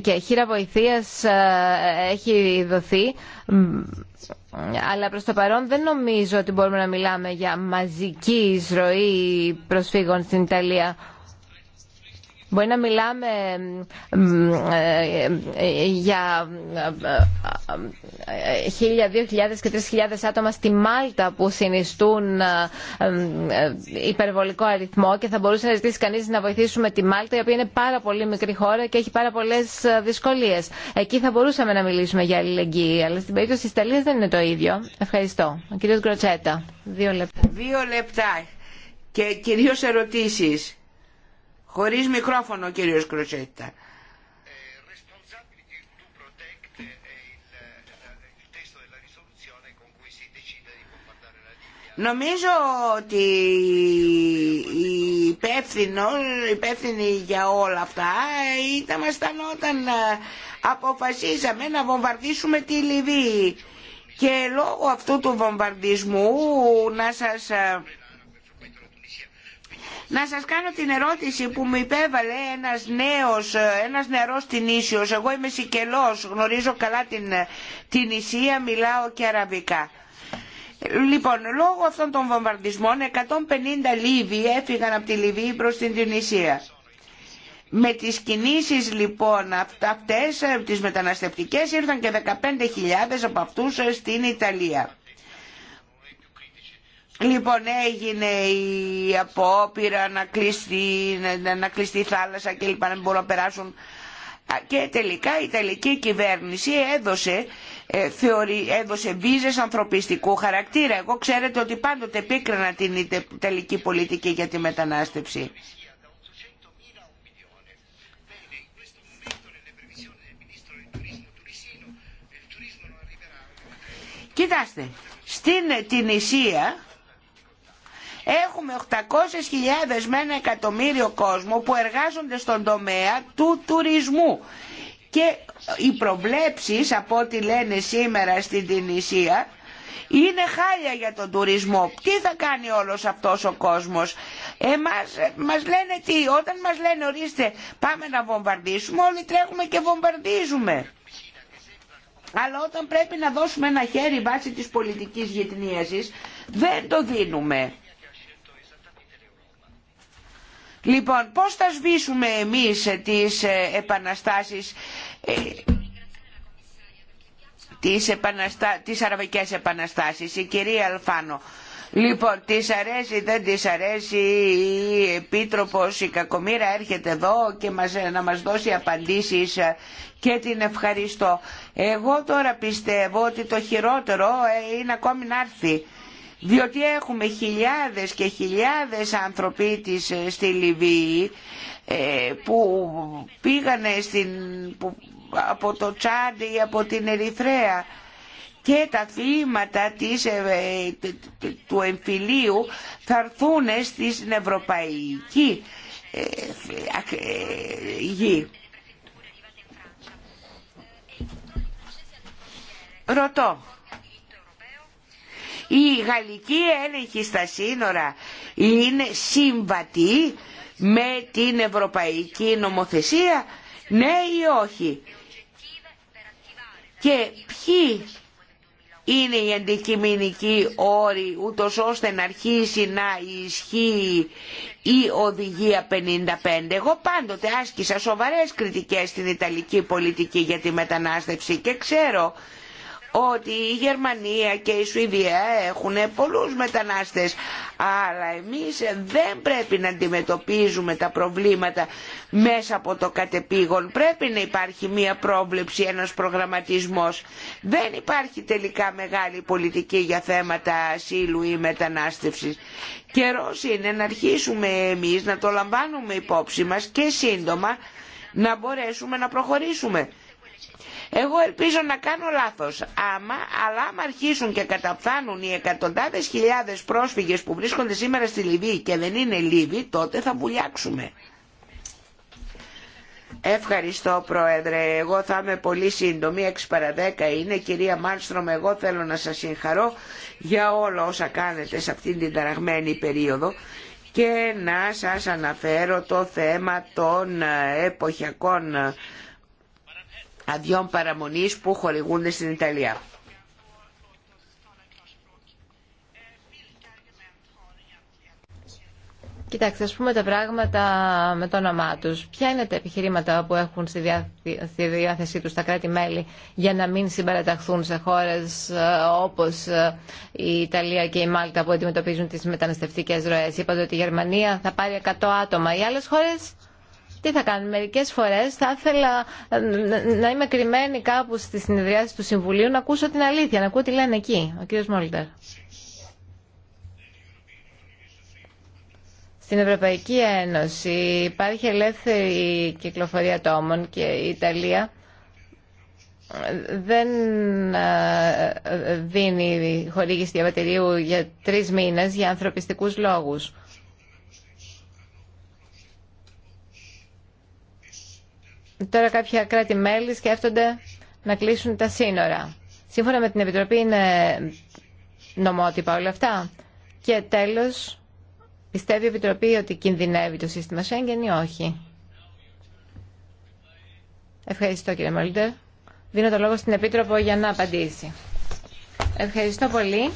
και χείρα βοηθείας ε, έχει δοθεί αλλά προς το παρόν δεν νομίζω ότι μπορούμε να μιλάμε για μαζική εισρωή προσφύγων στην Ιταλία Μπορεί να μιλάμε ε, ε, για ε, χίλια, δύο χιλιάδες και τρεις χιλιάδες άτομα στη Μάλτα που συνιστούν υπερβολικό αριθμό και θα μπορούσε να ζητήσει κανείς να βοηθήσουμε τη Μάλτα η οποία είναι πάρα πολύ μικρή χώρα και έχει πάρα πολλές δυσκολίες. Εκεί θα μπορούσαμε να μιλήσουμε για αλληλεγγύη, αλλά στην περίπτωση της Ιταλίας δεν είναι το ίδιο. Ευχαριστώ. Ο κύριος Γκροτσέτα. Δύο λεπτά. Δύο λεπτά και κυρίως ερωτήσεις. Χωρίς μικρόφωνο ο κύριος Νομίζω ότι η υπεύθυνη για όλα αυτά ήταν όταν ε, αποφασίσαμε να βομβαρδίσουμε τη Λιβύη. Και λόγω αυτού του βομβαρδισμού να σας ε, να σας κάνω την ερώτηση που μου υπέβαλε ένας νέος, ένας νεαρός την Εγώ είμαι Σικελός, γνωρίζω καλά την, την μιλάω και αραβικά. Λοιπόν, λόγω αυτών των βομβαρδισμών 150 Λίβοι έφυγαν από τη Λιβύη προς την Τινησία. Με τις κινήσεις λοιπόν αυτές, ε, τις μεταναστευτικές, ήρθαν και 15.000 από αυτούς ε, στην Ιταλία. Λοιπόν έγινε η απόπειρα να κλειστεί, να κλειστεί η θάλασσα και λοιπά να μπορούν να περάσουν και τελικά η Ιταλική κυβέρνηση έδωσε, ε, έδωσε βίζες ανθρωπιστικού χαρακτήρα. Εγώ ξέρετε ότι πάντοτε πίκρανα την τελική πολιτική για τη μετανάστευση. Κοιτάστε, στην Τινησία Έχουμε 800.000 με ένα εκατομμύριο κόσμο που εργάζονται στον τομέα του τουρισμού. Και οι προβλέψεις από ό,τι λένε σήμερα στην Τινησία είναι χάλια για τον τουρισμό. Τι θα κάνει όλος αυτός ο κόσμος. Εμάς μας λένε τι, όταν μας λένε ορίστε πάμε να βομβαρδίσουμε όλοι τρέχουμε και βομβαρδίζουμε. Αλλά όταν πρέπει να δώσουμε ένα χέρι βάσει της πολιτικής γυτνίασης δεν το δίνουμε. Λοιπόν, πώς θα σβήσουμε εμείς τις ε, επαναστάσεις, ε, τις, επαναστα... τις αραβικές επαναστάσεις, η κυρία Αλφάνο. Λοιπόν, τη αρέσει, δεν της αρέσει, η επίτροπο, η Κακομήρα έρχεται εδώ και μας, να μας δώσει απαντήσεις ε, και την ευχαριστώ. Εγώ τώρα πιστεύω ότι το χειρότερο είναι ακόμη να έρθει διότι έχουμε χιλιάδες και χιλιάδες άνθρωποι της ε, στη Λιβύη ε, που πήγανε από το Τσάντι ή από την Ερυθρέα και τα θύματα της, ε, του εμφυλίου θα έρθουν στην ευρωπαϊκή γη. Ρωτώ η γαλλική έλεγχη στα σύνορα είναι συμβατή με την ευρωπαϊκή νομοθεσία, ναι ή όχι. Και ποιοι είναι οι αντικειμενικοί όροι ούτως ώστε να αρχίσει να ισχύει η οδηγία 55. Εγώ πάντοτε άσκησα σοβαρές κριτικές στην Ιταλική πολιτική για τη μετανάστευση και ξέρω ότι η Γερμανία και η Σουηδία έχουν πολλούς μετανάστες αλλά εμείς δεν πρέπει να αντιμετωπίζουμε τα προβλήματα μέσα από το κατεπήγον πρέπει να υπάρχει μία πρόβλεψη, ένας προγραμματισμός δεν υπάρχει τελικά μεγάλη πολιτική για θέματα ασύλου ή μετανάστευσης καιρός είναι να αρχίσουμε εμείς να το λαμβάνουμε υπόψη μας και σύντομα να μπορέσουμε να προχωρήσουμε εγώ ελπίζω να κάνω λάθος, άμα, αλλά άμα αρχίσουν και καταφθάνουν οι εκατοντάδες χιλιάδες πρόσφυγες που βρίσκονται σήμερα στη Λιβύη και δεν είναι Λίβοι, τότε θα βουλιάξουμε. Ευχαριστώ Πρόεδρε. Εγώ θα είμαι πολύ σύντομη. 6 παρα 10 είναι. Κυρία Μάλστρομ, εγώ θέλω να σας συγχαρώ για όλα όσα κάνετε σε αυτήν την ταραγμένη περίοδο και να σας αναφέρω το θέμα των εποχιακών αδειών παραμονής που χορηγούνται στην Ιταλία. Κοιτάξτε, ας πούμε τα πράγματα με το όνομά τους. Ποια είναι τα επιχειρήματα που έχουν στη διάθεσή τους τα κράτη-μέλη για να μην συμπαραταχθούν σε χώρες ε, όπως ε, η Ιταλία και η Μάλτα που αντιμετωπίζουν τις μεταναστευτικές ροές. Είπατε ότι η Γερμανία θα πάρει 100 άτομα. Οι άλλες χώρες τι θα κάνουμε, μερικέ φορές θα ήθελα να είμαι κρυμμένη κάπου στη συνεδριάση του Συμβουλίου να ακούσω την αλήθεια, να ακούω τι λένε εκεί, ο κύριο Μόλτερ. Στην Ευρωπαϊκή Ένωση υπάρχει ελεύθερη κυκλοφορία τόμων και η Ιταλία δεν ε, ε, δίνει χορήγηση διαβατηρίου για τρεις μήνες για ανθρωπιστικούς λόγους. Τώρα κάποια κράτη-μέλη σκέφτονται να κλείσουν τα σύνορα. Σύμφωνα με την Επιτροπή είναι νομότυπα όλα αυτά. Και τέλος, πιστεύει η Επιτροπή ότι κινδυνεύει το σύστημα Σέγγεν ή όχι. Ευχαριστώ κύριε Μόλντερ. Δίνω το λόγο στην Επίτροπο για να απαντήσει. Ευχαριστώ πολύ.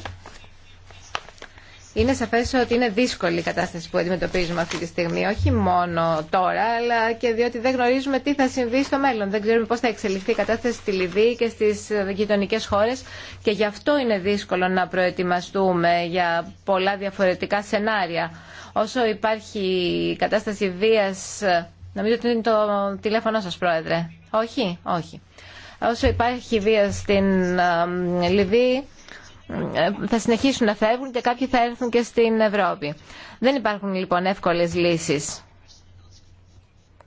Είναι σαφές ότι είναι δύσκολη η κατάσταση που αντιμετωπίζουμε αυτή τη στιγμή, όχι μόνο τώρα, αλλά και διότι δεν γνωρίζουμε τι θα συμβεί στο μέλλον. Δεν ξέρουμε πώς θα εξελιχθεί η κατάσταση στη Λιβύη και στις ε, γειτονικέ χώρες και γι' αυτό είναι δύσκολο να προετοιμαστούμε για πολλά διαφορετικά σενάρια. Όσο υπάρχει κατάσταση βία. Ε, νομίζω ότι είναι το τηλέφωνο σα Πρόεδρε. Όχι, όχι. Όσο υπάρχει βία στην ε, Λιβύη, ε, θα συνεχίσουν να φεύγουν και κάποιοι θα έρθουν και στην Ευρώπη. Δεν υπάρχουν λοιπόν εύκολες λύσεις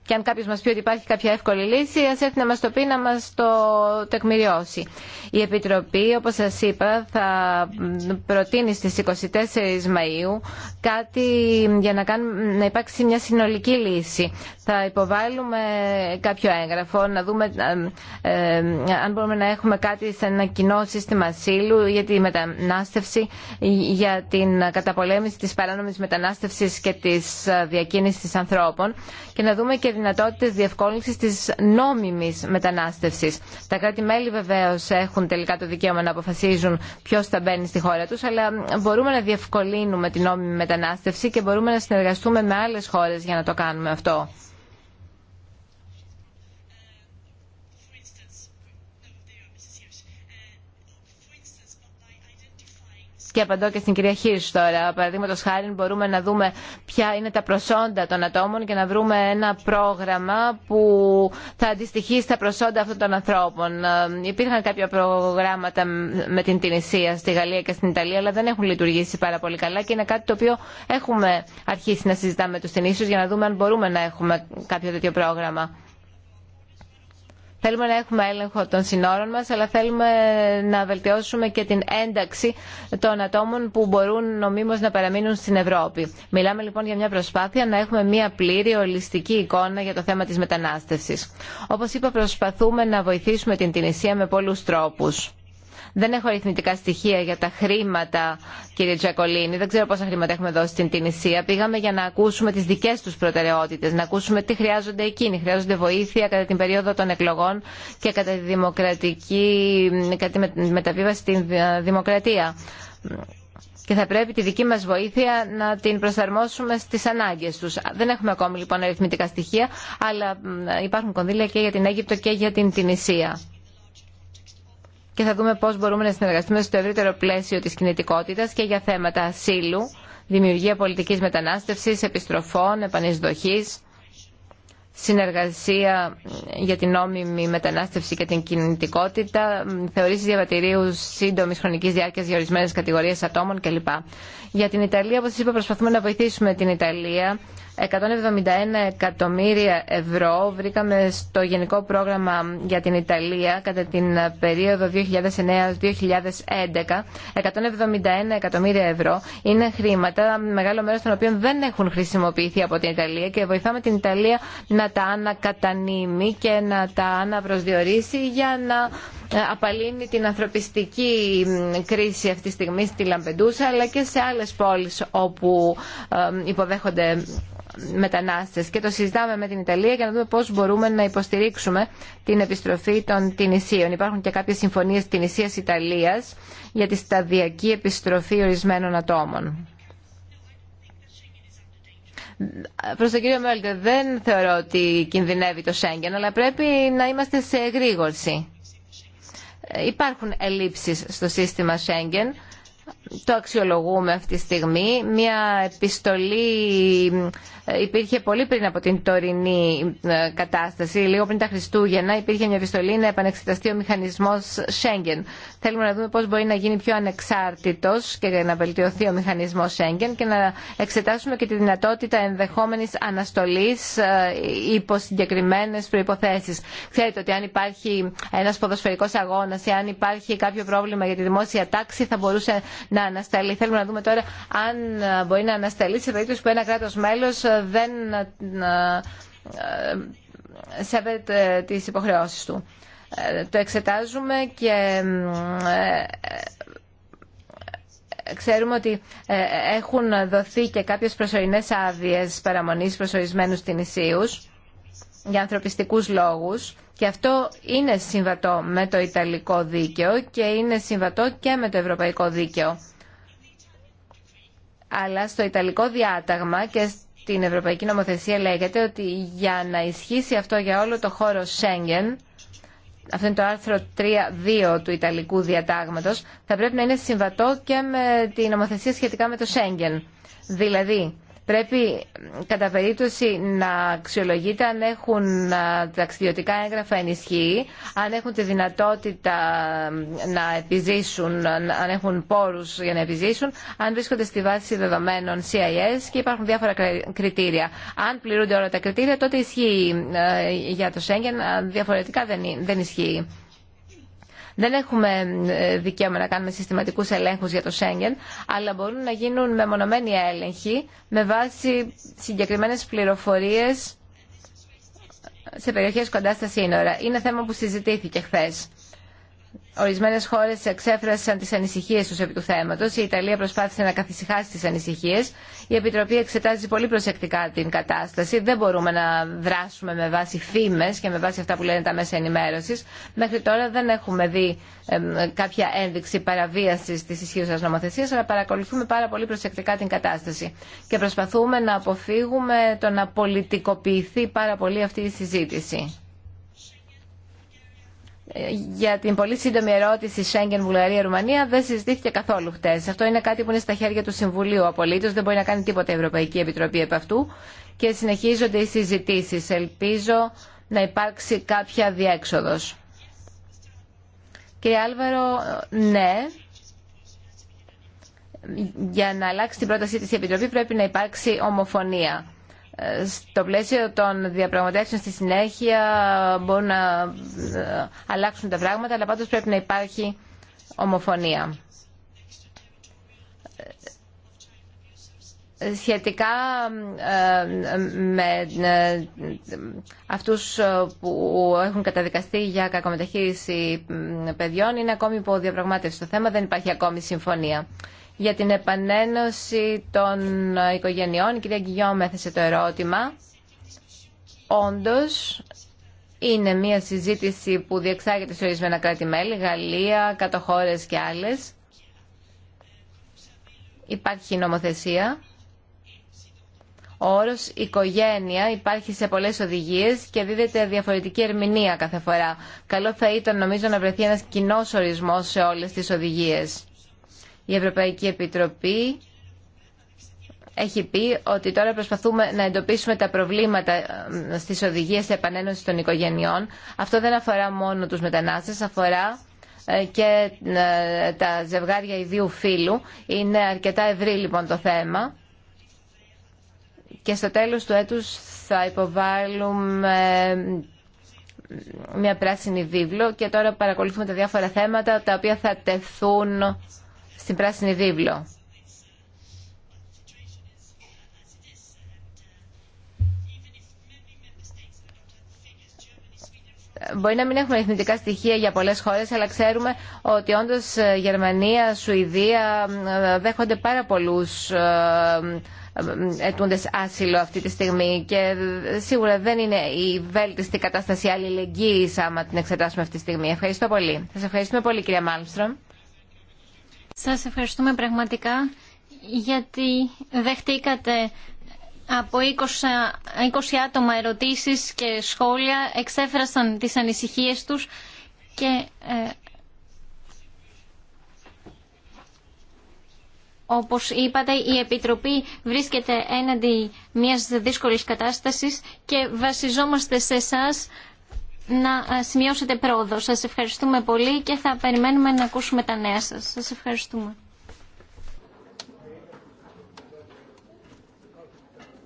και αν κάποιος μα πει ότι υπάρχει κάποια εύκολη λύση, α έρθει να μας το πει να μα το τεκμηριώσει. Η Επιτροπή, όπως σα είπα, θα προτείνει στις 24 Μαου κάτι για να, κάνουμε, να υπάρξει μια συνολική λύση. Θα υποβάλουμε κάποιο έγγραφο, να δούμε ε, ε, αν μπορούμε να έχουμε κάτι σε ένα κοινό σύστημα ασύλου για τη μετανάστευση, για την καταπολέμηση τη παράνομη μετανάστευση και τη ε, διακίνηση ανθρώπων και να δούμε και δυνατότητε διευκόλυνση τη νόμιμη μετανάστευση. Τα κράτη-μέλη βεβαίω έχουν τελικά το δικαίωμα να αποφασίζουν ποιο θα μπαίνει στη χώρα τους, αλλά μπορούμε να διευκολύνουμε την νόμιμη μετανάστευση και μπορούμε να συνεργαστούμε με άλλες χώρες για να το κάνουμε αυτό. Και απαντώ και στην κυρία Χίρ τώρα. Παραδείγματο χάρη μπορούμε να δούμε ποια είναι τα προσόντα των ατόμων και να βρούμε ένα πρόγραμμα που θα αντιστοιχεί στα προσόντα αυτών των ανθρώπων. Ε, υπήρχαν κάποια προγράμματα με την Τινησία στη Γαλλία και στην Ιταλία, αλλά δεν έχουν λειτουργήσει πάρα πολύ καλά και είναι κάτι το οποίο έχουμε αρχίσει να συζητάμε με του Τινήσου για να δούμε αν μπορούμε να έχουμε κάποιο τέτοιο πρόγραμμα. Θέλουμε να έχουμε έλεγχο των συνόρων μας, αλλά θέλουμε να βελτιώσουμε και την ένταξη των ατόμων που μπορούν νομίμως να παραμείνουν στην Ευρώπη. Μιλάμε λοιπόν για μια προσπάθεια να έχουμε μια πλήρη ολιστική εικόνα για το θέμα της μετανάστευσης. Όπως είπα, προσπαθούμε να βοηθήσουμε την Τινησία με πολλούς τρόπους δεν έχω αριθμητικά στοιχεία για τα χρήματα, κύριε Τζακολίνη. Δεν ξέρω πόσα χρήματα έχουμε δώσει στην Τινησία. Πήγαμε για να ακούσουμε τι δικέ του προτεραιότητε, να ακούσουμε τι χρειάζονται εκείνοι. Χρειάζονται βοήθεια κατά την περίοδο των εκλογών και κατά τη δημοκρατική κατά μεταβίβαση στην δημοκρατία. Και θα πρέπει τη δική μας βοήθεια να την προσαρμόσουμε στις ανάγκες τους. Δεν έχουμε ακόμη λοιπόν αριθμητικά στοιχεία, αλλά υπάρχουν κονδύλια και για την Αίγυπτο και για την Τινησία και θα δούμε πώς μπορούμε να συνεργαστούμε στο ευρύτερο πλαίσιο της κινητικότητας και για θέματα ασύλου, δημιουργία πολιτικής μετανάστευσης, επιστροφών, επανεισδοχής, συνεργασία για την νόμιμη μετανάστευση και την κινητικότητα, θεωρήσεις διαβατηρίου σύντομης χρονικής διάρκειας για ορισμένες κατηγορίες ατόμων κλπ. Για την Ιταλία, όπως σας είπα, προσπαθούμε να βοηθήσουμε την Ιταλία 171 εκατομμύρια ευρώ βρήκαμε στο Γενικό Πρόγραμμα για την Ιταλία κατά την περίοδο 2009-2011. 171 εκατομμύρια ευρώ είναι χρήματα, μεγάλο μέρος των οποίων δεν έχουν χρησιμοποιηθεί από την Ιταλία και βοηθάμε την Ιταλία να τα ανακατανείμει και να τα αναπροσδιορίσει για να ε, απαλύνει την ανθρωπιστική κρίση αυτή τη στιγμή στη Λαμπεντούσα αλλά και σε άλλες πόλεις όπου ε, υποδέχονται μετανάστες και το συζητάμε με την Ιταλία για να δούμε πώς μπορούμε να υποστηρίξουμε την επιστροφή των Τινησίων. Υπάρχουν και κάποιες συμφωνίες Τινησίας-Ιταλίας για τη σταδιακή επιστροφή ορισμένων ατόμων. Προς τον κύριο Μέλτε, δεν θεωρώ ότι κινδυνεύει το Σέγγεν, αλλά πρέπει να είμαστε σε εγρήγορση. Υπάρχουν ελλείψεις στο σύστημα Σέγγεν το αξιολογούμε αυτή τη στιγμή. Μια επιστολή ε, υπήρχε πολύ πριν από την τωρινή ε, κατάσταση, λίγο πριν τα Χριστούγεννα, υπήρχε μια επιστολή να επανεξεταστεί ο μηχανισμό Schengen. Θέλουμε να δούμε πώ μπορεί να γίνει πιο ανεξάρτητο και να βελτιωθεί ο μηχανισμό Schengen και να εξετάσουμε και τη δυνατότητα ενδεχόμενη αναστολή ε, υπό συγκεκριμένε προποθέσει. Ξέρετε ότι αν υπάρχει ένα ποδοσφαιρικό αγώνα ή αν υπάρχει κάποιο πρόβλημα για τη δημόσια τάξη θα μπορούσε να ανασταλεί. Θέλουμε να δούμε τώρα αν μπορεί να ανασταλεί σε περίπτωση που ένα κράτο μέλο δεν ε, σέβεται τις υποχρεώσεις του. Ε, το εξετάζουμε και ε, ξέρουμε ότι έχουν δοθεί και κάποιες προσωρινές άδειες παραμονής προσωρισμένους στην Ισίους για ανθρωπιστικούς λόγους και αυτό είναι συμβατό με το Ιταλικό δίκαιο και είναι συμβατό και με το Ευρωπαϊκό δίκαιο. Αλλά στο Ιταλικό διάταγμα και την Ευρωπαϊκή Νομοθεσία λέγεται ότι για να ισχύσει αυτό για όλο το χώρο Σέγγεν, αυτό είναι το άρθρο 3.2 του Ιταλικού Διατάγματος, θα πρέπει να είναι συμβατό και με την νομοθεσία σχετικά με το Σέγγεν. Δηλαδή, πρέπει κατά περίπτωση να αξιολογείται αν έχουν ταξιδιωτικά έγγραφα ενισχύει, αν έχουν τη δυνατότητα να επιζήσουν, αν έχουν πόρους για να επιζήσουν, αν βρίσκονται στη βάση δεδομένων CIS και υπάρχουν διάφορα κριτήρια. Αν πληρούνται όλα τα κριτήρια τότε ισχύει ε, για το Σέγγεν, διαφορετικά δεν ισχύει. Δεν έχουμε ε, δικαίωμα να κάνουμε συστηματικούς ελέγχους για το Σέγγεν, αλλά μπορούν να γίνουν μεμονωμένοι έλεγχοι με βάση συγκεκριμένες πληροφορίες σε περιοχές κοντά στα σύνορα. Είναι θέμα που συζητήθηκε χθες. Ορισμένε χώρε εξέφρασαν τι ανησυχίε του επί του θέματο. Η Ιταλία προσπάθησε να καθησυχάσει τι ανησυχίε. Η Επιτροπή εξετάζει πολύ προσεκτικά την κατάσταση. Δεν μπορούμε να δράσουμε με βάση φήμε και με βάση αυτά που λένε τα μέσα ενημέρωση. Μέχρι τώρα δεν έχουμε δει κάποια ένδειξη παραβίαση τη ισχύουσα νομοθεσία, αλλά παρακολουθούμε πάρα πολύ προσεκτικά την κατάσταση. Και προσπαθούμε να αποφύγουμε το να πολιτικοποιηθεί πάρα πολύ αυτή η συζήτηση για την πολύ σύντομη ερώτηση Σέγγεν, Βουλγαρία, Ρουμανία δεν συζητήθηκε καθόλου χτε. Αυτό είναι κάτι που είναι στα χέρια του Συμβουλίου απολύτω. Δεν μπορεί να κάνει τίποτα η Ευρωπαϊκή Επιτροπή επ' αυτού. Και συνεχίζονται οι συζητήσει. Ελπίζω να υπάρξει κάποια διέξοδο. Κύριε Άλβαρο, ναι. Για να αλλάξει την πρότασή της η Επιτροπή πρέπει να υπάρξει ομοφωνία. Ε, στο πλαίσιο των διαπραγματεύσεων στη συνέχεια μπορούν να ε, αλλάξουν τα πράγματα, αλλά πάντως πρέπει να υπάρχει ομοφωνία. Ε, σχετικά με αυτούς που έχουν καταδικαστεί για κακομεταχείριση παιδιών είναι ακόμη υπό διαπραγμάτευση το θέμα, δεν υπάρχει ακόμη συμφωνία για την επανένωση των οικογενειών. Η κυρία Γκυγιόμ έθεσε το ερώτημα. Όντως, είναι μια συζήτηση που διεξάγεται σε ορισμένα κράτη-μέλη, Γαλλία, κατοχώρες και άλλες. Υπάρχει νομοθεσία. Ο όρος οικογένεια υπάρχει σε πολλές οδηγίες και δίδεται διαφορετική ερμηνεία κάθε φορά. Καλό θα ήταν νομίζω να βρεθεί ένας κοινός ορισμός σε όλες τις οδηγίες. Η Ευρωπαϊκή Επιτροπή έχει πει ότι τώρα προσπαθούμε να εντοπίσουμε τα προβλήματα ε, στις οδηγίες επανένωσης των οικογενειών. Αυτό δεν αφορά μόνο τους μετανάστες, αφορά ε, και ε, τα ζευγάρια ιδίου φύλου. Είναι αρκετά ευρύ λοιπόν το θέμα. Και στο τέλος του έτους θα υποβάλουμε μια πράσινη βίβλο και τώρα παρακολουθούμε τα διάφορα θέματα τα οποία θα τεθούν στην Πράσινη Βίβλο. Μπορεί να μην έχουμε εθνικά στοιχεία για πολλές χώρες, αλλά ξέρουμε ότι όντως ε, Γερμανία, Σουηδία ε, δέχονται πάρα πολλούς ε, ετούντες άσυλο αυτή τη στιγμή και σίγουρα δεν είναι η βέλτιστη κατάσταση αλληλεγγύης άμα την εξετάσουμε αυτή τη στιγμή. Ευχαριστώ πολύ. Σας ευχαριστούμε πολύ κυρία Μάλμστρομ. Σας ευχαριστούμε πραγματικά γιατί δεχτήκατε από 20, 20 άτομα ερωτήσεις και σχόλια εξέφρασαν τις ανησυχίες τους και ε, όπως είπατε η Επιτροπή βρίσκεται έναντι μιας δύσκολης κατάστασης και βασιζόμαστε σε εσάς να ε, σημειώσετε πρόοδο. Σας ευχαριστούμε πολύ και θα περιμένουμε να ακούσουμε τα νέα σας. Σας ευχαριστούμε.